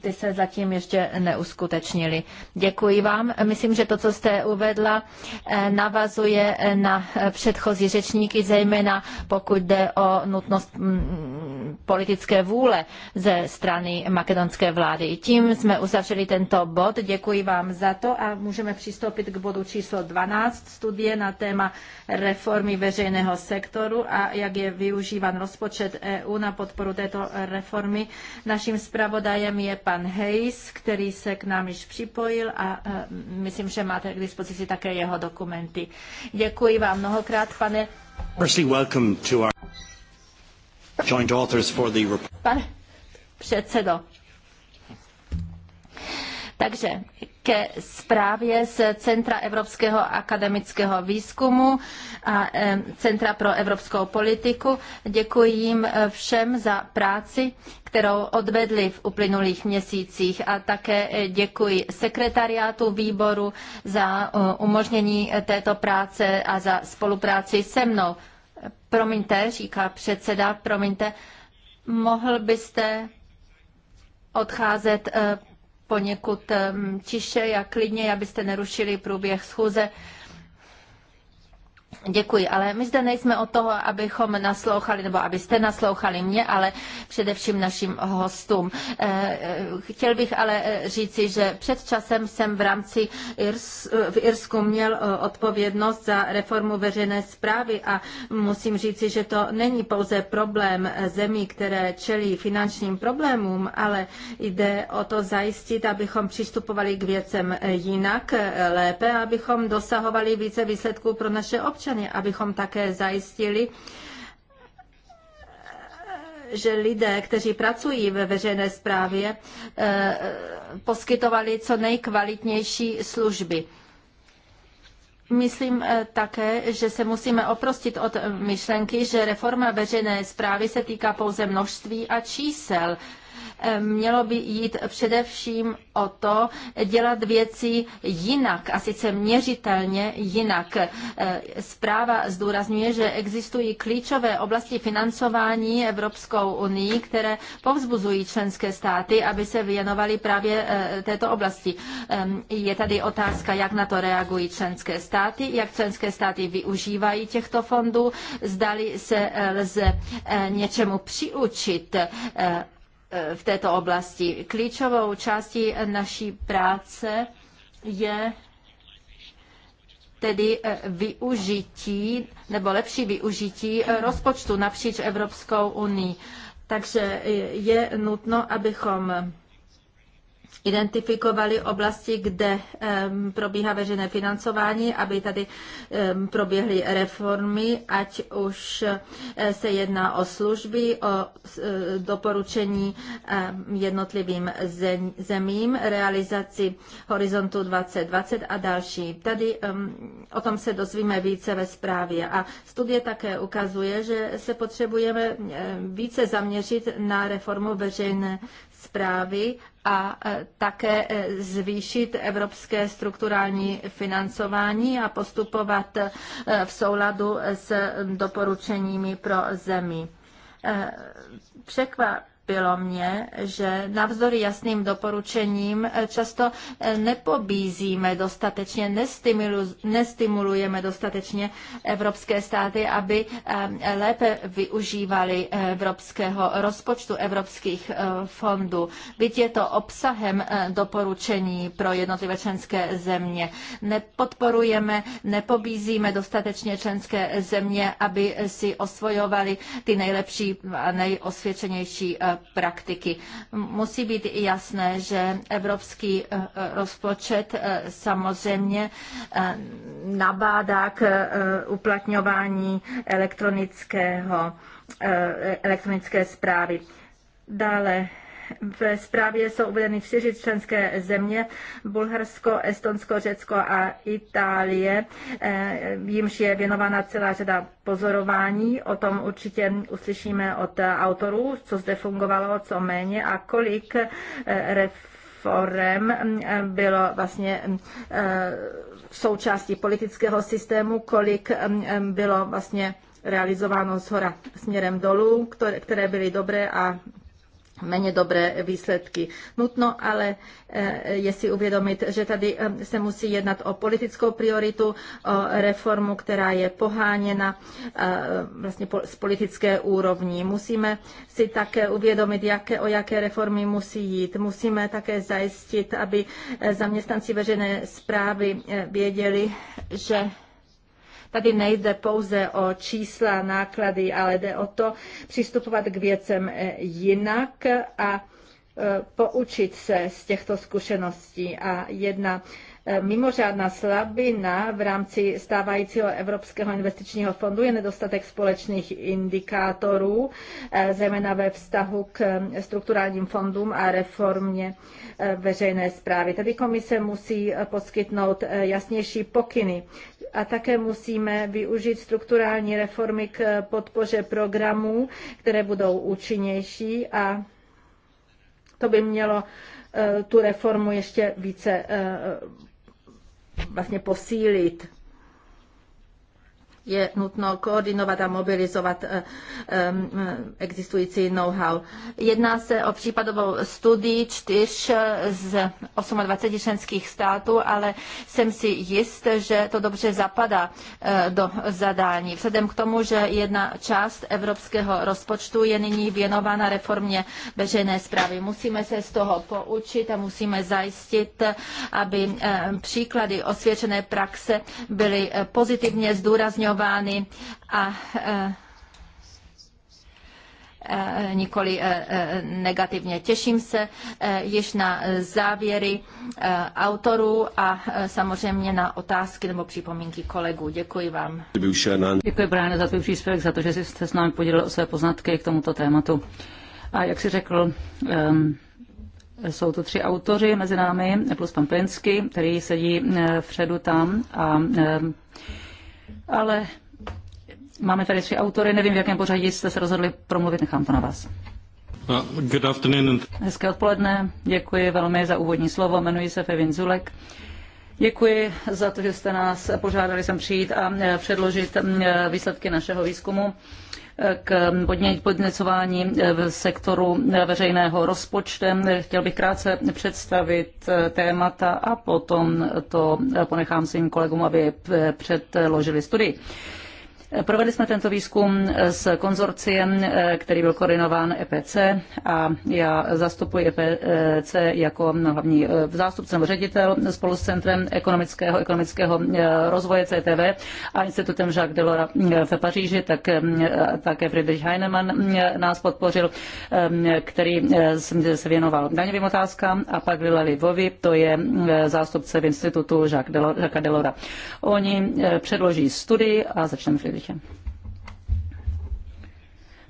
ty se zatím ještě neuskutečnily. Děkuji vám. Myslím, že to, co jste uvedla, eh, navazuje eh, na eh, předchozí řečníky, zejména pokud jde o nutnost mm, politické vůle ze strany makedonské vlády. Tím jsme uzavřeli tento bod. Děkuji vám za to a můžeme přistoupit k bodu číslo 12, studie na téma reformy veřejného sektoru a jak je využívan rozpočet EU na podporu této reformy. Naším zpravodajem je pan Hayes, který se k nám již připojil a e, myslím, že máte k dispozici také jeho dokumenty. Děkuji vám mnohokrát, pane. Pane předsedo, takže ke zprávě z Centra evropského akademického výzkumu a e, Centra pro evropskou politiku. Děkuji jim e, všem za práci, kterou odvedli v uplynulých měsících a také e, děkuji sekretariátu výboru za umožnění této práce a za spolupráci se mnou. Promiňte, říká předseda, promiňte, mohl byste odcházet poněkud tiše, jak klidně, abyste nerušili průběh schůze. Děkuji, ale my zde nejsme o toho, abychom naslouchali, nebo abyste naslouchali mě, ale především našim hostům. Eh, eh, chtěl bych ale eh, říci, že před časem jsem v rámci Irs, v Irsku měl odpovědnost za reformu veřejné zprávy a musím říci, že to není pouze problém zemí, které čelí finančním problémům, ale jde o to zajistit, abychom přistupovali k věcem jinak, lépe, abychom dosahovali více výsledků pro naše občany občany, abychom také zajistili, že lidé, kteří pracují ve veřejné správě, eh, poskytovali co nejkvalitnější služby. Myslím eh, také, že se musíme oprostit od myšlenky, že reforma veřejné zprávy se týká pouze množství a čísel mělo by jít především o to dělat věci jinak a sice měřitelně jinak. E, zpráva zdůrazňuje, že existují klíčové oblasti financování Evropskou unii, které povzbuzují členské státy, aby se věnovali právě e, této oblasti. Je tady otázka, jak na to reagují členské státy, jak členské státy využívají těchto fondů, zdali se e, lze něčemu přiučit Eh, v této oblasti. Klíčovou částí naší práce je tedy eh, využití nebo lepší využití eh, rozpočtu napříč Evropskou unii. Takže je nutno, abychom identifikovali oblasti, kde probíhá veřejné financování, aby tady proběhly reformy, ať už e, se jedná o služby, o e, doporučení jednotlivým zemím, realizaci Horizontu 2020 a další. Tady o tom se dozvíme více ve zprávě. A studie také ukazuje, že se potřebujeme více zaměřit na reformu veřejné zprávy a e, také e, zvýšit evropské strukturální financování a postupovat e, v souladu s doporučeními pro zemi. Překvap překvapilo mě, že navzdory jasným doporučením eh, často eh, nepobízíme dostatečně, nestimulujeme dostatečně evropské státy, aby eh, lépe využívali evropského rozpočtu, evropských fondů. Byť je to obsahem doporučení pro jednotlivé členské země. Nepodporujeme, nepobízíme dostatečně členské země, aby si osvojovali ty nejlepší a nejosvědčenější praktiky. Musí být jasné, že evropský eh, rozpočet eh, samozřejmě eh, nabádá k uplatňování elektronického, elektronické zprávy. Dále v zprávě jsou uvedeny čtyři členské země, Bulharsko, Estonsko, Řecko a Itálie. Eh, jimž je věnována celá řada pozorování. O tom určitě uslyšíme od autorů, co zde fungovalo, co méně a kolik eh, reform eh, bylo vlastně součástí politického systému, kolik bylo vlastně realizováno z hora směrem dolů, které byly dobré a méně dobré výsledky. Nutno ale eh, je si uvědomit, že tady eh, se musí jednat o politickou prioritu, o reformu, která je poháněna eh, vlastně z politické úrovni. Musíme si také uvědomit, jaké, o jaké reformy musí jít. Musíme také zajistit, aby zaměstnanci veřejné zprávy věděli, že Tady nejde pouze o čísla, náklady, ale jde o to přistupovat k věcem eh, jinak a eh, poučit se z těchto zkušeností. A jedna Eh, mimořádná slabina v rámci stávajícího Evropského investičního fondu je nedostatek společných indikátorů, eh, zejména ve vztahu k eh, strukturálním fondům a reformě veřejné zprávy. Tedy komise musí poskytnout jasnější pokyny a také musíme využít strukturální reformy k podpoře programů, které budou účinnější a to by mělo tu reformu ještě více vlastně posílit je nutno koordinovat a mobilizovat eh, eh, existující know-how. Jedná se o případovou studii čtyř z 28 členských států, ale jsem si jist, že to dobře zapadá eh, do zadání. Vzhledem k tomu, že jedna část evropského rozpočtu je nyní věnována reformě veřejné zprávy. Musíme se z toho poučit a musíme zajistit, aby příklady osvědčené praxe byly pozitivně zdůrazněny jmenovány a e, e, nikoli e, negativně. Těším se již na závěry autorů a samozřejmě na otázky nebo připomínky kolegů. Děkuji vám. Děkuji, Brian, za tvůj příspěvek, za to, že jsi se s námi podělil o své poznatky k tomuto tématu. A jak jsi řekl, um, jsou to tři autoři mezi námi, plus pan Pinsky, který sedí vpředu tam a um, ale máme tady tři autory, nevím, v jakém pořadí jste se rozhodli promluvit, nechám to na vás. Uh, good afternoon. Hezké odpoledne, děkuji velmi za úvodní slovo, jmenuji se Fevin Zulek. Děkuji za to, že jste nás požádali sem přijít a eh, předložit mm, eh, výsledky našeho výzkumu k podněcování eh, v sektoru eh, veřejného rozpočtem. Chtěl bych krátce představit eh, témata a potom to ponechám svým kolegům, aby předložili studii. Provedli jsme tento výzkum s konzorciem, který byl koordinován EPC a já zastupuji EPC jako hlavní e, zástupce nebo ředitel spolu s Centrem ekonomického, ekonomického e, rozvoje CTV a institutem Jacques Delora e, v Paříži, tak také Friedrich Heinemann nás podpořil, který se věnoval daňovým otázkám a pak Lila Livovi, to je zástupce v institutu Jacques Delora. Oni předloží studii a začneme Friedrich Ulriche.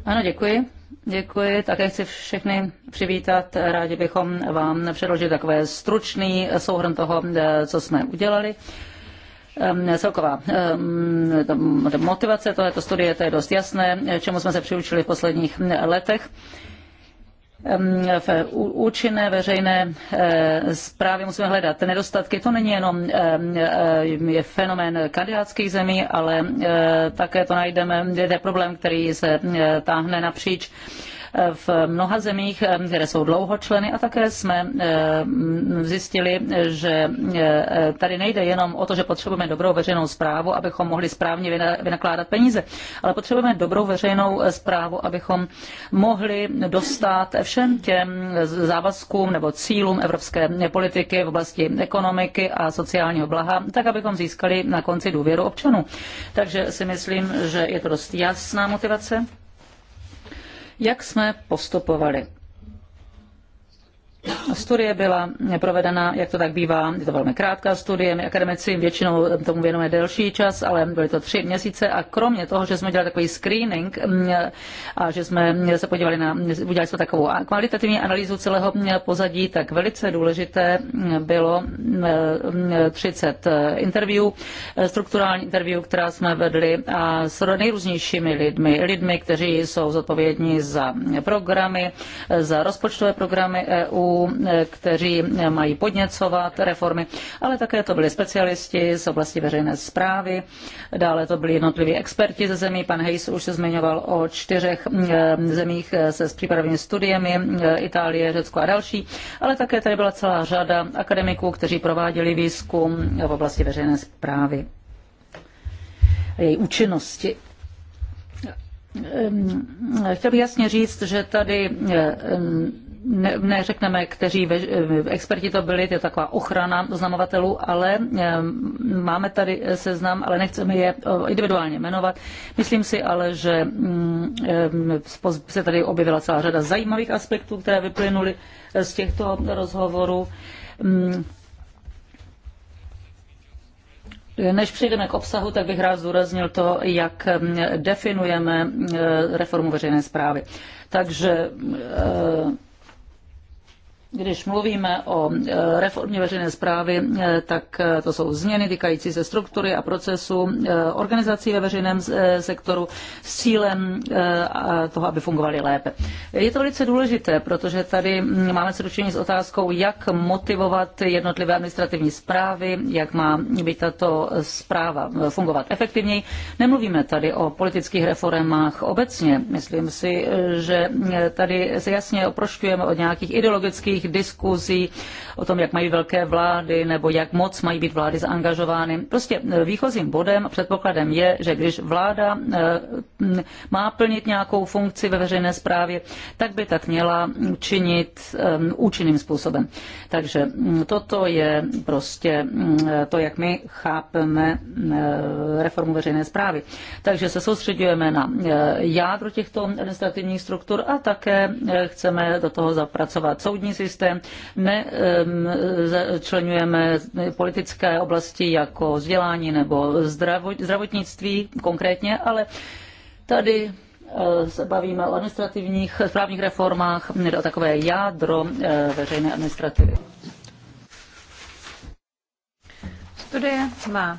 Ano, děkuji. Děkuji, také chci všechny přivítat. Rádi bychom vám předložili takové stručný souhrn toho, eh, co jsme udělali. Ehm, celková ehm, motivace tohoto studie, to je dost jasné, eh, čemu jsme se přiučili v posledních eh, letech v účinné veřejné eh, zprávě musíme hledat nedostatky. To není jenom je fenomén kandidátských zemí, ale eh, také to najdeme, je problém, který se eh, táhne napříč v mnoha zemích, eh, které jsou dlouho členy a také jsme eh, zjistili, že eh, tady nejde jenom o to, že potřebujeme dobrou veřejnou zprávu, abychom mohli správně vynakládat peníze, ale potřebujeme dobrou veřejnou zprávu, abychom mohli dostat všem těm závazkům nebo cílům evropské politiky v oblasti ekonomiky a sociálního blaha, tak abychom získali na konci důvěru občanů. Takže si myslím, že je to dost jasná motivace jak jsme postupovali. Studie byla provedena, jak to tak bývá, je to velmi krátká studie, my akademici většinou tomu věnujeme delší čas, ale byly to tři měsíce a kromě toho, že jsme dělali takový screening mm, a že jsme se podívali na, udělali jsme takovou kvalitativní analýzu celého pozadí, tak velice důležité bylo 30 mm, interview, strukturální interview, která jsme vedli a s nejrůznějšími lidmi, lidmi, kteří jsou zodpovědní za programy, za rozpočtové programy EU, Eh, kteří mají podněcovat reformy, ale také to byli specialisti z oblasti veřejné zprávy, dále to byli jednotliví experti ze zemí. Pan Hayes už se zmiňoval o čtyřech eh, zemích eh, se s přípravnými studiemi, Itálie, Řecko a další, ale také tady byla celá řada akademiků, kteří prováděli výzkum v oblasti veřejné zprávy a její účinnosti. Ehm, chtěl bych jasně říct, že tady ehm, ne, neřekneme, kteří ve, experti to byli, to je taková ochrana oznamovatelů, ale eh, máme tady seznam, ale nechceme je eh, individuálně jmenovat. Myslím si ale, že mm, eh, se tady objevila celá řada zajímavých aspektů, které vyplynuly z těchto rozhovorů. Mm. Než přejdeme k obsahu, tak bych rád zdůraznil to, jak mm, definujeme reformu veřejné zprávy. Takže když mluvíme o eh, reformě veřejné zprávy, eh, tak eh, to jsou změny týkající se struktury a procesu organizací ve veřejném sektoru s cílem toho, aby fungovaly lépe. Je to velice důležité, protože tady mm, máme se dočení s otázkou, jak motivovat jednotlivé administrativní zprávy, jak má být tato zpráva fungovat efektivněji. Nemluvíme tady o politických reformách obecně. Myslím si, že tady se jasně oprošťujeme od nějakých ideologických různých diskuzí o tom, jak mají velké vlády nebo jak moc mají být vlády zaangažovány. Prostě e, výchozím bodem, předpokladem je, že když vláda e, má plnit nějakou funkci ve veřejné správě, tak by tak měla činit e, účinným způsobem. Takže mm, toto je prostě mm, to, jak my chápeme reformu veřejné správy. Takže se soustředujeme na jádro těchto administrativních struktur a také chceme do toho zapracovat soudní systém, systém, nečlenujeme politické oblasti jako vzdělání nebo zdravotnictví konkrétně, ale tady eh, se bavíme o administrativních správních reformách, o takové jádro eh, veřejné administrativy. Studie má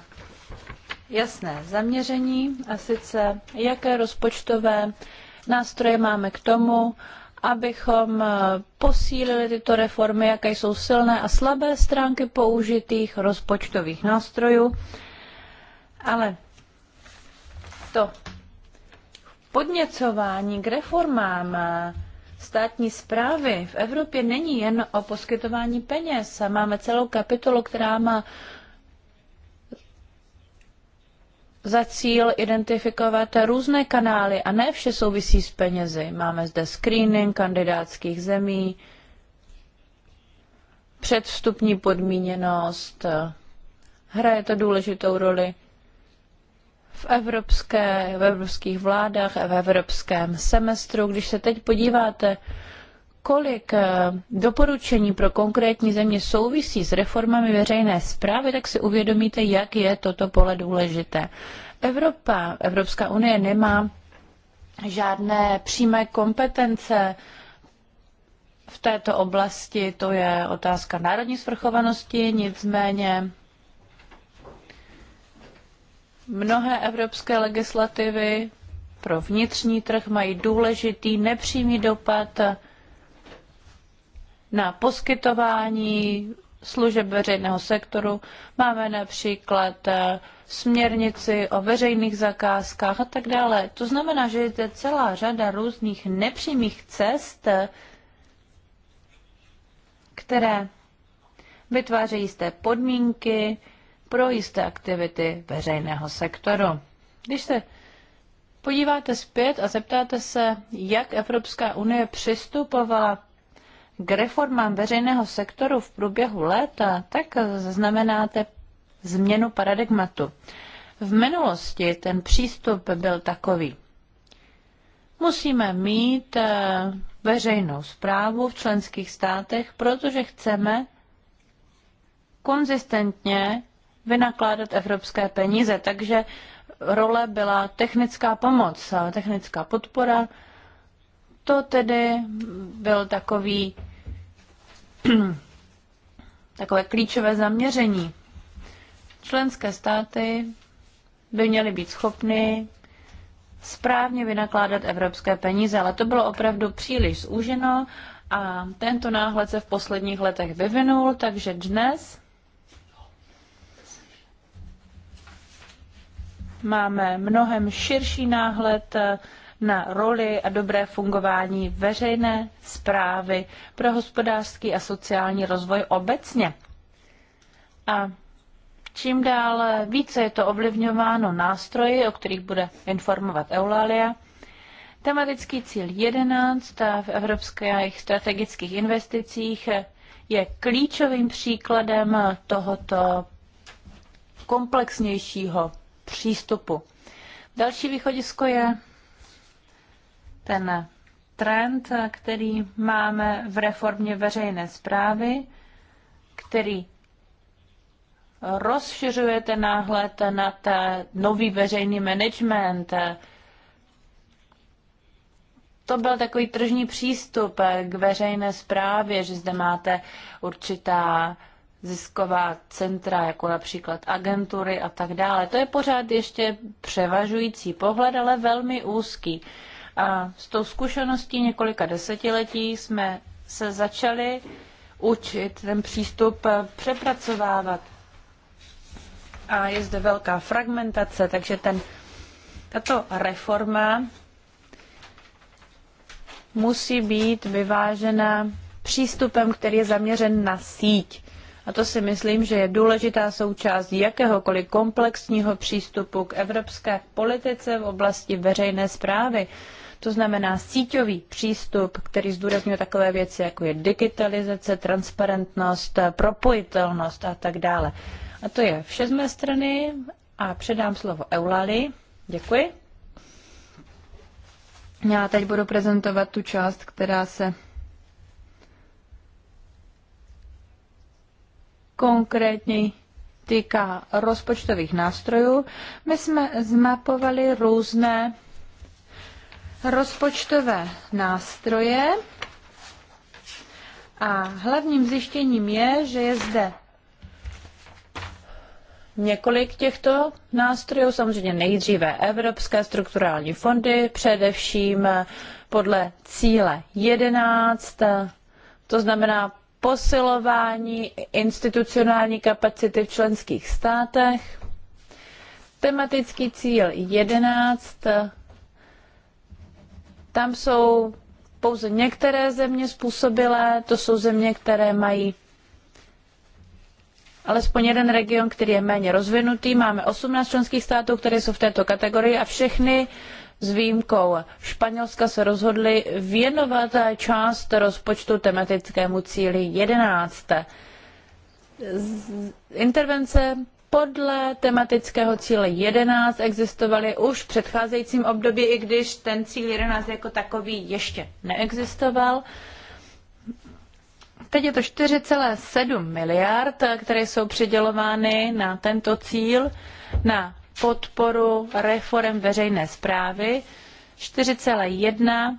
jasné zaměření a sice jaké rozpočtové nástroje máme k tomu, abychom eh, posílili tyto reformy, jaké jsou silné a slabé stránky použitých rozpočtových nástrojů. Ale to podněcování k reformám eh, státní zprávy v Evropě není jen o poskytování peněz. Máme celou kapitolu, která má za cíl identifikovat různé kanály a ne vše souvisí s penězi. Máme zde screening kandidátských zemí, předvstupní podmíněnost, hraje to důležitou roli v, evropské, v evropských vládách a v evropském semestru. Když se teď podíváte kolik eh, doporučení pro konkrétní země souvisí s reformami veřejné zprávy, tak si uvědomíte, jak je toto pole důležité. Evropa, Evropská unie nemá žádné přímé kompetence v této oblasti, to je otázka národní svrchovanosti, nicméně mnohé evropské legislativy pro vnitřní trh mají důležitý nepřímý dopad na poskytování služeb veřejného sektoru. Máme například eh, směrnici o veřejných zakázkách a tak dále. To znamená, že je celá řada různých nepřímých cest, eh, které vytvářejí jisté podmínky pro jisté aktivity veřejného sektoru. Když se podíváte zpět a zeptáte se, jak Evropská unie přistupovala k reformám veřejného sektoru v průběhu léta, tak znamenáte změnu paradigmatu. V minulosti ten přístup byl takový. Musíme mít eh, veřejnou zprávu v členských státech, protože chceme konzistentně vynakládat evropské peníze. Takže role byla technická pomoc, technická podpora, to tedy byl takový takové klíčové zaměření. Členské státy by měly být schopny správně vynakládat evropské peníze, ale to bylo opravdu příliš zúženo a tento náhled se v posledních letech vyvinul, takže dnes máme mnohem širší náhled na roli a dobré fungování veřejné zprávy pro hospodářský a sociální rozvoj obecně. A čím dál více je to ovlivňováno nástroji, o kterých bude informovat Eulalia, Tematický cíl 11 v evropských strategických investicích je klíčovým příkladem tohoto komplexnějšího přístupu. Další východisko je ten trend, který máme v reformě veřejné zprávy, který ten náhled na ten nový veřejný management. To byl takový tržní přístup k veřejné správě, že zde máte určitá zisková centra, jako například agentury a tak dále. To je pořád ještě převažující pohled, ale velmi úzký. A s tou zkušeností několika desetiletí jsme se začali učit ten přístup eh, přepracovávat. A je zde velká fragmentace, takže ten, tato reforma musí být vyvážena přístupem, který je zaměřen na síť. A to si myslím, že je důležitá součást jakéhokoliv komplexního přístupu k evropské politice v oblasti veřejné zprávy. To znamená síťový přístup, který zdůrazňuje takové věci, jako je digitalizace, transparentnost, propojitelnost a tak dále. A to je vše z mé strany a předám slovo Eulali. Děkuji. Já teď budu prezentovat tu část, která se konkrétně týká rozpočtových nástrojů. My jsme zmapovali různé rozpočtové nástroje a hlavním zjištěním je, že je zde několik těchto nástrojů, samozřejmě nejdříve Evropské strukturální fondy, především podle cíle 11, to znamená posilování institucionální kapacity v členských státech. Tematický cíl 11 tam jsou pouze některé země způsobilé, to jsou země, které mají alespoň jeden region, který je méně rozvinutý. Máme 18 členských států, které jsou v této kategorii a všechny s výjimkou Španělska se rozhodli věnovat část rozpočtu tematickému cíli 11. Z intervence podle tematického cíle 11 existovaly už v předcházejícím období, i když ten cíl 11 jako takový ještě neexistoval. Teď je to 4,7 miliard, které jsou přidělovány na tento cíl, na podporu reform veřejné zprávy. 4,1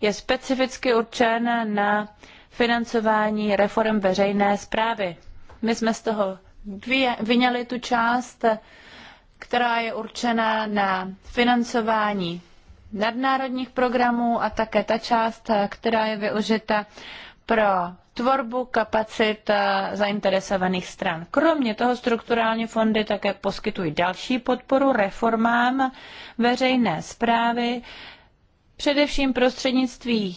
je specificky určen na financování reform veřejné zprávy. My jsme z toho vyňali tu část, která je určena na financování nadnárodních programů a také ta část, která je využita pro tvorbu kapacit eh, zainteresovaných stran. Kromě toho strukturální fondy také poskytují další podporu reformám veřejné zprávy, především prostřednictvím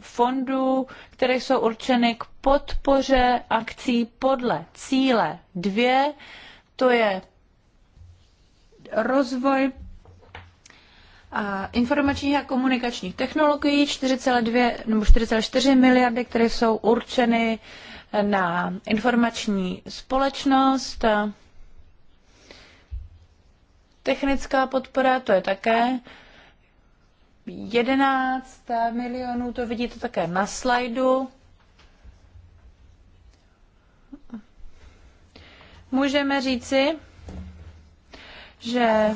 fondů, které jsou určeny k podpoře akcí podle cíle 2, to je rozvoj informačních a komunikačních technologií 4,2 nebo 4,4 miliardy, které jsou určeny na informační společnost. Technická podpora, to je také 11 milionů, to vidíte také na slajdu. Můžeme říci, že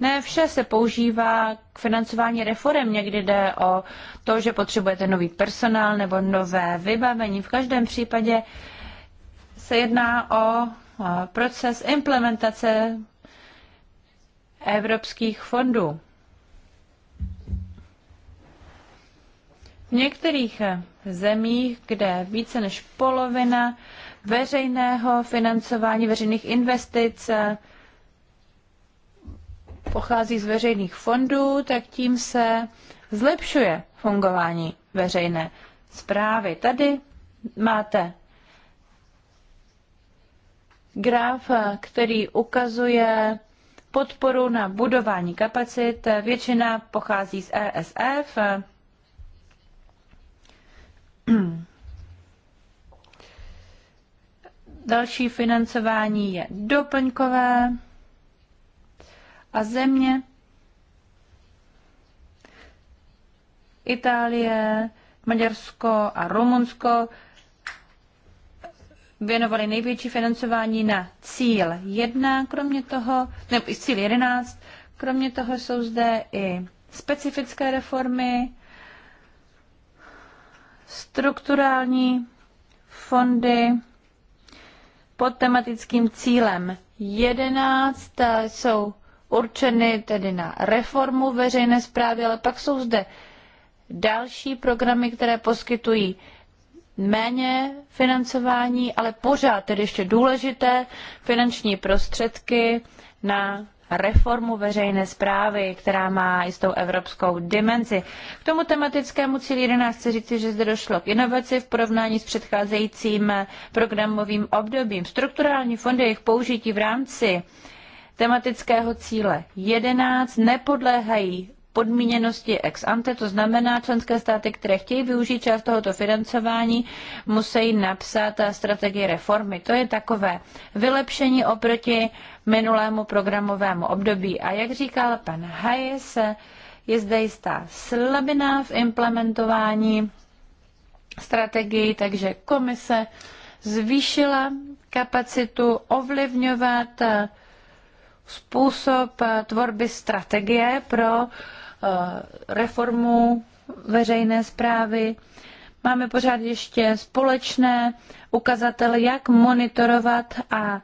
ne vše se používá k financování reform. Někdy jde o to, že potřebujete nový personál nebo nové vybavení. V každém případě se jedná o proces implementace evropských fondů. V některých zemích, kde více než polovina veřejného financování veřejných investic eh, pochází z veřejných fondů, tak tím se zlepšuje fungování veřejné zprávy. Tady máte graf, eh, který ukazuje podporu na budování kapacit. Většina pochází z ESF, eh, Další financování je doplňkové a země Itálie, Maďarsko a Rumunsko věnovali největší financování na cíl 1, kromě toho, nebo i cíl 11, kromě toho jsou zde i specifické reformy, strukturální fondy pod tematickým cílem 11 jsou určeny tedy na reformu veřejné zprávy, ale pak jsou zde další programy, které poskytují méně financování, ale pořád tedy ještě důležité finanční prostředky na reformu veřejné zprávy, která má jistou evropskou dimenzi. K tomu tematickému cíli 11 chci říci, že zde došlo k inovaci v porovnání s předcházejícím programovým obdobím. Strukturální fondy jejich použití v rámci tematického cíle 11 nepodléhají podmíněnosti ex ante, to znamená, členské státy, které chtějí využít část tohoto financování, musí napsat strategii reformy. To je takové vylepšení oproti minulému programovému období. A jak říkal pan Hayes, je zde jistá slabina v implementování strategii, takže komise zvýšila kapacitu ovlivňovat způsob tvorby strategie pro eh, reformu veřejné zprávy. Máme pořád ještě společné ukazatele, jak monitorovat a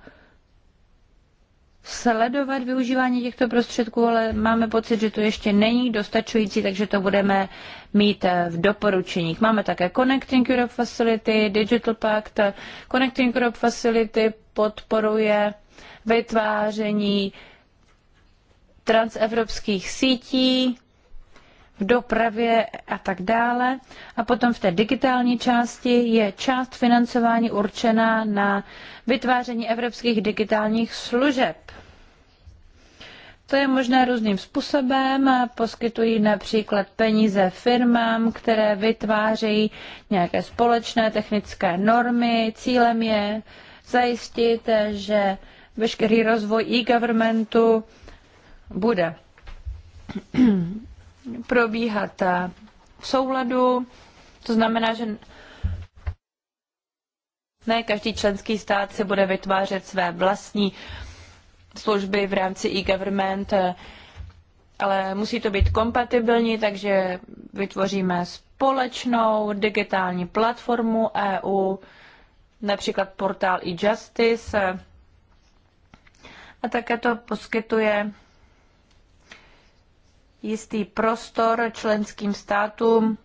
sledovat využívání těchto prostředků, ale máme pocit, že to ještě není dostačující, takže to budeme mít eh, v doporučeních. Máme také Connecting Europe Facility, Digital Pact. Connecting Europe Facility podporuje vytváření transevropských sítí v dopravě a tak dále. A potom v té digitální části je část financování určená na vytváření evropských digitálních služeb. To je možné různým způsobem. Poskytují například peníze firmám, které vytvářejí nějaké společné technické normy. Cílem je zajistit, že veškerý rozvoj e-governmentu bude probíhat eh, v souladu, to znamená, že ne každý členský stát si bude vytvářet své vlastní služby v rámci e-government, eh, ale musí to být kompatibilní, takže vytvoříme společnou digitální platformu EU, například portál e-justice, a také to poskytuje jistý prostor členským státům.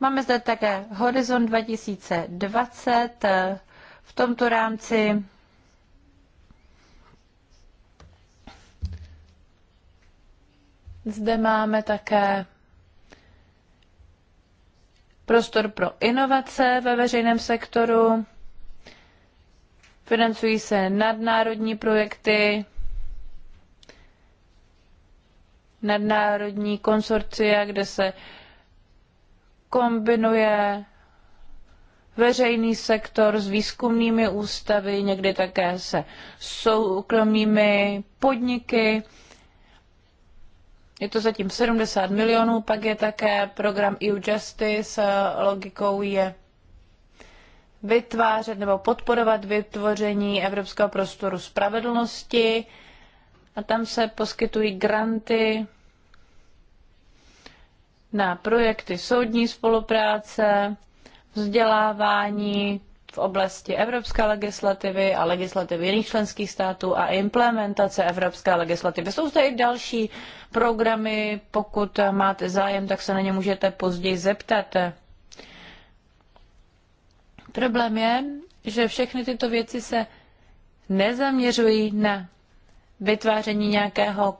Máme zde také Horizon 2020. Eh, v tomto rámci zde máme také prostor pro inovace ve veřejném sektoru. Financují se nadnárodní projekty, nadnárodní konsorcie, kde se kombinuje veřejný sektor s výzkumnými ústavy, někdy také se soukromými podniky. Je to zatím 70 milionů, pak je také program EU Justice, logikou je vytvářet nebo podporovat vytvoření Evropského prostoru spravedlnosti a tam se poskytují granty na projekty soudní spolupráce, vzdělávání v oblasti evropské legislativy a legislativy jiných členských států a implementace evropské legislativy. Jsou zde i další programy, pokud máte zájem, tak se na ně můžete později zeptat. Problém je, že všechny tyto věci se nezaměřují na vytváření nějakého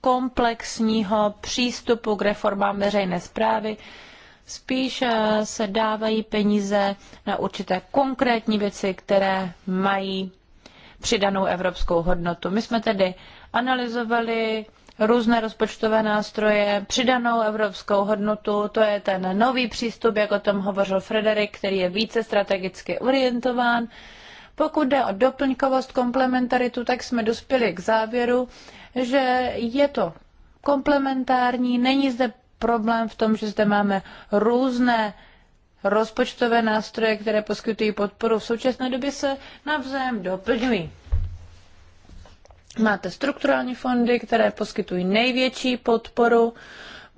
komplexního přístupu k reformám veřejné zprávy. Spíš se dávají peníze na určité konkrétní věci, které mají přidanou evropskou hodnotu. My jsme tedy analyzovali různé rozpočtové nástroje, přidanou evropskou hodnotu, to je ten nový přístup, jak o tom hovořil Frederik, který je více strategicky orientován. Pokud jde o doplňkovost, komplementaritu, tak jsme dospěli k závěru, že je to komplementární, není zde problém v tom, že zde máme různé rozpočtové nástroje, které poskytují podporu. V současné době se navzájem doplňují. Máte strukturální fondy, které poskytují největší podporu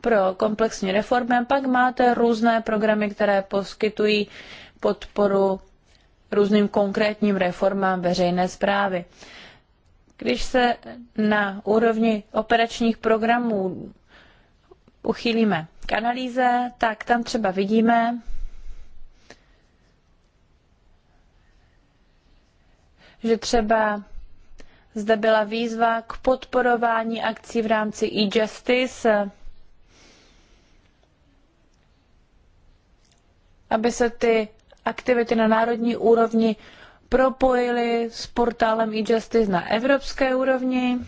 pro komplexní reformy, a pak máte různé programy, které poskytují podporu různým konkrétním reformám veřejné zprávy. Když se na úrovni operačních programů uchýlíme k analýze, tak tam třeba vidíme, že třeba zde byla výzva k podporování akcí v rámci e-justice, aby se ty aktivity na národní úrovni propojili s portálem e-justice na evropské úrovni.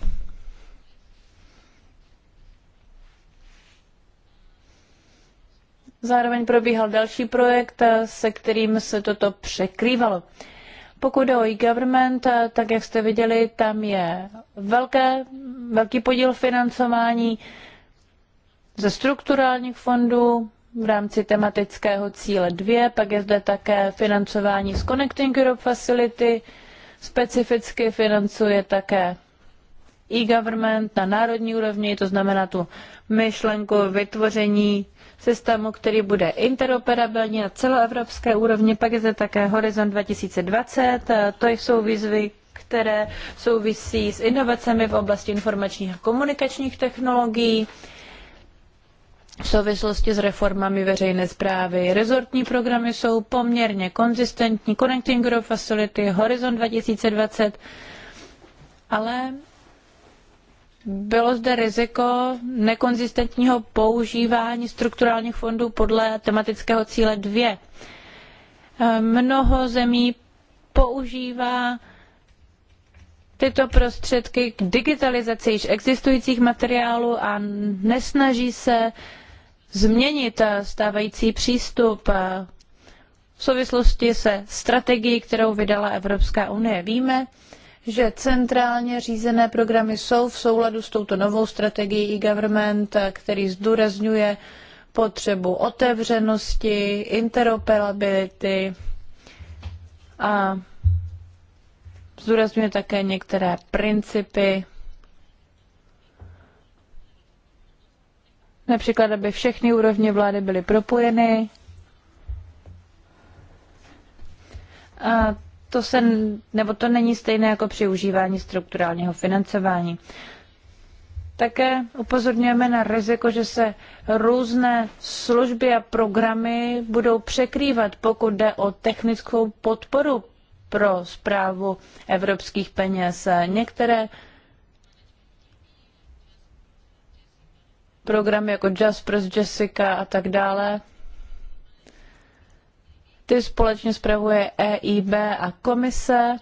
Zároveň probíhal další projekt, eh, se kterým se toto překrývalo. Pokud jde o e-government, eh, tak jak jste viděli, tam je velké, velký podíl financování ze strukturálních fondů, v rámci tematického cíle 2, pak je zde také financování z Connecting Europe Facility, specificky financuje také e-government na národní úrovni, to znamená tu myšlenku vytvoření systému, který bude interoperabilní na celoevropské úrovni, pak je zde také Horizon 2020, to jsou výzvy, které souvisí s inovacemi v oblasti informačních a komunikačních technologií v souvislosti s reformami veřejné zprávy. Rezortní programy jsou poměrně konzistentní, Connecting Europe Facility, Horizon 2020, ale bylo zde riziko nekonzistentního používání strukturálních fondů podle tematického cíle 2. Mnoho zemí používá tyto prostředky k digitalizaci již existujících materiálů a nesnaží se uh, změnit eh, stávající přístup eh, v souvislosti se strategií, kterou vydala Evropská unie. Víme, že centrálně řízené programy jsou v souladu s touto novou strategií e-government, eh, který zdůrazňuje potřebu otevřenosti, interoperability a zdůrazňuje také některé principy Například, aby všechny úrovně vlády byly propojeny. A to, se, nebo to není stejné jako při užívání strukturálního financování. Také upozorňujeme na riziko, že se různé služby a programy budou překrývat, pokud jde o technickou podporu pro zprávu evropských peněz. Některé programy jako Jaspers, Jessica a tak dále. Ty společně zpravuje EIB a komise.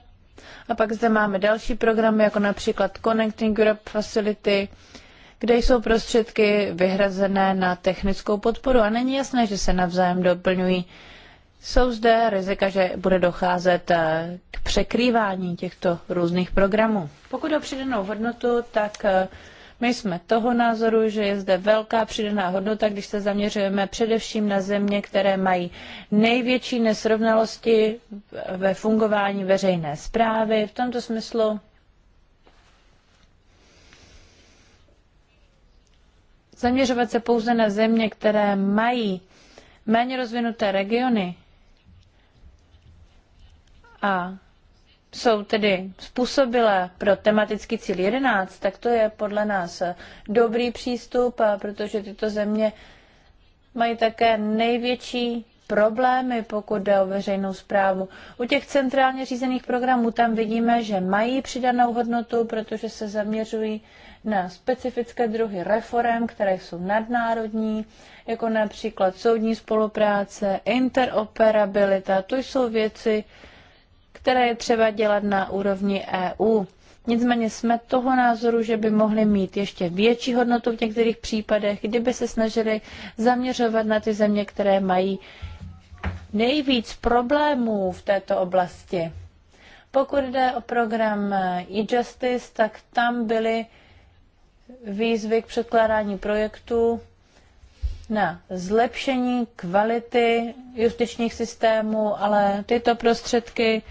A pak zde máme další programy, jako například Connecting Europe Facility, kde jsou prostředky vyhrazené na technickou podporu a není jasné, že se navzájem doplňují. Jsou zde rizika, že bude docházet eh, k překrývání těchto různých programů. Pokud o přidanou hodnotu, tak eh, my jsme toho názoru, že je zde velká přidaná hodnota, když se zaměřujeme především na země, které mají největší nesrovnalosti ve fungování veřejné zprávy. V tomto smyslu zaměřovat se pouze na země, které mají méně rozvinuté regiony a jsou tedy způsobilé pro tematický cíl 11, tak to je podle nás dobrý přístup, protože tyto země mají také největší problémy, pokud jde o veřejnou zprávu. U těch centrálně řízených programů tam vidíme, že mají přidanou hodnotu, protože se zaměřují na specifické druhy reform, které jsou nadnárodní, jako například soudní spolupráce, interoperabilita. To jsou věci, které je třeba dělat na úrovni EU. Nicméně jsme toho názoru, že by mohly mít ještě větší hodnotu v některých případech, kdyby se snažili zaměřovat na ty země, které mají nejvíc problémů v této oblasti. Pokud jde o program e-justice, tak tam byly výzvy k předkládání projektů na zlepšení kvality justičních systémů, ale tyto prostředky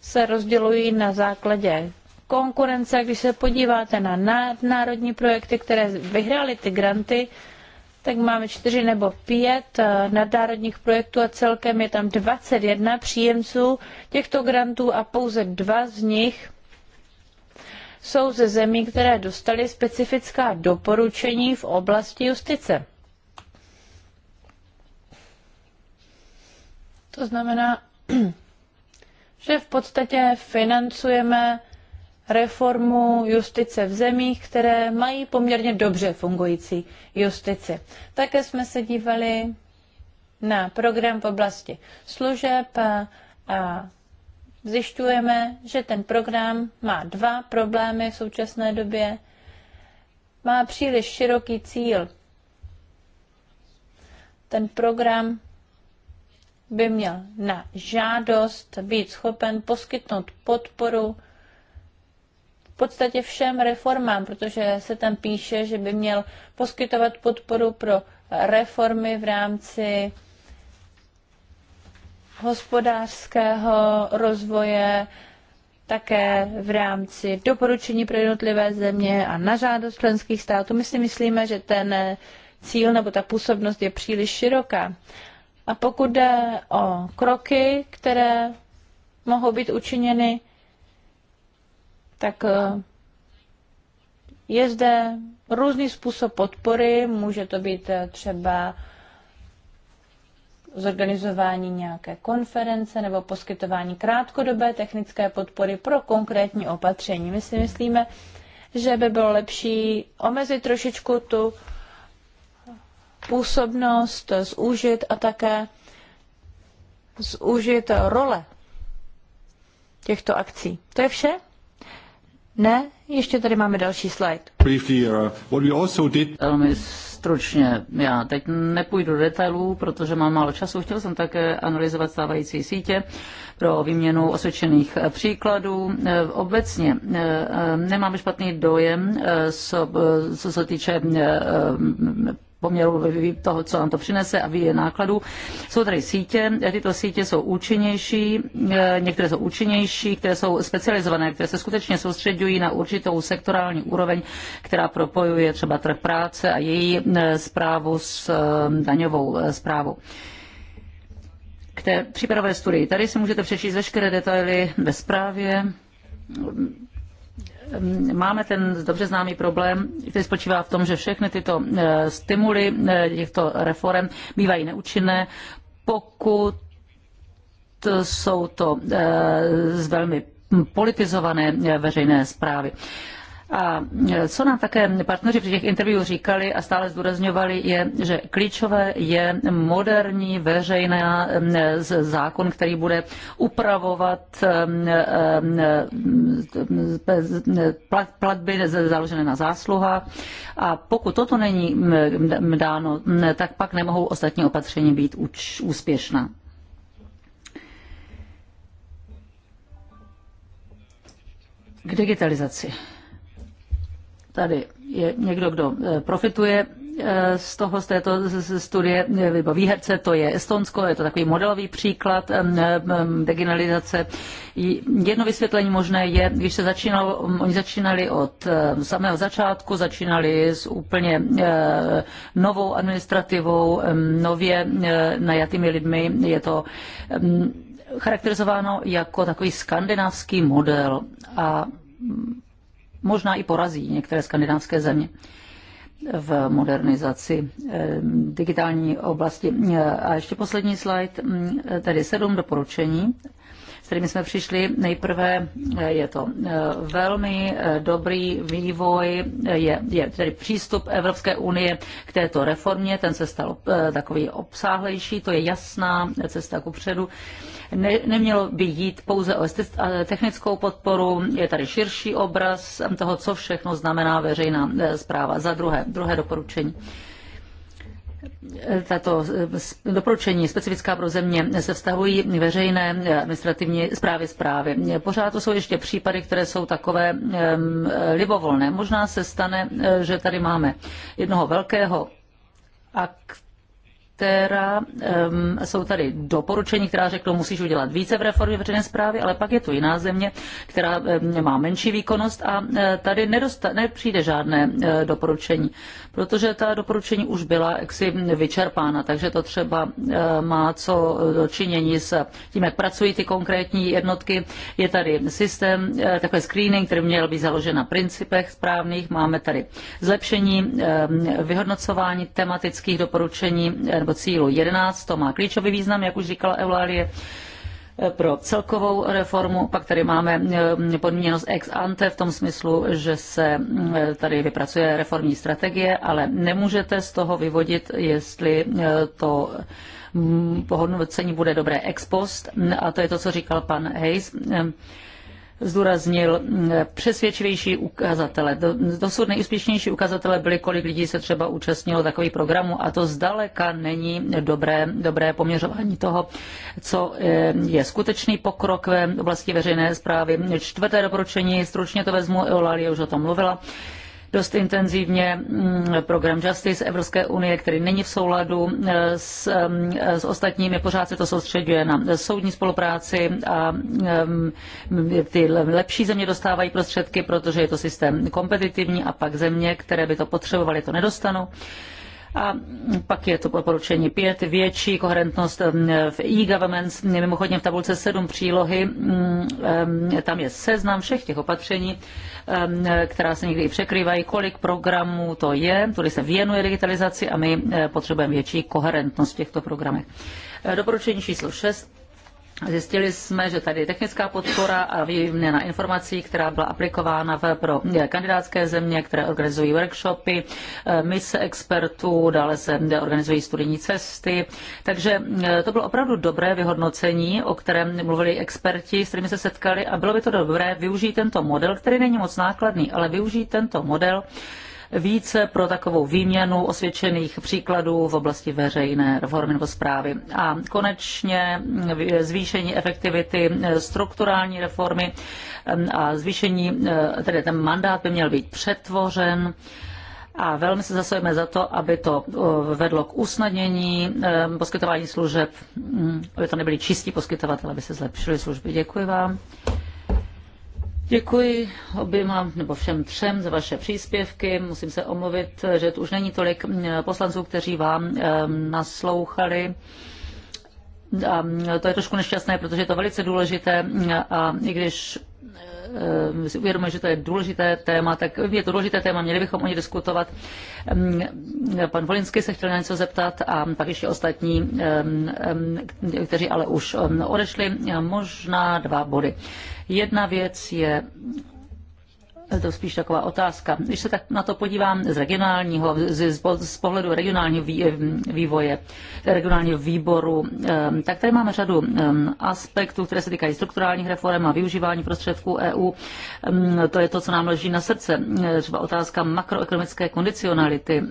se rozdělují na základě konkurence. Když se podíváte na národní projekty, které vyhrály ty granty, tak máme čtyři nebo pět eh, nadnárodních projektů a celkem je tam 21 příjemců těchto grantů a pouze dva z nich jsou ze zemí, které dostaly specifická doporučení v oblasti justice. To znamená, že v podstatě financujeme reformu justice v zemích, které mají poměrně dobře fungující justici. Také jsme se dívali na program v oblasti služeb a, a zjišťujeme, že ten program má dva problémy v současné době. Má příliš široký cíl. Ten program by měl na žádost být schopen poskytnout podporu v podstatě všem reformám, protože se tam píše, že by měl poskytovat podporu pro reformy v rámci hospodářského rozvoje, také v rámci doporučení pro jednotlivé země a na žádost členských států. My si myslíme, že ten cíl nebo ta působnost je příliš široká. A pokud jde o kroky, které mohou být učiněny, tak eh, je zde různý způsob podpory. Může to být eh, třeba zorganizování nějaké konference nebo poskytování krátkodobé technické podpory pro konkrétní opatření. My si myslíme, že by bylo lepší omezit trošičku tu působnost, zúžit a také zúžit role těchto akcí. To je vše? Ne, ještě tady máme další slide. Uh, Velmi stručně, já teď nepůjdu do detailů, protože mám málo času. Chtěl jsem také analyzovat stávající sítě pro výměnu osvědčených příkladů. Eh, obecně eh, nemáme špatný dojem, eh, co se týče poměru toho, co nám to přinese a výje nákladů. Jsou tady sítě, tyto sítě jsou účinnější, e, některé jsou účinnější, které jsou specializované, které se skutečně soustředují na určitou sektorální úroveň, která propojuje třeba trh práce a její zprávu e, s e, daňovou zprávou k té případové studii. Tady si můžete přečíst veškeré detaily ve zprávě. Ehm, máme ten dobře známý problém, který spočívá v tom, že všechny tyto eh, stimuly eh, těchto reform bývají neúčinné, pokud jsou to eh, z velmi politizované veřejné zprávy. A e, co nám také partneři při těch interview říkali a stále zdůrazňovali, je, že klíčové je moderní veřejná e, zákon, který bude upravovat e, platby založené na zásluhách. A pokud toto není dáno, tak pak nemohou ostatní opatření být úspěšná. K digitalizaci. Tady je někdo, kdo eh, profituje eh, z toho, z této studie, vybaví herce, to je Estonsko, je to takový modelový příklad degeneralizace. Jedno vysvětlení možné je, když se začínalo, oni začínali od eh, samého začátku, začínali s úplně novou administrativou, nově najatými lidmi, je to charakterizováno jako takový skandinávský model a možná i porazí některé skandinávské země v modernizaci eh, digitální oblasti. A ještě poslední slide, mm, eh, tedy sedm doporučení kterými jsme přišli. Nejprve eh, je to eh, velmi eh, dobrý vývoj, je, je tedy přístup Evropské unie k této reformě, ten se stal takový obsáhlejší, to je jasná cesta ku předu. Ne, nemělo by jít pouze o technickou podporu, je tady širší obraz toho, co všechno znamená veřejná zpráva. Za druhé, druhé doporučení tato eh, doporučení specifická pro země se vztahují veřejné administrativní zprávy zprávy. Pořád to jsou ještě případy, které jsou takové libovolné. Možná se stane, eh, že tady máme jednoho velkého akt která um, jsou tady doporučení, která řekla, musíš udělat více v reformě veřejné zprávy, ale pak je tu jiná země, která um, má menší výkonnost a uh, tady nedosta- nepřijde žádné uh, doporučení, protože ta doporučení už byla jaksi vyčerpána, takže to třeba uh, má co dočinění s tím, jak pracují ty konkrétní jednotky. Je tady systém, uh, takový screening, který měl být založen na principech správných. Máme tady zlepšení, uh, vyhodnocování tematických doporučení uh, jako cílu 11. To má klíčový význam, jak už říkala Eulálie eh, pro celkovou reformu. Pak tady máme eh, podmíněnost ex ante v tom smyslu, že se eh, tady vypracuje reformní strategie, ale nemůžete z toho vyvodit, jestli to mm, pohodnocení bude dobré ex post. A to je to, co říkal pan Hayes zdůraznil mm, přesvědčivější ukazatele. Dosud nejúspěšnější ukazatele byly, kolik lidí se třeba účastnilo takový programu, a to zdaleka není dobré, dobré poměřování toho, co eh, je skutečný pokrok ve oblasti veřejné zprávy. Čtvrté doporučení, stručně to vezmu, Eulalie už o tom mluvila dost intenzivně mm, program Justice Evropské unie, který není v souladu eh, s, eh, s ostatními, pořád se to soustředuje na soudní spolupráci a ty lepší země dostávají prostředky, protože je to systém kompetitivní a pak země, které by to potřebovaly, to nedostanou. A pak je to doporučení 5, větší koherentnost mm, v e governance mimochodně v tabulce 7 přílohy, mm, mm, tam je seznam všech těch opatření, která se někdy i překrývají, kolik programů to je, tudy se věnuje digitalizaci a my eh, potřebujeme větší koherentnost v těchto programech. Eh, doporučení číslo 6 Zjistili jsme, že tady je technická podpora a výměna informací, která byla aplikována pro kandidátské země, které organizují workshopy, eh, mise expertů, dále se organizují studijní cesty. Takže eh, to bylo opravdu dobré vyhodnocení, o kterém mluvili experti, s kterými se setkali a bylo by to dobré využít tento model, který není moc nákladný, ale využít tento model více pro takovou výměnu osvědčených příkladů v oblasti veřejné reformy nebo zprávy. A konečně zvýšení efektivity strukturální reformy a zvýšení, eh, tedy ten mandát by měl být přetvořen a velmi se zasahujeme za to, aby to eh, vedlo k usnadnění poskytování služeb, mm, aby to nebyli čistí poskytovatelé, aby se zlepšily služby. Děkuji vám. Děkuji oběma nebo všem třem za vaše příspěvky. Musím se omluvit, že tu už není tolik poslanců, kteří vám naslouchali. A to je trošku nešťastné, protože je to velice důležité a i když Eh, si uvědomuje, že to je důležité téma, tak je to důležité téma, měli bychom o ně diskutovat. Mm, pan Volinsky se chtěl na něco zeptat a pak ještě ostatní, eh, mm, kteří ale už eh, odešli, možná dva body. Jedna věc je to spíš taková otázka. Když se tak na to podívám z regionálního, z, z pohledu regionálního eh, vývoje, regionálního výboru, eh, tak tady máme řadu eh, aspektů, které se týkají strukturálních reform a využívání prostředků EU. To je to, co nám leží na srdce. Třeba otázka makroekonomické kondicionality.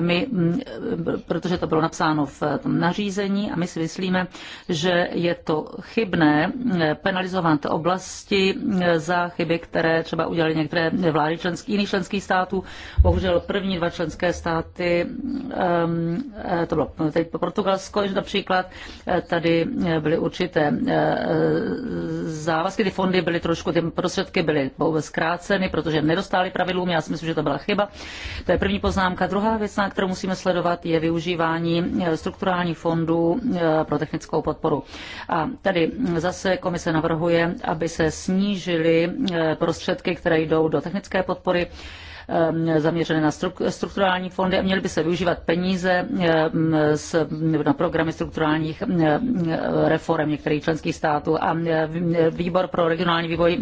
My, protože to bylo napsáno v tom nařízení a my si myslíme, že je to chybné penalizovat oblasti za chyby, které třeba udělali někdo i vlády členský, jiných členských států. Bohužel první dva členské státy, ehm, eh, to bylo teď Portugalsko například, eh, tady eh, byly určité závazky, ty fondy byly trošku, ty prostředky byly zkráceny, protože nedostály pravidlům. Já si myslím, že to byla chyba. To je první poznámka. Druhá věc, na kterou musíme sledovat, je využívání strukturálních fondů pro technickou podporu. A tady hm, zase komise navrhuje, aby se snížily prostředky, které jdou půjdou do technické podpory ehm, zaměřené na strukturální fondy a měly by se využívat peníze ehm, na programy strukturálních ehm, reform některých členských států a výbor pro regionální vývoj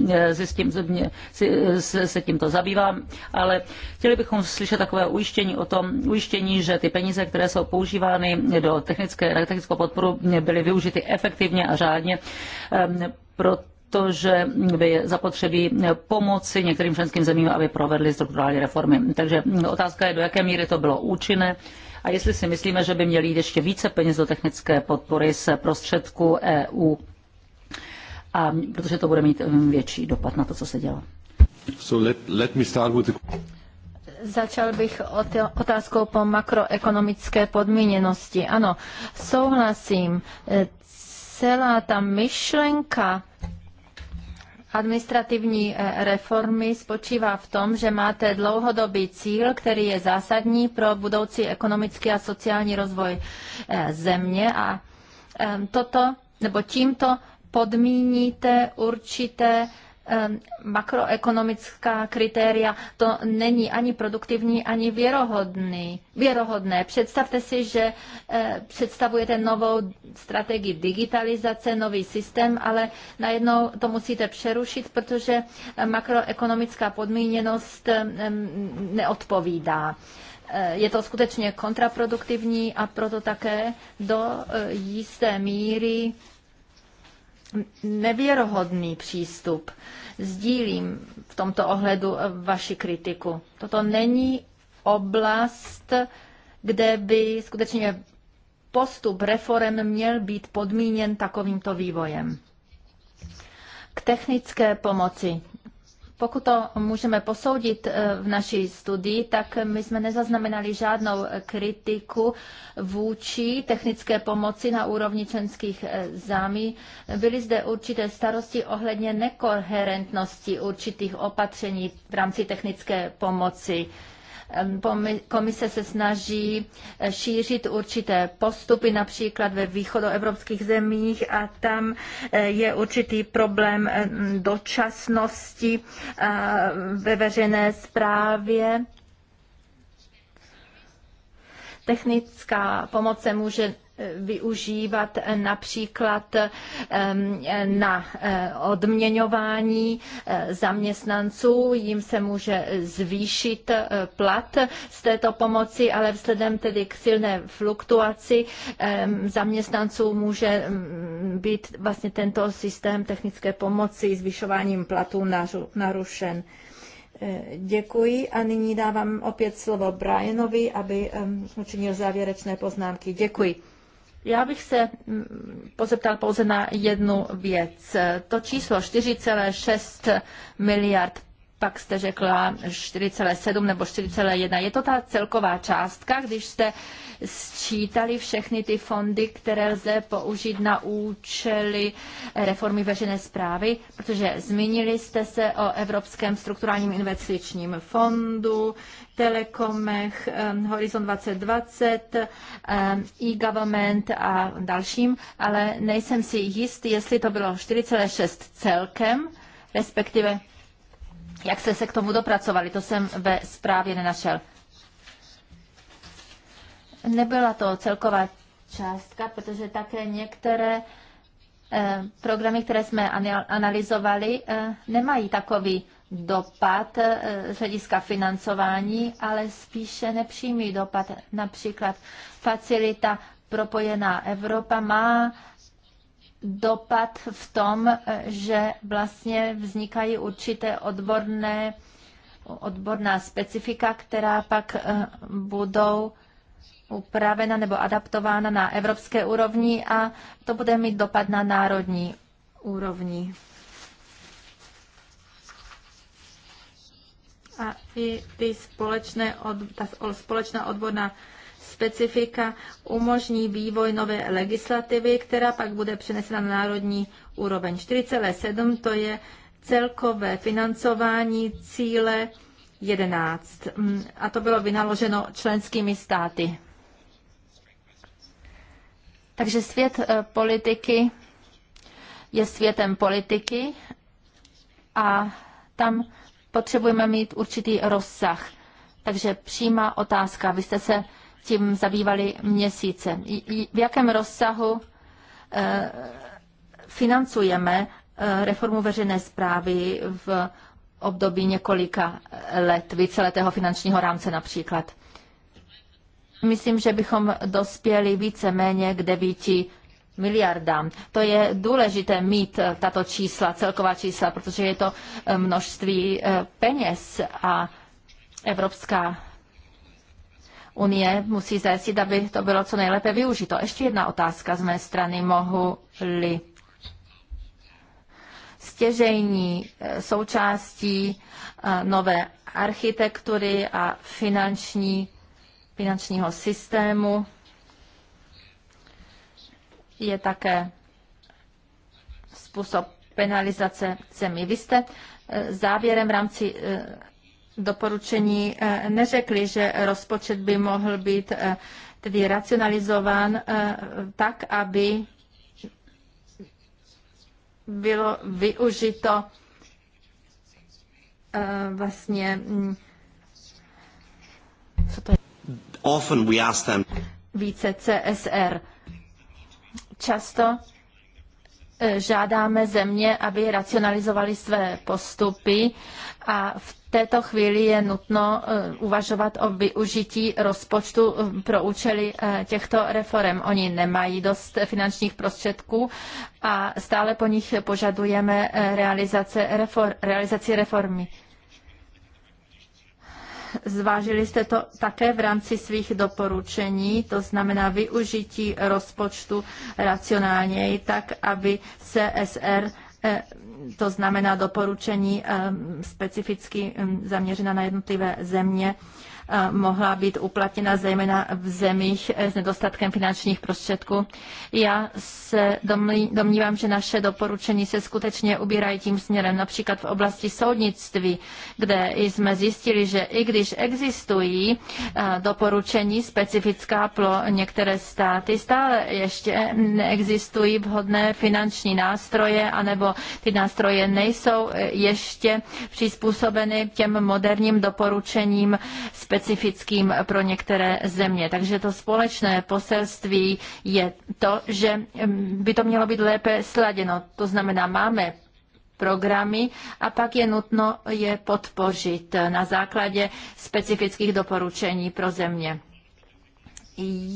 se tímto zabývá, ale chtěli bychom slyšet takové ujištění o tom, ujištění, že ty peníze, které jsou používány do technické, na technickou podporu, byly využity efektivně a řádně, proto to, že by zapotřebí pomoci některým členským zemím, aby provedly strukturální reformy. Takže otázka je, do jaké míry to bylo účinné a jestli si myslíme, že by měli jít ještě více peněz do technické podpory z prostředků EU, a protože to bude mít um, větší dopad na to, co se dělá. So let, let me start with the... Začal bych otázkou po makroekonomické podmíněnosti. Ano, souhlasím. E, celá ta myšlenka administrativní eh, reformy spočívá v tom, že máte dlouhodobý cíl, který je zásadní pro budoucí ekonomický a sociální rozvoj eh, země a eh, toto nebo tímto podmíníte určité Ehm, makroekonomická kritéria, to není ani produktivní, ani věrohodný, věrohodné. Představte si, že eh, představujete novou strategii digitalizace, nový systém, ale najednou to musíte přerušit, protože makroekonomická podmíněnost ehm, neodpovídá eh, je to skutečně kontraproduktivní a proto také do eh, jisté míry nevěrohodný přístup. Sdílím v tomto ohledu eh, vaši kritiku. Toto není oblast, kde by skutečně postup reform měl být podmíněn takovýmto vývojem. K technické pomoci. Pokud to můžeme posoudit eh, v naší studii, tak my jsme nezaznamenali žádnou kritiku vůči technické pomoci na úrovni členských eh, zámí. Byly zde určité starosti ohledně nekoherentnosti určitých opatření v rámci technické pomoci. Komise se snaží eh, šířit určité postupy, například ve východoevropských zemích a tam eh, je určitý problém eh, dočasnosti ve veřejné správě. Technická pomoc se může využívat například na eh, odměňování eh, zaměstnanců. Jim se může zvýšit eh, plat z této pomoci, ale vzhledem tedy k silné fluktuaci zaměstnanců může mm, být vlastně tento systém technické pomoci zvyšováním platů narušen. Děkuji a nyní dávám opět slovo Brianovi, aby učinil závěrečné poznámky. Děkuji. Já bych se mm, pozeptal pouze na jednu věc. To číslo 4,6 miliard pak jste řekla 4,7 nebo 4,1. Je to ta celková částka, když jste sčítali všechny ty fondy, které lze použít na účely reformy veřejné zprávy, protože zmínili jste se o Evropském strukturálním investičním fondu, telekomech, ehm, Horizon 2020, ehm, e-government a dalším, ale nejsem si jist, jestli to bylo 4,6 celkem, respektive jak jste se k tomu dopracovali? To jsem ve zprávě nenašel. Nebyla to celková částka, protože také některé eh, programy, které jsme analyzovali, eh, nemají takový dopad eh, z hlediska financování, ale spíše nepřímý dopad. Například facilita Propojená Evropa má dopad v tom, že vlastně vznikají určité odborné, odborná specifika, která pak eh, budou upravena nebo adaptována na evropské úrovni a to bude mít dopad na národní úrovni. A i ty společné od, ta společná odborná specifika umožní vývoj nové legislativy, která pak bude přenesena na národní úroveň. 4,7 to je celkové financování cíle 11 mm, a to bylo vynaloženo členskými státy. Takže svět e, politiky je světem politiky a tam potřebujeme mít určitý rozsah. Takže přímá otázka. Vy jste se tím zabývali měsíce. V jakém rozsahu eh, financujeme eh, reformu veřejné zprávy v období několika let, víceletého finančního rámce například. Myslím, že bychom dospěli více-méně k devíti miliardám. To je důležité mít eh, tato čísla, celková čísla, protože je to množství peněz a Evropská unie musí zajistit, aby to bylo co nejlépe využito. Ještě jedna otázka z mé strany. Mohu-li stěžejní eh, součástí eh, nové architektury a finanční, finančního systému je také způsob penalizace zemí. Vy jste eh, závěrem v rámci doporučení eh, neřekli, že rozpočet by mohl být eh, tedy racionalizován eh, tak, aby bylo využito vlastně mm, co to je? Often we ask them. více CSR. Často E, žádáme země, aby racionalizovali své postupy a v této chvíli je nutno e, uvažovat o využití rozpočtu e, pro účely těchto reform. Oni nemají dost finančních prostředků a stále po nich požadujeme realizace realizaci reformy. Zvážili jste to také v rámci svých doporučení, to znamená využití rozpočtu racionálněji, tak aby CSR eh, to znamená doporučení eh, specificky mm, zaměřena na jednotlivé země, Eh, mohla být uplatněna zejména v zemích eh, s nedostatkem finančních prostředků. Já se domnívám, že naše doporučení se skutečně ubírají tím směrem, například v oblasti soudnictví, kde jsme zjistili, že i když existují eh, doporučení specifická pro některé státy, stále ještě neexistují vhodné finanční nástroje, anebo ty nástroje nejsou ještě přizpůsobeny těm moderním doporučením specifickým specifickým pro některé země. Takže to společné poselství je to, že mm, by to mělo být lépe sladěno. To znamená, máme programy a pak je nutno je podpořit na základě specifických doporučení pro země.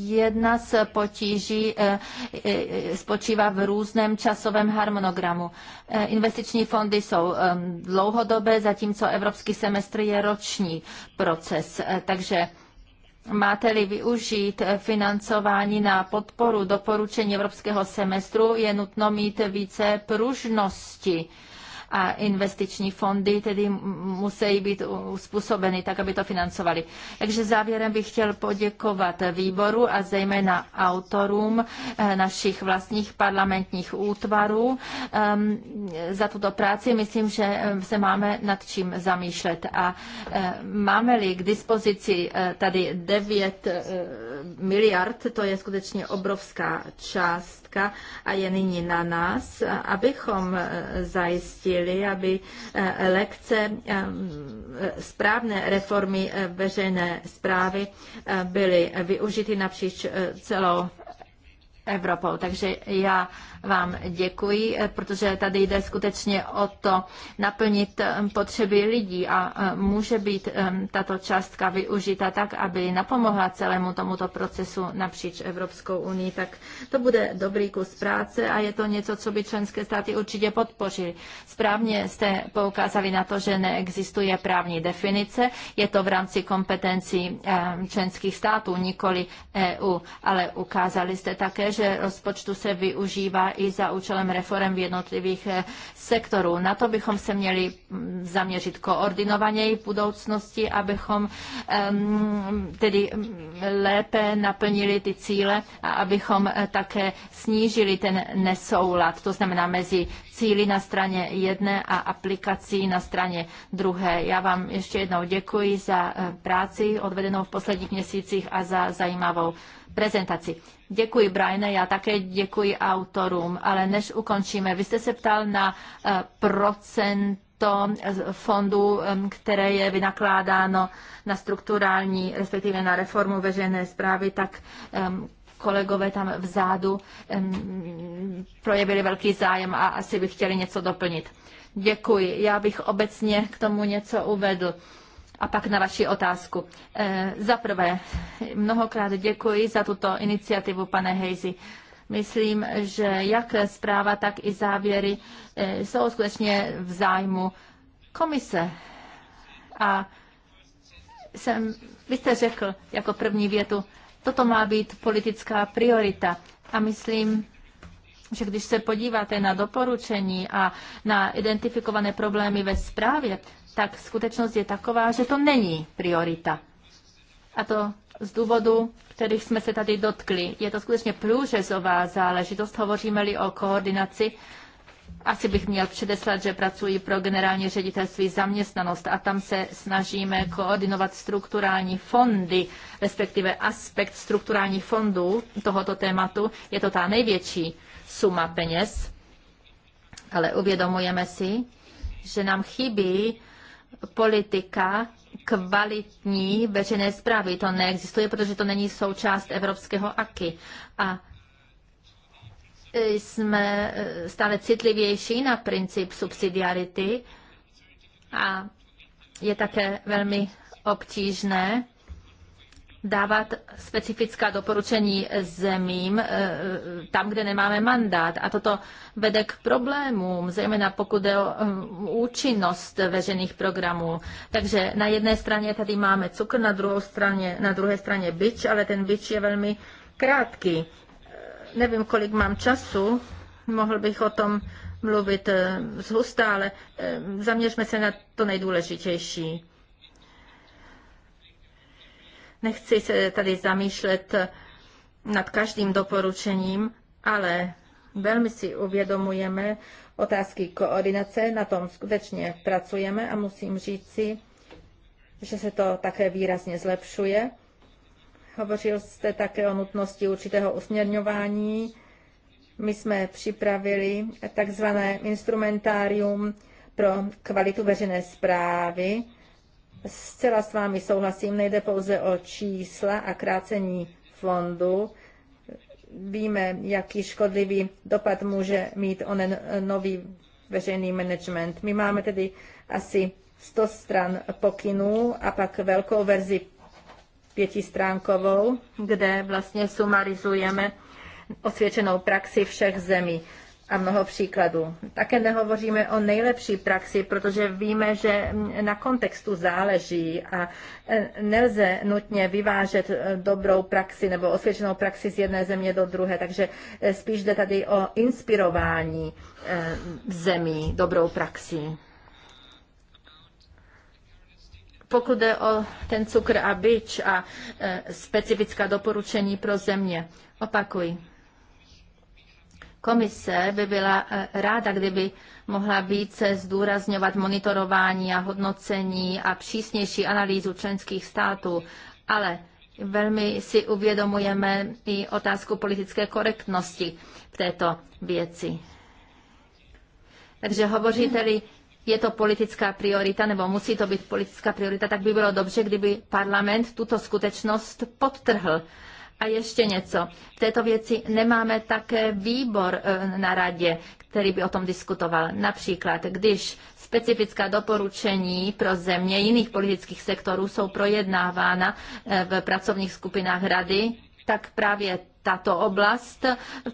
Jedna z potíží eh, eh, spočívá v různém časovém harmonogramu. Eh, investiční fondy jsou ehm, dlouhodobé, zatímco evropský semestr je roční proces. Takže Máte-li využít financování na podporu doporučení evropského semestru, je nutno mít více pružnosti a investiční fondy tedy musí být uspůsobeny tak, aby to financovali. Takže závěrem bych chtěl poděkovat výboru a zejména autorům eh, našich vlastních parlamentních útvarů ehm, za tuto práci. Myslím, že eh, se máme nad čím zamýšlet a eh, máme-li k dispozici tady devět miliard, to je skutečně obrovská částka a je nyní na nás, abychom eh, zajistili, aby eh, lekce eh, správné reformy veřejné zprávy byly využity napříč celou Evropou. Takže já vám děkuji, protože tady jde skutečně o to naplnit um, potřeby lidí a um, může být um, tato částka využita tak, aby napomohla celému tomuto procesu napříč Evropskou unii. Tak to bude dobrý kus práce a je to něco, co by členské státy určitě podpořily. Správně jste poukázali na to, že neexistuje právní definice, je to v rámci kompetencí členských států, nikoli EU, ale ukázali jste také, že že rozpočtu se využívá i za účelem reform v jednotlivých eh, sektorů. Na to bychom se měli mm, zaměřit koordinovaněji v budoucnosti, abychom tedy mm, lépe naplnili ty cíle a abychom eh, také snížili ten nesoulad, to znamená mezi cíly na straně jedné a aplikací na straně druhé. Já vám ještě jednou děkuji za eh, práci odvedenou v posledních měsících a za zajímavou prezentaci. Děkuji, Brian, já také děkuji autorům, ale než ukončíme, vy jste se ptal na eh, procent to fondu, které je vynakládáno na strukturální, respektive na reformu veřejné zprávy, tak kolegové tam vzadu projevili velký zájem a asi by chtěli něco doplnit. Děkuji. Já bych obecně k tomu něco uvedl. A pak na vaši otázku. Eh, za prvé, mnohokrát děkuji za tuto iniciativu, pane Hejzi. Myslím, že jak zpráva, tak i závěry eh, jsou skutečně v zájmu komise. A jsem, vy jste řekl jako první větu, toto má být politická priorita. A myslím, že když se podíváte na doporučení a na identifikované problémy ve zprávě, tak skutečnost je taková, že to není priorita. A to z důvodu, kterých jsme se tady dotkli. Je to skutečně průřezová záležitost, hovoříme-li o koordinaci. Asi bych měl předeslat, že pracuji pro generální ředitelství zaměstnanost a tam se snažíme koordinovat strukturální fondy, respektive aspekt strukturálních fondů tohoto tématu. Je to ta největší suma peněz, ale uvědomujeme si, že nám chybí politika kvalitní veřejné zprávy. To neexistuje, protože to není součást evropského AKY. A e, jsme e, stále citlivější na princip subsidiarity a je také velmi obtížné dávat specifická doporučení zemím eh, tam, kde nemáme mandát. A toto vede k problémům, zejména pokud je o eh, účinnost veřejných programů. Takže na jedné straně tady máme cukr, na, druhou straně, na druhé straně byč, ale ten byč je velmi krátký. Eh, nevím, kolik mám času, mohl bych o tom mluvit zhusta, ale zaměřme se na to nejdůležitější. Nechci se tady zamýšlet nad každým doporučením, ale velmi si uvědomujeme otázky koordinace, na tom skutečně pracujeme a musím říci, že se to také výrazně zlepšuje. Hovořil jste také o nutnosti určitého usměrňování. My jsme připravili takzvané instrumentárium pro kvalitu veřejné zprávy, Zcela s vámi souhlasím, nejde pouze o čísla a krácení fondu. Víme, jaký škodlivý dopad může mít onen nový veřejný management. My máme tedy asi 100 stran pokynů a pak velkou verzi pětistránkovou, kde vlastně sumarizujeme osvědčenou praxi všech zemí a mnoho příkladů. Také nehovoříme o nejlepší praxi, protože víme, že na kontextu záleží a e, nelze nutně vyvážet e, dobrou praxi nebo osvědčenou praxi z jedné země do druhé, takže e, spíš jde tady o inspirování zemí dobrou praxí. Pokud jde o ten cukr a byč a specifická doporučení pro země, opakuj, Komise by byla eh, ráda, kdyby mohla více zdůrazňovat monitorování a hodnocení a přísnější analýzu členských států, ale velmi si uvědomujeme i otázku politické korektnosti v této věci. Takže hovoříte-li, je to politická priorita, nebo musí to být politická priorita, tak by bylo dobře, kdyby parlament tuto skutečnost podtrhl a ještě něco. V této věci nemáme také výbor eh, na radě, který by o tom diskutoval. Například, když specifická doporučení pro země jiných politických sektorů jsou projednávána eh, v pracovních skupinách rady, tak právě tato oblast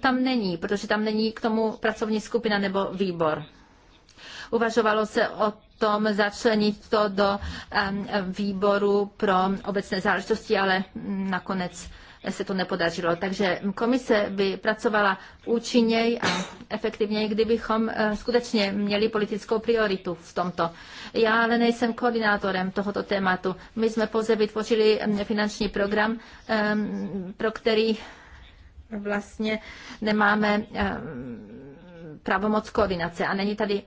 tam není, protože tam není k tomu pracovní skupina nebo výbor. Uvažovalo se o tom začlenit to do výboru pro obecné záležitosti, ale nakonec se to nepodařilo. Takže komise by pracovala účinněji a efektivněji, kdybychom eh, skutečně měli politickou prioritu v tomto. Já ale nejsem koordinátorem tohoto tématu. My jsme pouze vytvořili eh, finanční program, eh, pro který vlastně nemáme pravomoc koordinace a není tady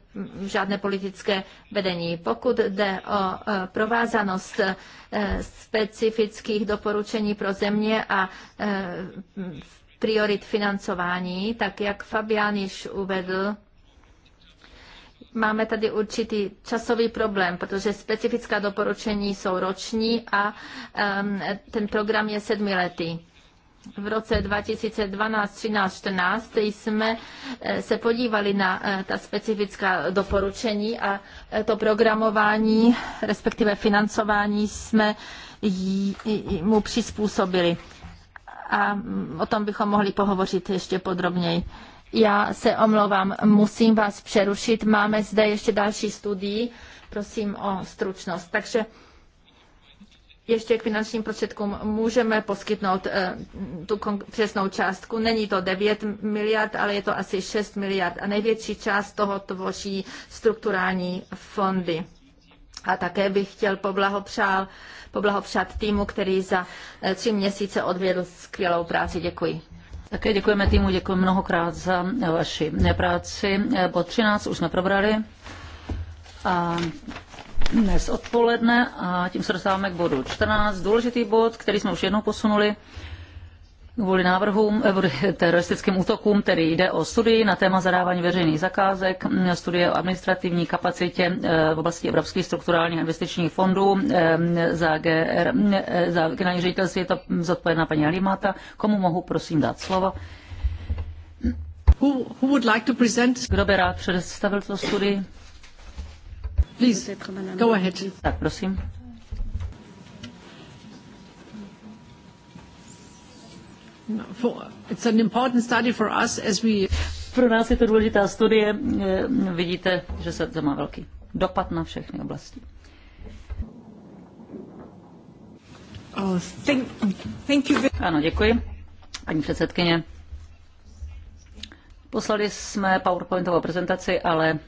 žádné politické vedení. Pokud jde o e, provázanost e, specifických doporučení pro země a e, priorit financování, tak jak Fabián již uvedl, máme tady určitý časový problém, protože specifická doporučení jsou roční a um, ten program je sedmiletý v roce 2012, 13, 14 jsme eh, se podívali na eh, ta specifická doporučení a eh, to programování, respektive financování jsme mu přizpůsobili. A mm, o tom bychom mohli pohovořit ještě podrobněji. Já se omlouvám, musím vás přerušit. Máme zde ještě další studii. Prosím o stručnost. Takže ještě k finančním prostředkům můžeme poskytnout eh, tu přesnou částku. Není to 9 miliard, ale je to asi 6 miliard. A největší část toho tvoří strukturální fondy. A také bych chtěl poblahopřál, poblahopřát týmu, který za eh, tři měsíce odvedl skvělou práci. Děkuji. Také děkujeme týmu, děkuji mnohokrát za vaši práci. Eh, bod 13 už jsme probrali. A dnes odpoledne a tím se dostáváme k bodu 14. Důležitý bod, který jsme už jednou posunuli kvůli návrhům, eh, teroristickým útokům, který jde o studii na téma zadávání veřejných zakázek, eh, studie o administrativní kapacitě eh, v oblasti Evropských strukturálních investičních fondů za, GR, za generální ředitelství je to zodpovědná paní Alimata. Komu mohu prosím dát slovo? Who, who would like to present... Kdo by rád představil tuto studii? Please, go ahead. Tak, prosím. No, it's an important study for us as we... Pro nás je to důležitá studie. Eh, vidíte, že se to má velký dopad na všechny oblasti. Oh, thank, you. Ano, děkuji. Paní předsedkyně, poslali jsme PowerPointovou prezentaci, ale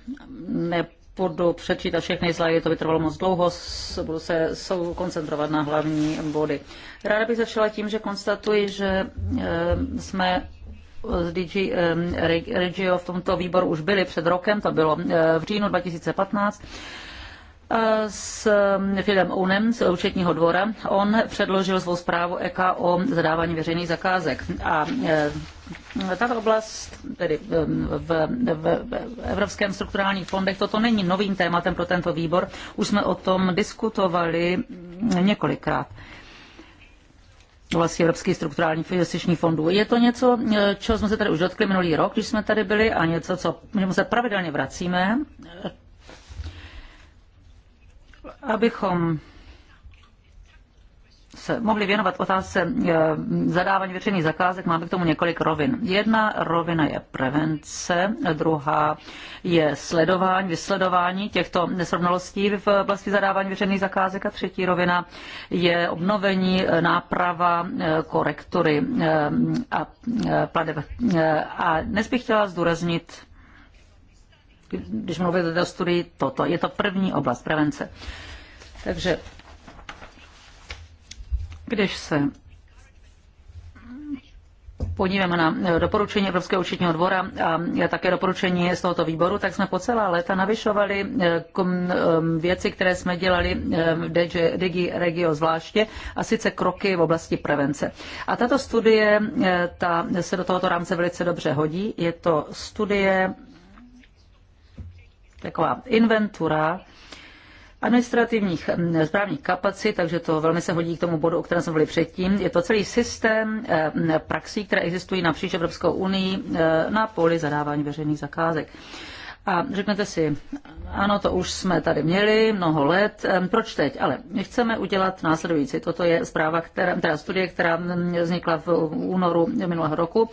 ne budu přečítat všechny slajdy, to by trvalo moc dlouho, budu se koncentrovat na hlavní body. Ráda bych začala tím, že konstatuji, že eh, jsme z eh, DG eh, Regio v tomto výboru už byli před rokem, to bylo v říjnu 2015 s um, Filem Unem z účetního dvora. On předložil svou zprávu EK o zadávání veřejných zakázek. A e, tato oblast, tedy um, v, v, v Evropském strukturálních fondech, toto není novým tématem pro tento výbor. Už jsme o tom diskutovali několikrát vlastně Evropských strukturálních investičních fondů. Je to něco, e, čeho jsme se tady už dotkli minulý rok, když jsme tady byli, a něco, co, se pravidelně vracíme, abychom se mohli věnovat otázce eh, zadávání veřejných zakázek, máme k tomu několik rovin. Jedna rovina je prevence, druhá je sledování, vysledování těchto nesrovnalostí v oblasti zadávání veřejných zakázek a třetí rovina je obnovení, náprava, eh, korektory eh, a pladeb. A dnes bych chtěla zdůraznit když mluvíte o studii, toto je to první oblast prevence. Takže když se podíváme na doporučení Evropského učitního dvora a také doporučení z tohoto výboru, tak jsme po celá léta navyšovali eh, eh, věci, které jsme dělali v eh, Digi Regio zvláště, a sice kroky v oblasti prevence. A tato studie ta se do tohoto rámce velice dobře hodí. Je to studie taková inventura administrativních správních kapacit, takže to velmi se hodí k tomu bodu, o kterém jsme byli předtím. Je to celý systém e, praxí, které existují napříč Evropskou unii e, na poli zadávání veřejných zakázek. A řeknete si, ano, to už jsme tady měli mnoho let, e, proč teď? Ale my chceme udělat následující. Toto je zpráva, která, teda studie, která vznikla v únoru minulého roku.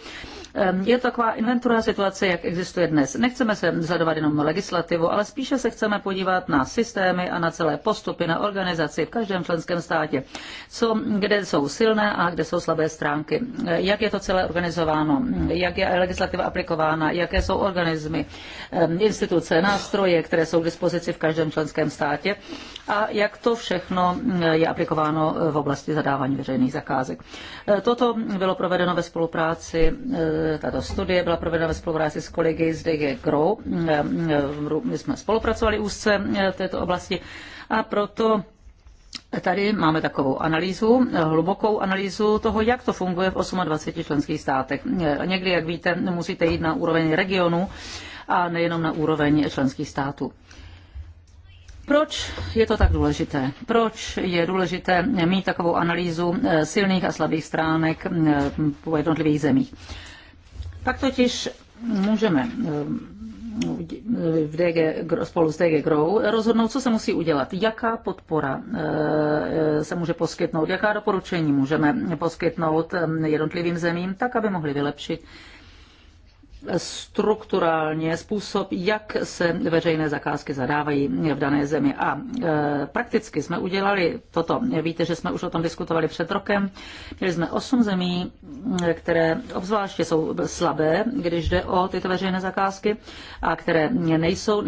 Ehm, je to taková inventura situace, jak existuje dnes. Nechceme se zadovat jenom legislativu, ale spíše se chceme podívat na systémy a na celé postupy, na organizaci v každém členském státě. Co, kde jsou silné a kde jsou slabé stránky. Ehm, jak je to celé organizováno, jak je legislativa aplikována, jaké jsou organismy, ehm, instituce, nástroje, které jsou k dispozici v každém členském státě a jak to všechno je aplikováno v oblasti zadávání veřejných zakázek. Toto bylo provedeno ve spolupráci tato studie byla provedena ve spolupráci s kolegy z DG Grow. My jsme spolupracovali úzce v této oblasti a proto Tady máme takovou analýzu, hlubokou analýzu toho, jak to funguje v 28 členských státech. Někdy, jak víte, musíte jít na úroveň regionu a nejenom na úroveň členských států. Proč je to tak důležité? Proč je důležité mít takovou analýzu silných a slabých stránek po jednotlivých zemích? Pak totiž můžeme eh, v DG, spolu s DG Grow rozhodnout, co se musí udělat, jaká podpora eh, se může poskytnout, jaká doporučení můžeme poskytnout eh, jednotlivým zemím, tak, aby mohli vylepšit strukturálně způsob, jak se veřejné zakázky zadávají v dané zemi. A e, prakticky jsme udělali toto. Víte, že jsme už o tom diskutovali před rokem. Měli jsme osm zemí, e, které obzvláště jsou slabé, když jde o tyto veřejné zakázky a které nejsou,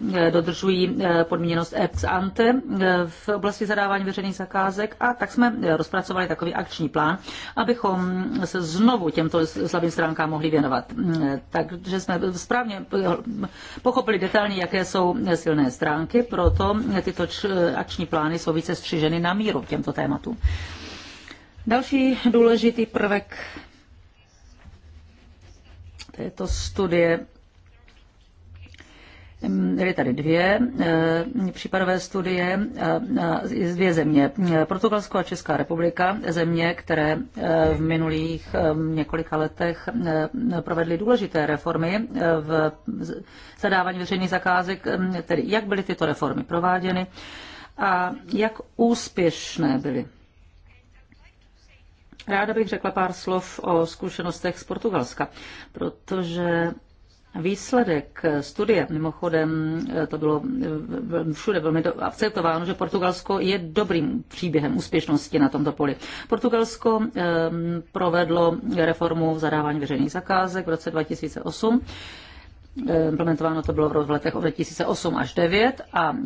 nedodržují ne, ne e, e, podmíněnost ex ante v oblasti zadávání veřejných zakázek a tak jsme rozpracovali takový akční plán, abychom se znovu těmto slabým stránkám mohli věnovat takže jsme správně pochopili detailně, jaké jsou silné stránky, proto tyto akční plány jsou více střiženy na míru těmto tématům. Další důležitý prvek této studie Byly tady dvě eh, případové studie z eh, eh, dvě země. Portugalsko a Česká republika, země, které v minulých několika letech provedly důležité reformy v zadávání veřejných zakázek, tedy jak byly tyto reformy prováděny a jak úspěšné byly. Ráda bych řekla pár slov o zkušenostech z Portugalska, protože Výsledek studie, mimochodem, to bylo eh, všude velmi akceptováno, že Portugalsko je dobrým příběhem úspěšnosti na tomto poli. Portugalsko eh, provedlo reformu v zadávání veřejných zakázek v roce 2008 eh, implementováno to bylo v letech od 2008 až 2009 a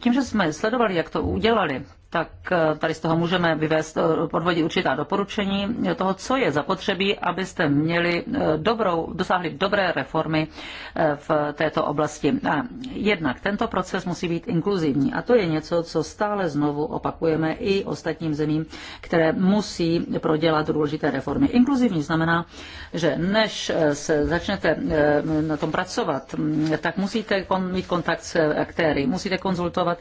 tím, že jsme sledovali, jak to udělali, tak eh, tady z toho můžeme vyvést eh, podvodit určitá doporučení toho, co je zapotřebí, abyste měli eh, dobrou, dosáhli dobré reformy v této oblasti. A jednak tento proces musí být inkluzivní a to je něco, co stále znovu opakujeme i ostatním zemím, které musí prodělat důležité reformy. Inkluzivní znamená, že než se začnete na tom pracovat, mm, tak musíte mít kontakt s aktéry, musíte konzultovat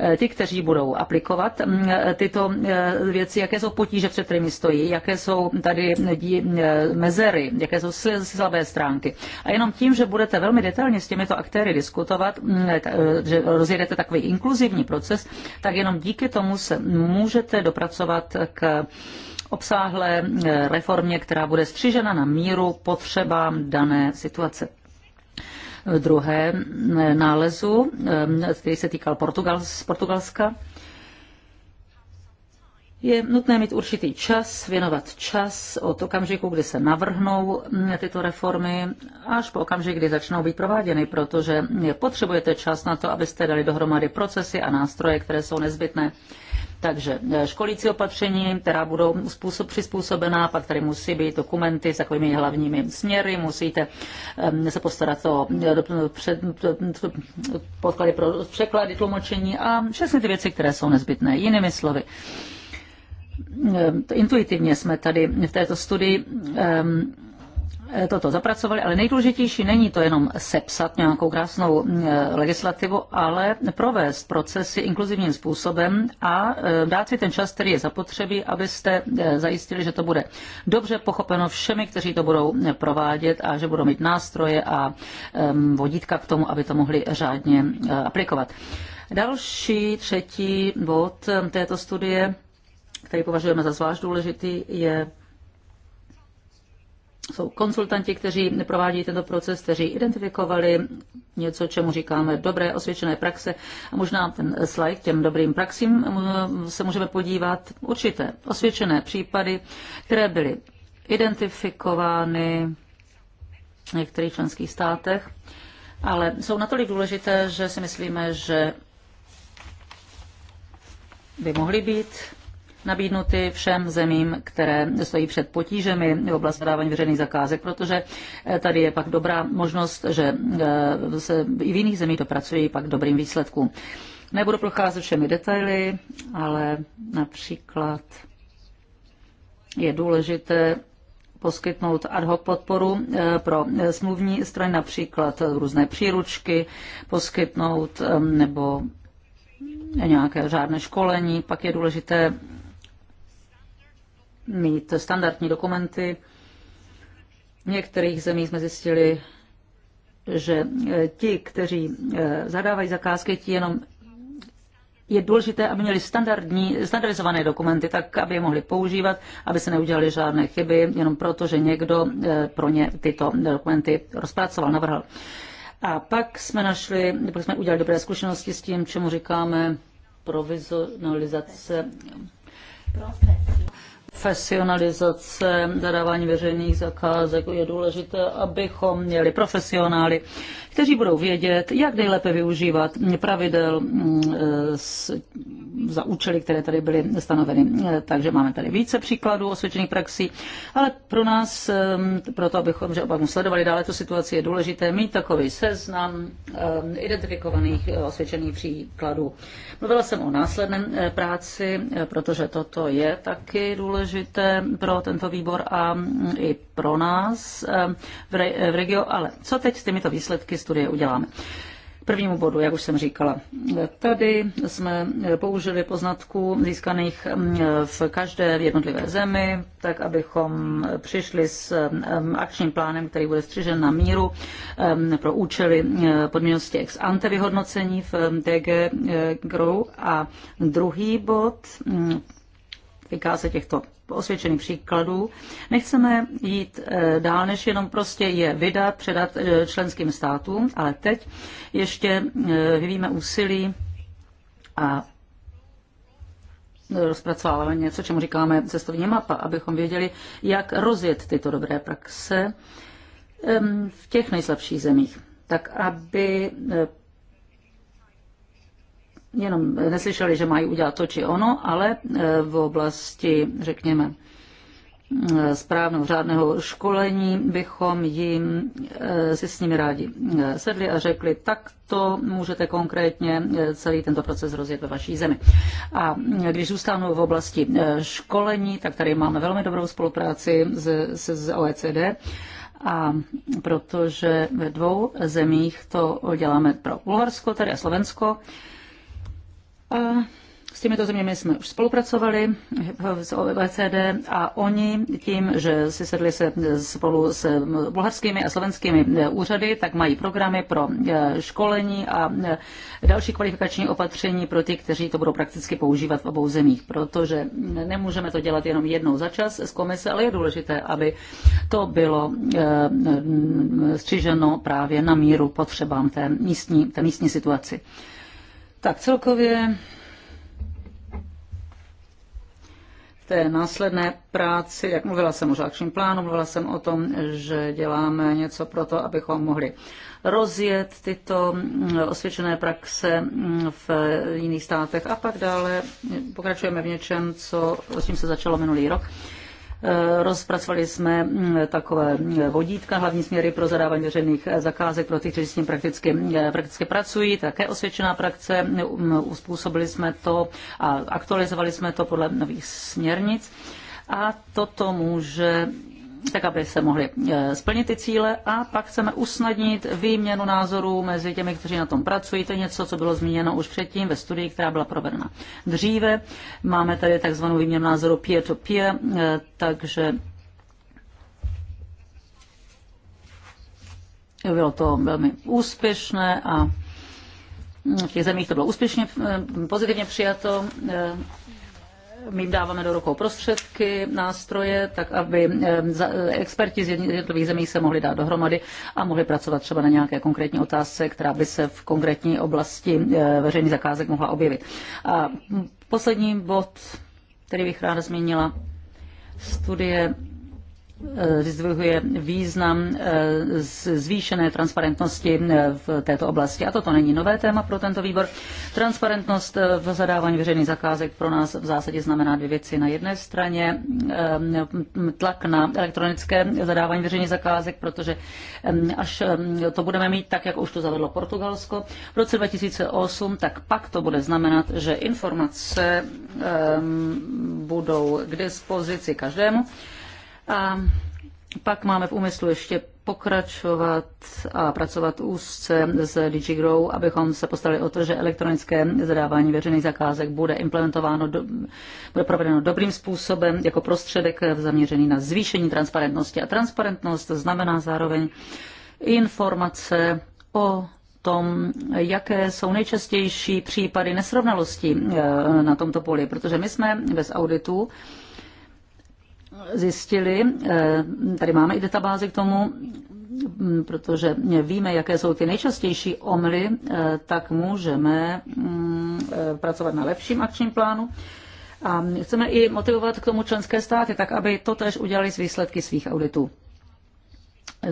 Eh, ty, kteří budou aplikovat mm, eh, tyto eh, věci, jaké jsou potíže, před kterými stojí, jaké jsou tady mezery, jaké jsou slabé stránky. A jenom tím, že budete velmi detailně s těmito aktéry diskutovat, mm, že rozjedete takový inkluzivní proces, tak jenom díky tomu se můžete dopracovat k obsáhlé reformě, která bude střižena na míru potřebám dané situace druhé eh, nálezu, eh, který se týkal Portugals, Portugalska. Je nutné mít určitý čas, věnovat čas od okamžiku, kdy se navrhnou mm, tyto reformy, až po okamžik, kdy začnou být prováděny, protože potřebujete čas na to, abyste dali dohromady procesy a nástroje, které jsou nezbytné takže eh, školící opatření, která budou způsob, přizpůsobená, pak tady musí být dokumenty s takovými hlavními směry, musíte ehm, se postarat o eh, podklady pro překlady, tlumočení a všechny ty věci, které jsou nezbytné. Jinými slovy, ehm, intuitivně jsme tady v této studii ehm, Eh, toto zapracovali, ale nejdůležitější není to jenom sepsat nějakou krásnou eh, legislativu, ale provést procesy inkluzivním způsobem a eh, dát si ten čas, který je zapotřebí, abyste zajistili, že to bude dobře pochopeno všemi, kteří to budou provádět a že budou mít nástroje a vodítka k tomu, aby to mohli řádně aplikovat. Další, třetí bod této studie, který považujeme za zvlášť důležitý, je jsou konzultanti, kteří provádí tento proces, kteří identifikovali něco, čemu říkáme dobré osvědčené praxe. A možná ten slide k těm dobrým praxím eh, se můžeme podívat. Určité osvědčené případy, které byly identifikovány v některých členských státech, ale jsou natolik důležité, že si myslíme, že by mohly být nabídnuty všem zemím, které stojí před potížemi v oblasti dávání veřejných zakázek, protože eh, tady je pak dobrá možnost, že eh, se i v jiných zemích dopracují pak dobrým výsledkům. Nebudu procházet všemi detaily, ale například je důležité poskytnout ad hoc podporu eh, pro smluvní strany, například různé příručky poskytnout nebo nějaké řádné školení. Pak je důležité mít standardní dokumenty. V některých zemích jsme zjistili, že eh, ti, kteří eh, zadávají zakázky, ti jenom je důležité, aby měli standardní, standardizované dokumenty, tak aby je mohli používat, aby se neudělali žádné chyby, jenom proto, že někdo eh, pro ně tyto dokumenty rozpracoval, navrhl. A pak jsme našli, nebo jsme udělali dobré zkušenosti s tím, čemu říkáme provizionalizace. Profesio profesionalizace zadávání veřejných zakázek je důležité, abychom měli profesionály, kteří budou vědět, jak nejlépe využívat pravidel mm, e, za účely, které tady byly stanoveny. Eh, Takže máme tady více příkladů osvědčených praxí, ale pro nás, eh, pro to, abychom že opravdu sledovali dále tu situaci, je důležité mít takový seznam eh, identifikovaných osvědčených příkladů. Mluvila jsem o následném práci, protože toto je taky důležité pro tento výbor a mm, i pro nás v, re, v regio. Ale co teď s těmito výsledky studie uděláme? prvnímu bodu, jak už jsem říkala. Tady jsme použili poznatků získaných mm, v každé jednotlivé zemi, tak abychom přišli s mm, akčním plánem, který bude střižen na míru mm, pro účely podmíněnosti ex ante vyhodnocení v DG Grow. A druhý bod, týká se těchto osvědčených příkladů. Nechceme jít eh, dál, než jenom prostě je vydat, předat eh, členským státům, ale teď ještě eh, vyvíjíme úsilí a rozpracováváme něco, čemu říkáme cestovní mapa, abychom věděli, jak rozjet tyto dobré praxe v těch nejslabších zemích tak aby jenom neslyšeli, že mají udělat to či ono, ale e, v oblasti, řekněme, e, správného řádného školení bychom jim e, si s nimi rádi sedli a řekli, tak to můžete konkrétně celý tento proces rozjet ve vaší zemi. A když zůstanu v oblasti školení, tak tady máme velmi dobrou spolupráci s s OECD a protože ve dvou zemích to děláme pro Bulharsko, tedy a Slovensko, s těmito zeměmi jsme už spolupracovali s OECD a oni tím, že si sedli se spolu s bulharskými a slovenskými úřady, tak mají programy pro e, školení a e, další kvalifikační opatření pro ty, kteří to budou prakticky používat v obou zemích, protože nemůžeme to dělat jenom jednou za čas z komise, ale je důležité, aby to bylo e, stříženo právě na míru potřebám té místní, té místní situaci. Tak celkově té následné práci, jak mluvila jsem o akčním plánu, mluvila jsem o tom, že děláme něco pro to, abychom mohli rozjet tyto mm, osvědčené praxe mm, v jiných státech a pak dále pokračujeme v něčem, co, s čím se začalo minulý rok Eh, rozpracovali jsme mm, takové mm, vodítka, hlavní směry pro zadávání veřejných eh, zakázek pro ty, kteří s tím prakticky, eh, prakticky pracují, také osvědčená praxe. Mm, uspůsobili jsme to a aktualizovali jsme to podle nových směrnic a toto může tak aby se mohly eh, splnit ty cíle a pak chceme usnadnit výměnu názorů mezi těmi, kteří na tom pracují. To je něco, co bylo zmíněno už předtím ve studii, která byla provedena dříve. Máme tady takzvanou výměnu názoru peer-to-peer, eh, takže bylo to velmi úspěšné a v těch zemích to bylo úspěšně, eh, pozitivně přijato my jim dáváme do rukou prostředky, nástroje, tak aby eh, eh, experti z jednotlivých zemí se mohli dát dohromady a mohli pracovat třeba na nějaké konkrétní otázce, která by se v konkrétní oblasti eh, veřejných zakázek mohla objevit. A poslední bod, který bych ráda zmínila, studie Eh, vyzdvihuje význam eh, zvýšené transparentnosti eh, v této oblasti. A toto není nové téma pro tento výbor. Transparentnost v zadávání veřejných zakázek pro nás v zásadě znamená dvě věci. Na jedné straně tlak na elektronické zadávání veřejných zakázek, protože až to budeme mít tak, jak už to zavedlo Portugalsko v roce 2008, tak pak to bude znamenat, že informace budou k dispozici každému a pak máme v úmyslu ještě pokračovat a pracovat úzce s DigiGrow, abychom se postali o to, že elektronické zadávání veřejných zakázek bude implementováno, do, bude provedeno dobrým způsobem jako prostředek zaměřený na zvýšení transparentnosti. A transparentnost znamená zároveň informace o tom, jaké jsou nejčastější případy nesrovnalosti eh, na tomto poli, protože my jsme bez auditu zjistili, eh, tady máme i databázy k tomu, mm, protože víme, jaké jsou ty nejčastější omly, eh, tak můžeme mm, eh, pracovat na lepším akčním plánu. A chceme i motivovat k tomu členské státy, tak aby to tež udělali z výsledky svých auditů.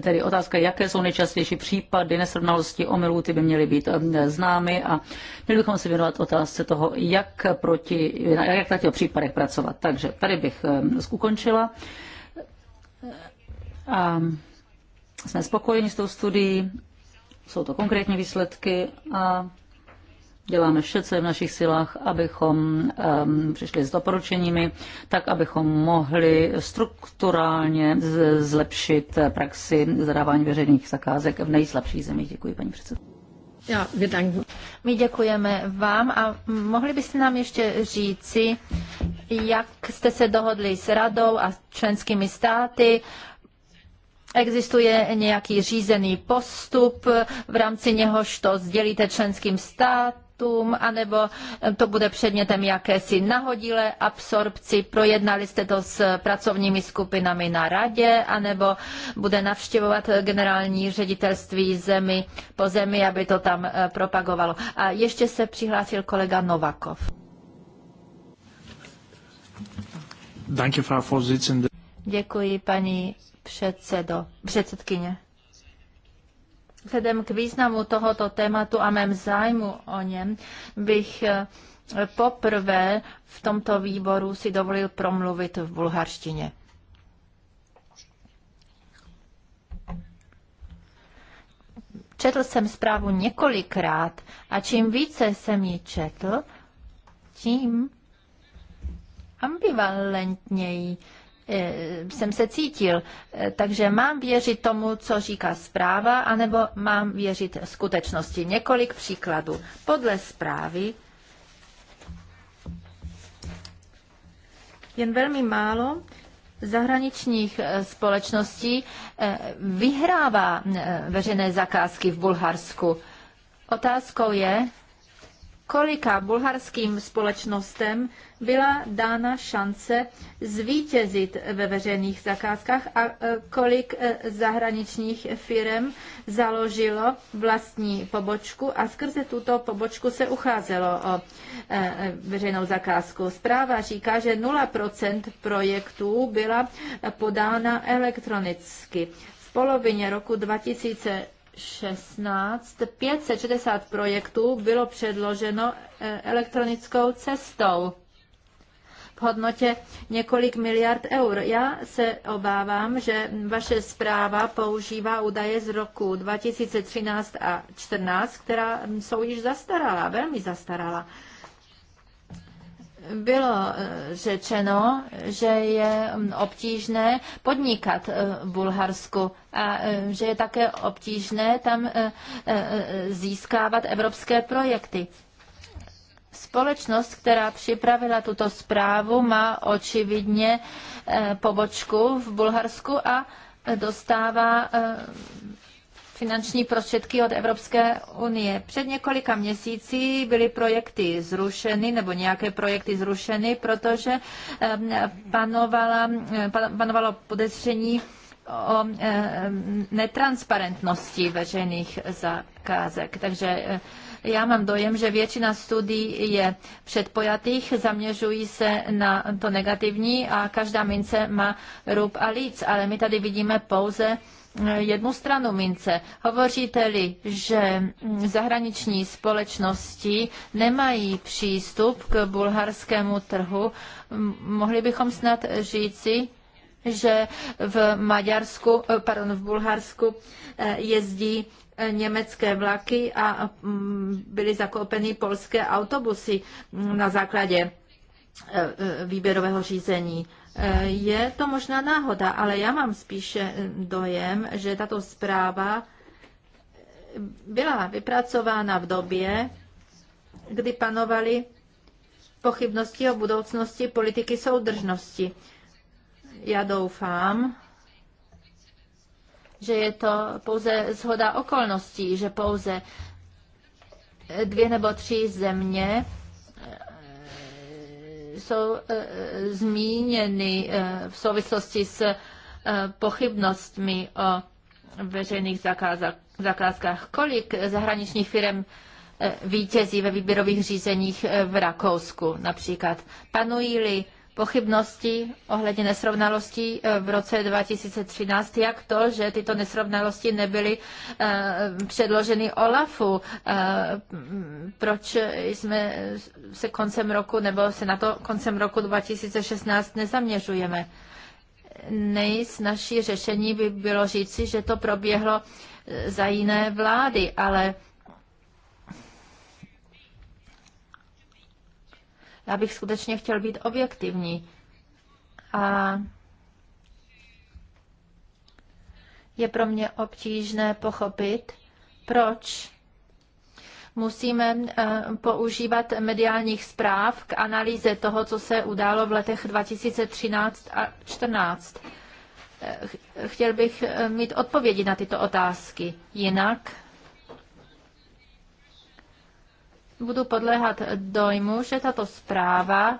Tedy otázka, jaké jsou nejčastější případy nesrovnalosti omylů, ty by měly být eh, známy a měli bychom se věnovat otázce toho, jak, proti, jak na těch případech pracovat. Takže tady bych eh, ukončila. A jsme spokojeni s tou studií, jsou to konkrétní výsledky a děláme vše, co je v našich silách, abychom um, přišli s doporučeními, tak abychom mohli strukturálně zlepšit praxi zadávání veřejných zakázek v nejslabších zemích. Děkuji, paní předsedkyně. Já, My děkujeme vám a mohli byste nám ještě říci, jak jste se dohodli s radou a členskými státy, Existuje nějaký řízený postup, v rámci něhož to sdělíte členským státům? tématům, anebo eh, to bude předmětem jakési nahodilé absorpci. Projednali jste to s pracovními skupinami na radě, anebo bude navštěvovat generální ředitelství zemi po zemi, aby to tam eh, propagovalo. A ještě se přihlásil kolega Novakov. Děkuji, paní předsedo, předsedkyně. Vzhledem k významu tohoto tématu a mém zájmu o něm bych eh, poprvé v tomto výboru si dovolil promluvit v bulharštině. Četl jsem zprávu několikrát a čím více jsem ji četl, tím ambivalentněji Eh, jsem se cítil. Eh, takže mám věřit tomu, co říká zpráva, anebo mám věřit skutečnosti. Několik příkladů. Podle zprávy jen velmi málo zahraničních eh, společností vyhrává veřejné zakázky v Bulharsku. Otázkou je, kolika bulharským společnostem byla dána šance zvítězit ve veřejných zakázkách a e, kolik e, zahraničních firm založilo vlastní pobočku a skrze tuto pobočku se ucházelo o e, veřejnou zakázku. Zpráva říká, že 0% projektů byla podána elektronicky. V polovině roku 2000 16 560 projektů bylo předloženo eh, elektronickou cestou v hodnotě několik miliard eur. Já se obávám, že vaše zpráva používá údaje z roku 2013 a 2014, která jsou již zastaralá, velmi zastaralá. Bylo eh, řečeno, že je mm, obtížné podnikat eh, v Bulharsku a eh, že je také obtížné tam získávat evropské projekty. Společnost, která připravila tuto zprávu, má očividně pobočku v Bulharsku a dostává finanční prostředky od Evropské unie. Před několika měsíci byly projekty zrušeny nebo nějaké projekty zrušeny, protože panovala, panovalo podezření o netransparentnosti veřejných zakázek. Takže eh, já mám dojem, že většina studií je předpojatých, zaměřují se na to negativní a každá mince má rub a líc, ale my tady vidíme pouze jednu stranu mince. Hovoříte-li, že zahraniční společnosti nemají přístup k bulharskému trhu, mohli bychom snad říci, že v Maďarsku, pardon, v Bulharsku eh, jezdí eh, německé vlaky a mm, byly zakoupeny polské autobusy mm, na základě eh, výběrového řízení. Je to možná náhoda, ale já mám spíše eh, dojem, že tato zpráva eh, byla vypracována v době, kdy panovaly pochybnosti o budoucnosti politiky soudržnosti. Já doufám, že je to pouze zhoda okolností, že pouze dvě nebo tři země jsou eh, zmíněny eh, v souvislosti s eh, pochybnostmi o veřejných zakázkách. Kolik zahraničních firm vítězí ve výběrových řízeních v Rakousku například? Panují-li pochybnosti ohledně nesrovnalostí eh, v roce 2013, jak to, že tyto nesrovnalosti nebyly eh, předloženy OLAFu. Eh, proč jsme se koncem roku nebo se na to koncem roku 2016 nezaměřujeme? Nejsnažší řešení by bylo říci, že to proběhlo za jiné vlády, ale Já bych skutečně chtěl být objektivní. A je pro mě obtížné pochopit, proč musíme eh, používat mediálních zpráv k analýze toho, co se událo v letech 2013 a 2014. Eh, chtěl bych eh, mít odpovědi na tyto otázky. Jinak budu podléhat dojmu, že tato zpráva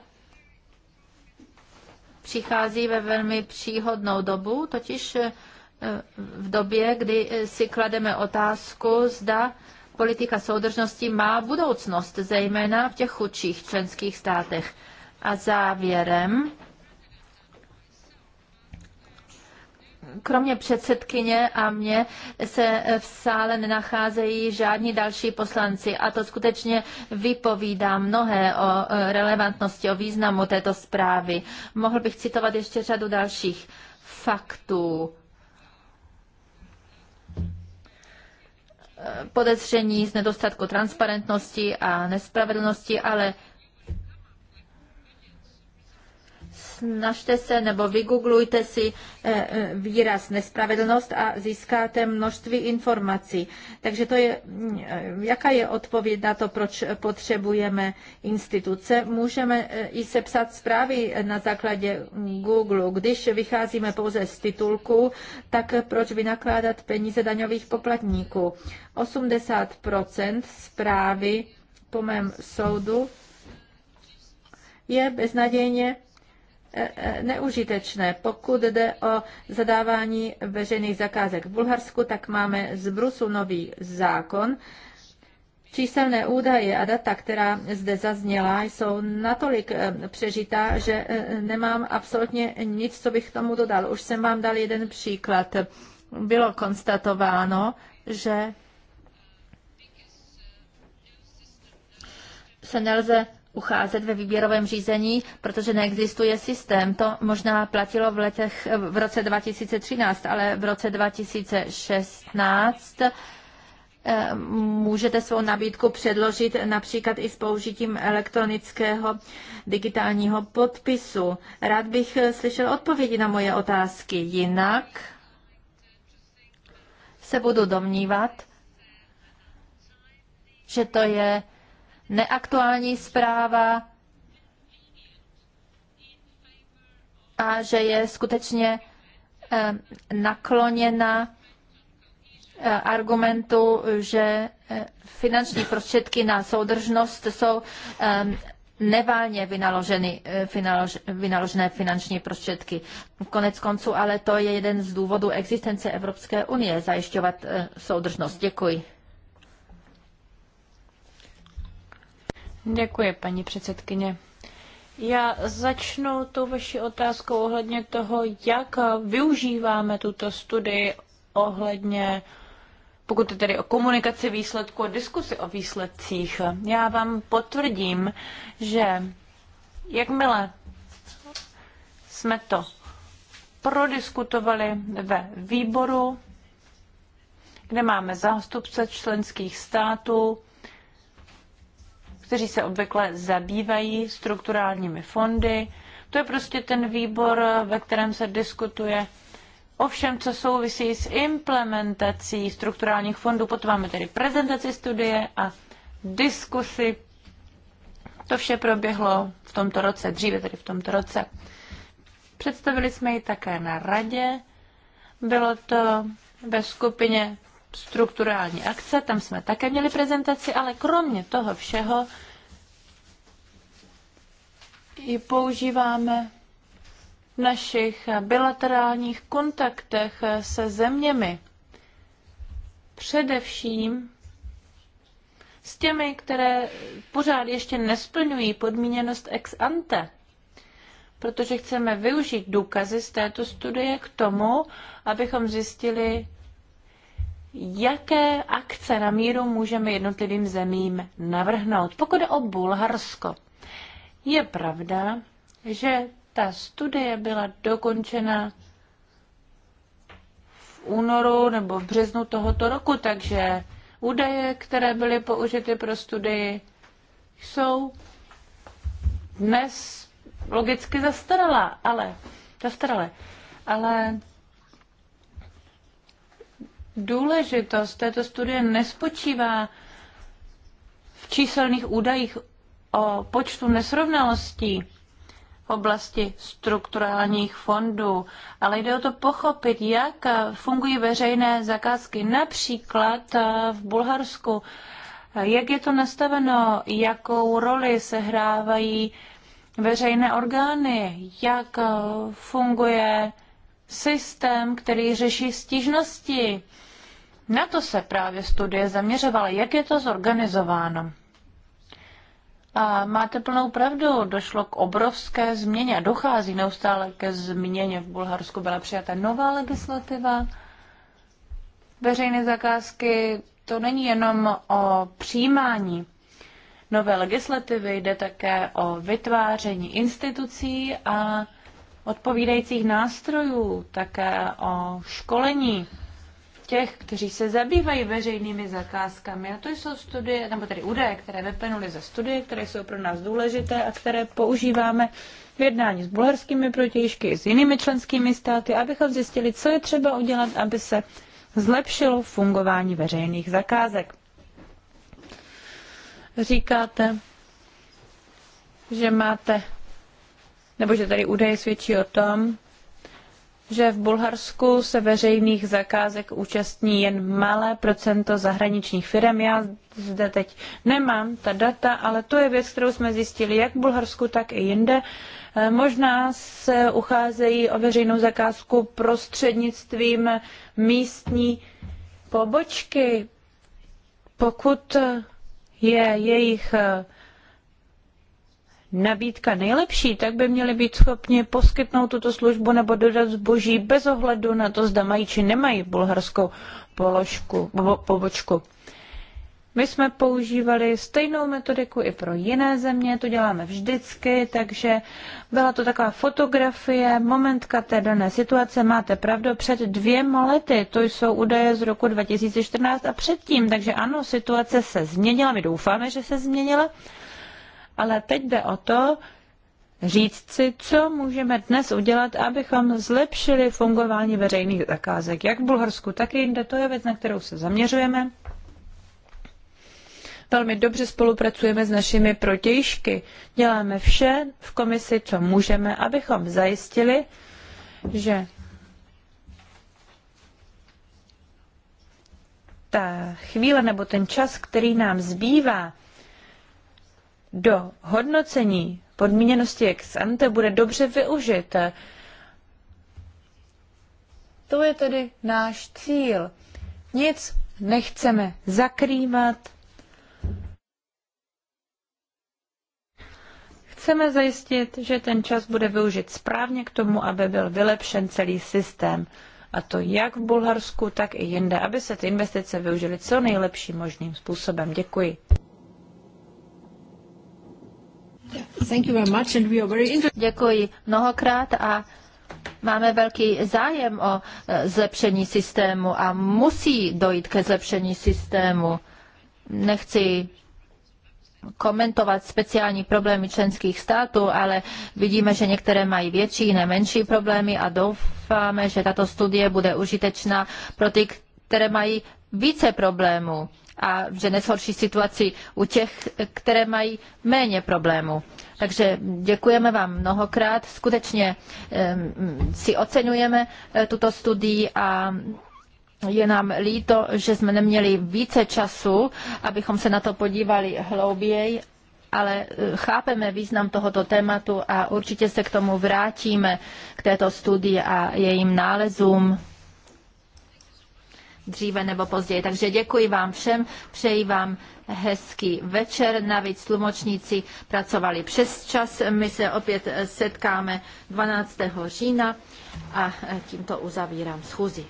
přichází ve velmi příhodnou dobu, totiž eh, v době, kdy eh, si klademe otázku, zda politika soudržnosti má budoucnost, zejména v těch chudších členských státech. A závěrem Kromě předsedkyně a mě se v sále nenacházejí žádní další poslanci a to skutečně vypovídá mnohé o e, relevantnosti, o významu této zprávy. Mohl bych citovat ještě řadu dalších faktů. E, podezření z nedostatku transparentnosti a nespravedlnosti, ale snažte se nebo vygooglujte si eh, eh, výraz nespravedlnost a získáte množství informací. Takže to je, mm, eh, jaká je odpověď na to, proč potřebujeme instituce? Můžeme i sepsat zprávy na základě Google. Když vycházíme pouze z titulku, tak proč vynakládat peníze daňových poplatníků? 80% zprávy po mém soudu je beznadějně E, e, neužitečné. Pokud jde o zadávání veřejných zakázek v Bulharsku, tak máme z Brusu nový zákon. Číselné údaje a data, která zde zazněla, jsou natolik e, přežitá, že nemám absolutně nic, co bych k tomu dodal. Už jsem vám dal jeden příklad. Bylo konstatováno, že se nelze ucházet ve výběrovém řízení, protože neexistuje systém. To možná platilo v, letech, v roce 2013, ale v roce 2016 eh, můžete svou nabídku předložit například i s použitím elektronického digitálního podpisu. Rád bych eh, slyšel odpovědi na moje otázky. Jinak se budu domnívat, že to je neaktuální zpráva a že je skutečně eh, nakloněna eh, argumentu, že eh, finanční prostředky na soudržnost jsou neválně vynaloženy, vynalož, vynaložené finanční prostředky. Konec konců ale to je jeden z důvodů existence Evropské unie, zajišťovat soudržnost. Děkuji. Děkuji, paní předsedkyně. Já začnu tou vaší otázkou ohledně toho, jak využíváme tuto studii ohledně, pokud je tedy o komunikaci výsledku a diskusi o výsledcích. Já vám potvrdím, že jakmile jsme to prodiskutovali ve výboru, kde máme zástupce členských států, kteří se obvykle zabývají strukturálními fondy. To je prostě ten výbor, ve kterém se diskutuje o všem, co souvisí s implementací strukturálních fondů. Potom máme tedy prezentaci studie a diskusy. To vše proběhlo v tomto roce, dříve tedy v tomto roce. Představili jsme ji také na radě. Bylo to ve skupině strukturální akce, tam jsme také měli prezentaci, ale kromě toho všeho i používáme v našich bilaterálních kontaktech se zeměmi. Především s těmi, které pořád ještě nesplňují podmíněnost ex ante, protože chceme využít důkazy z této studie k tomu, abychom zjistili, jaké akce na míru můžeme jednotlivým zemím navrhnout. Pokud je o Bulharsko, je pravda, že ta studie byla dokončena v únoru nebo v březnu tohoto roku, takže údaje, které byly použity pro studii, jsou dnes logicky zastaralé, ale zastaralé. Ale důležitost této studie nespočívá v číselných údajích o počtu nesrovnalostí v oblasti strukturálních fondů, ale jde o to pochopit, jak fungují veřejné zakázky, například eh, v Bulharsku. Eh, jak je to nastaveno, jakou roli se hrávají veřejné orgány, jak eh, funguje systém, který řeší stížnosti, na to se právě studie zaměřovala, jak je to zorganizováno. A máte plnou pravdu, došlo k obrovské změně a dochází neustále ke změně. V Bulharsku byla přijata nová legislativa. Veřejné zakázky, to není jenom o přijímání nové legislativy, jde také o vytváření institucí a odpovídajících nástrojů, také o školení těch, kteří se zabývají veřejnými zakázkami. A to jsou studie, nebo tedy údaje, které vyplynuly ze studie, které jsou pro nás důležité a které používáme v jednání s bulharskými protějšky, s jinými členskými státy, abychom zjistili, co je třeba udělat, aby se zlepšilo fungování veřejných zakázek. Říkáte, že máte, nebo že tady údaje svědčí o tom, že v Bulharsku se veřejných zakázek účastní jen malé procento zahraničních firm. Já zde teď nemám ta data, ale to je věc, kterou jsme zjistili jak v Bulharsku, tak i jinde. Eh, možná se ucházejí o veřejnou zakázku prostřednictvím místní pobočky, pokud je jejich eh, nabídka nejlepší, tak by měli být schopni poskytnout tuto službu nebo dodat zboží bez ohledu na to, zda mají či nemají bulharskou položku, pobočku. My jsme používali stejnou metodiku i pro jiné země, to děláme vždycky, takže byla to taková fotografie, momentka té dané situace, máte pravdu, před dvěma lety, to jsou údaje z roku 2014 a předtím, takže ano, situace se změnila, my doufáme, že se změnila, ale teď jde o to, říct si, co můžeme dnes udělat, abychom zlepšili fungování veřejných zakázek, jak v Bulharsku, tak i jinde. To je věc, na kterou se zaměřujeme. Velmi dobře spolupracujeme s našimi protějšky. Děláme vše v komisi, co můžeme, abychom zajistili, že ta chvíle nebo ten čas, který nám zbývá, do hodnocení podmíněnosti ex ante bude dobře využit. To je tedy náš cíl. Nic nechceme zakrývat. Chceme zajistit, že ten čas bude využit správně k tomu, aby byl vylepšen celý systém. A to jak v Bulharsku, tak i jinde, aby se ty investice využily co nejlepším možným způsobem. Děkuji. Děkuji mnohokrát a máme velký zájem o e, zlepšení systému a musí dojít ke zlepšení systému. Nechci komentovat speciální problémy členských států, ale vidíme, že některé mají větší, jiné menší problémy a doufáme, že tato studie bude užitečná pro ty, které mají více problémů a že nejhorší situaci u těch, které mají méně problémů. Takže děkujeme vám mnohokrát. Skutečně si oceňujeme eh, tuto studii a je nám líto, že jsme neměli více času, abychom se na to podívali hlouběji, ale eh, chápeme význam tohoto tématu a určitě se k tomu vrátíme, k této studii a jejím nálezům dříve nebo později. Takže děkuji vám všem, přeji vám hezký večer. Navíc tlumočníci pracovali přes čas. My se opět setkáme 12. října a tímto uzavírám schůzi.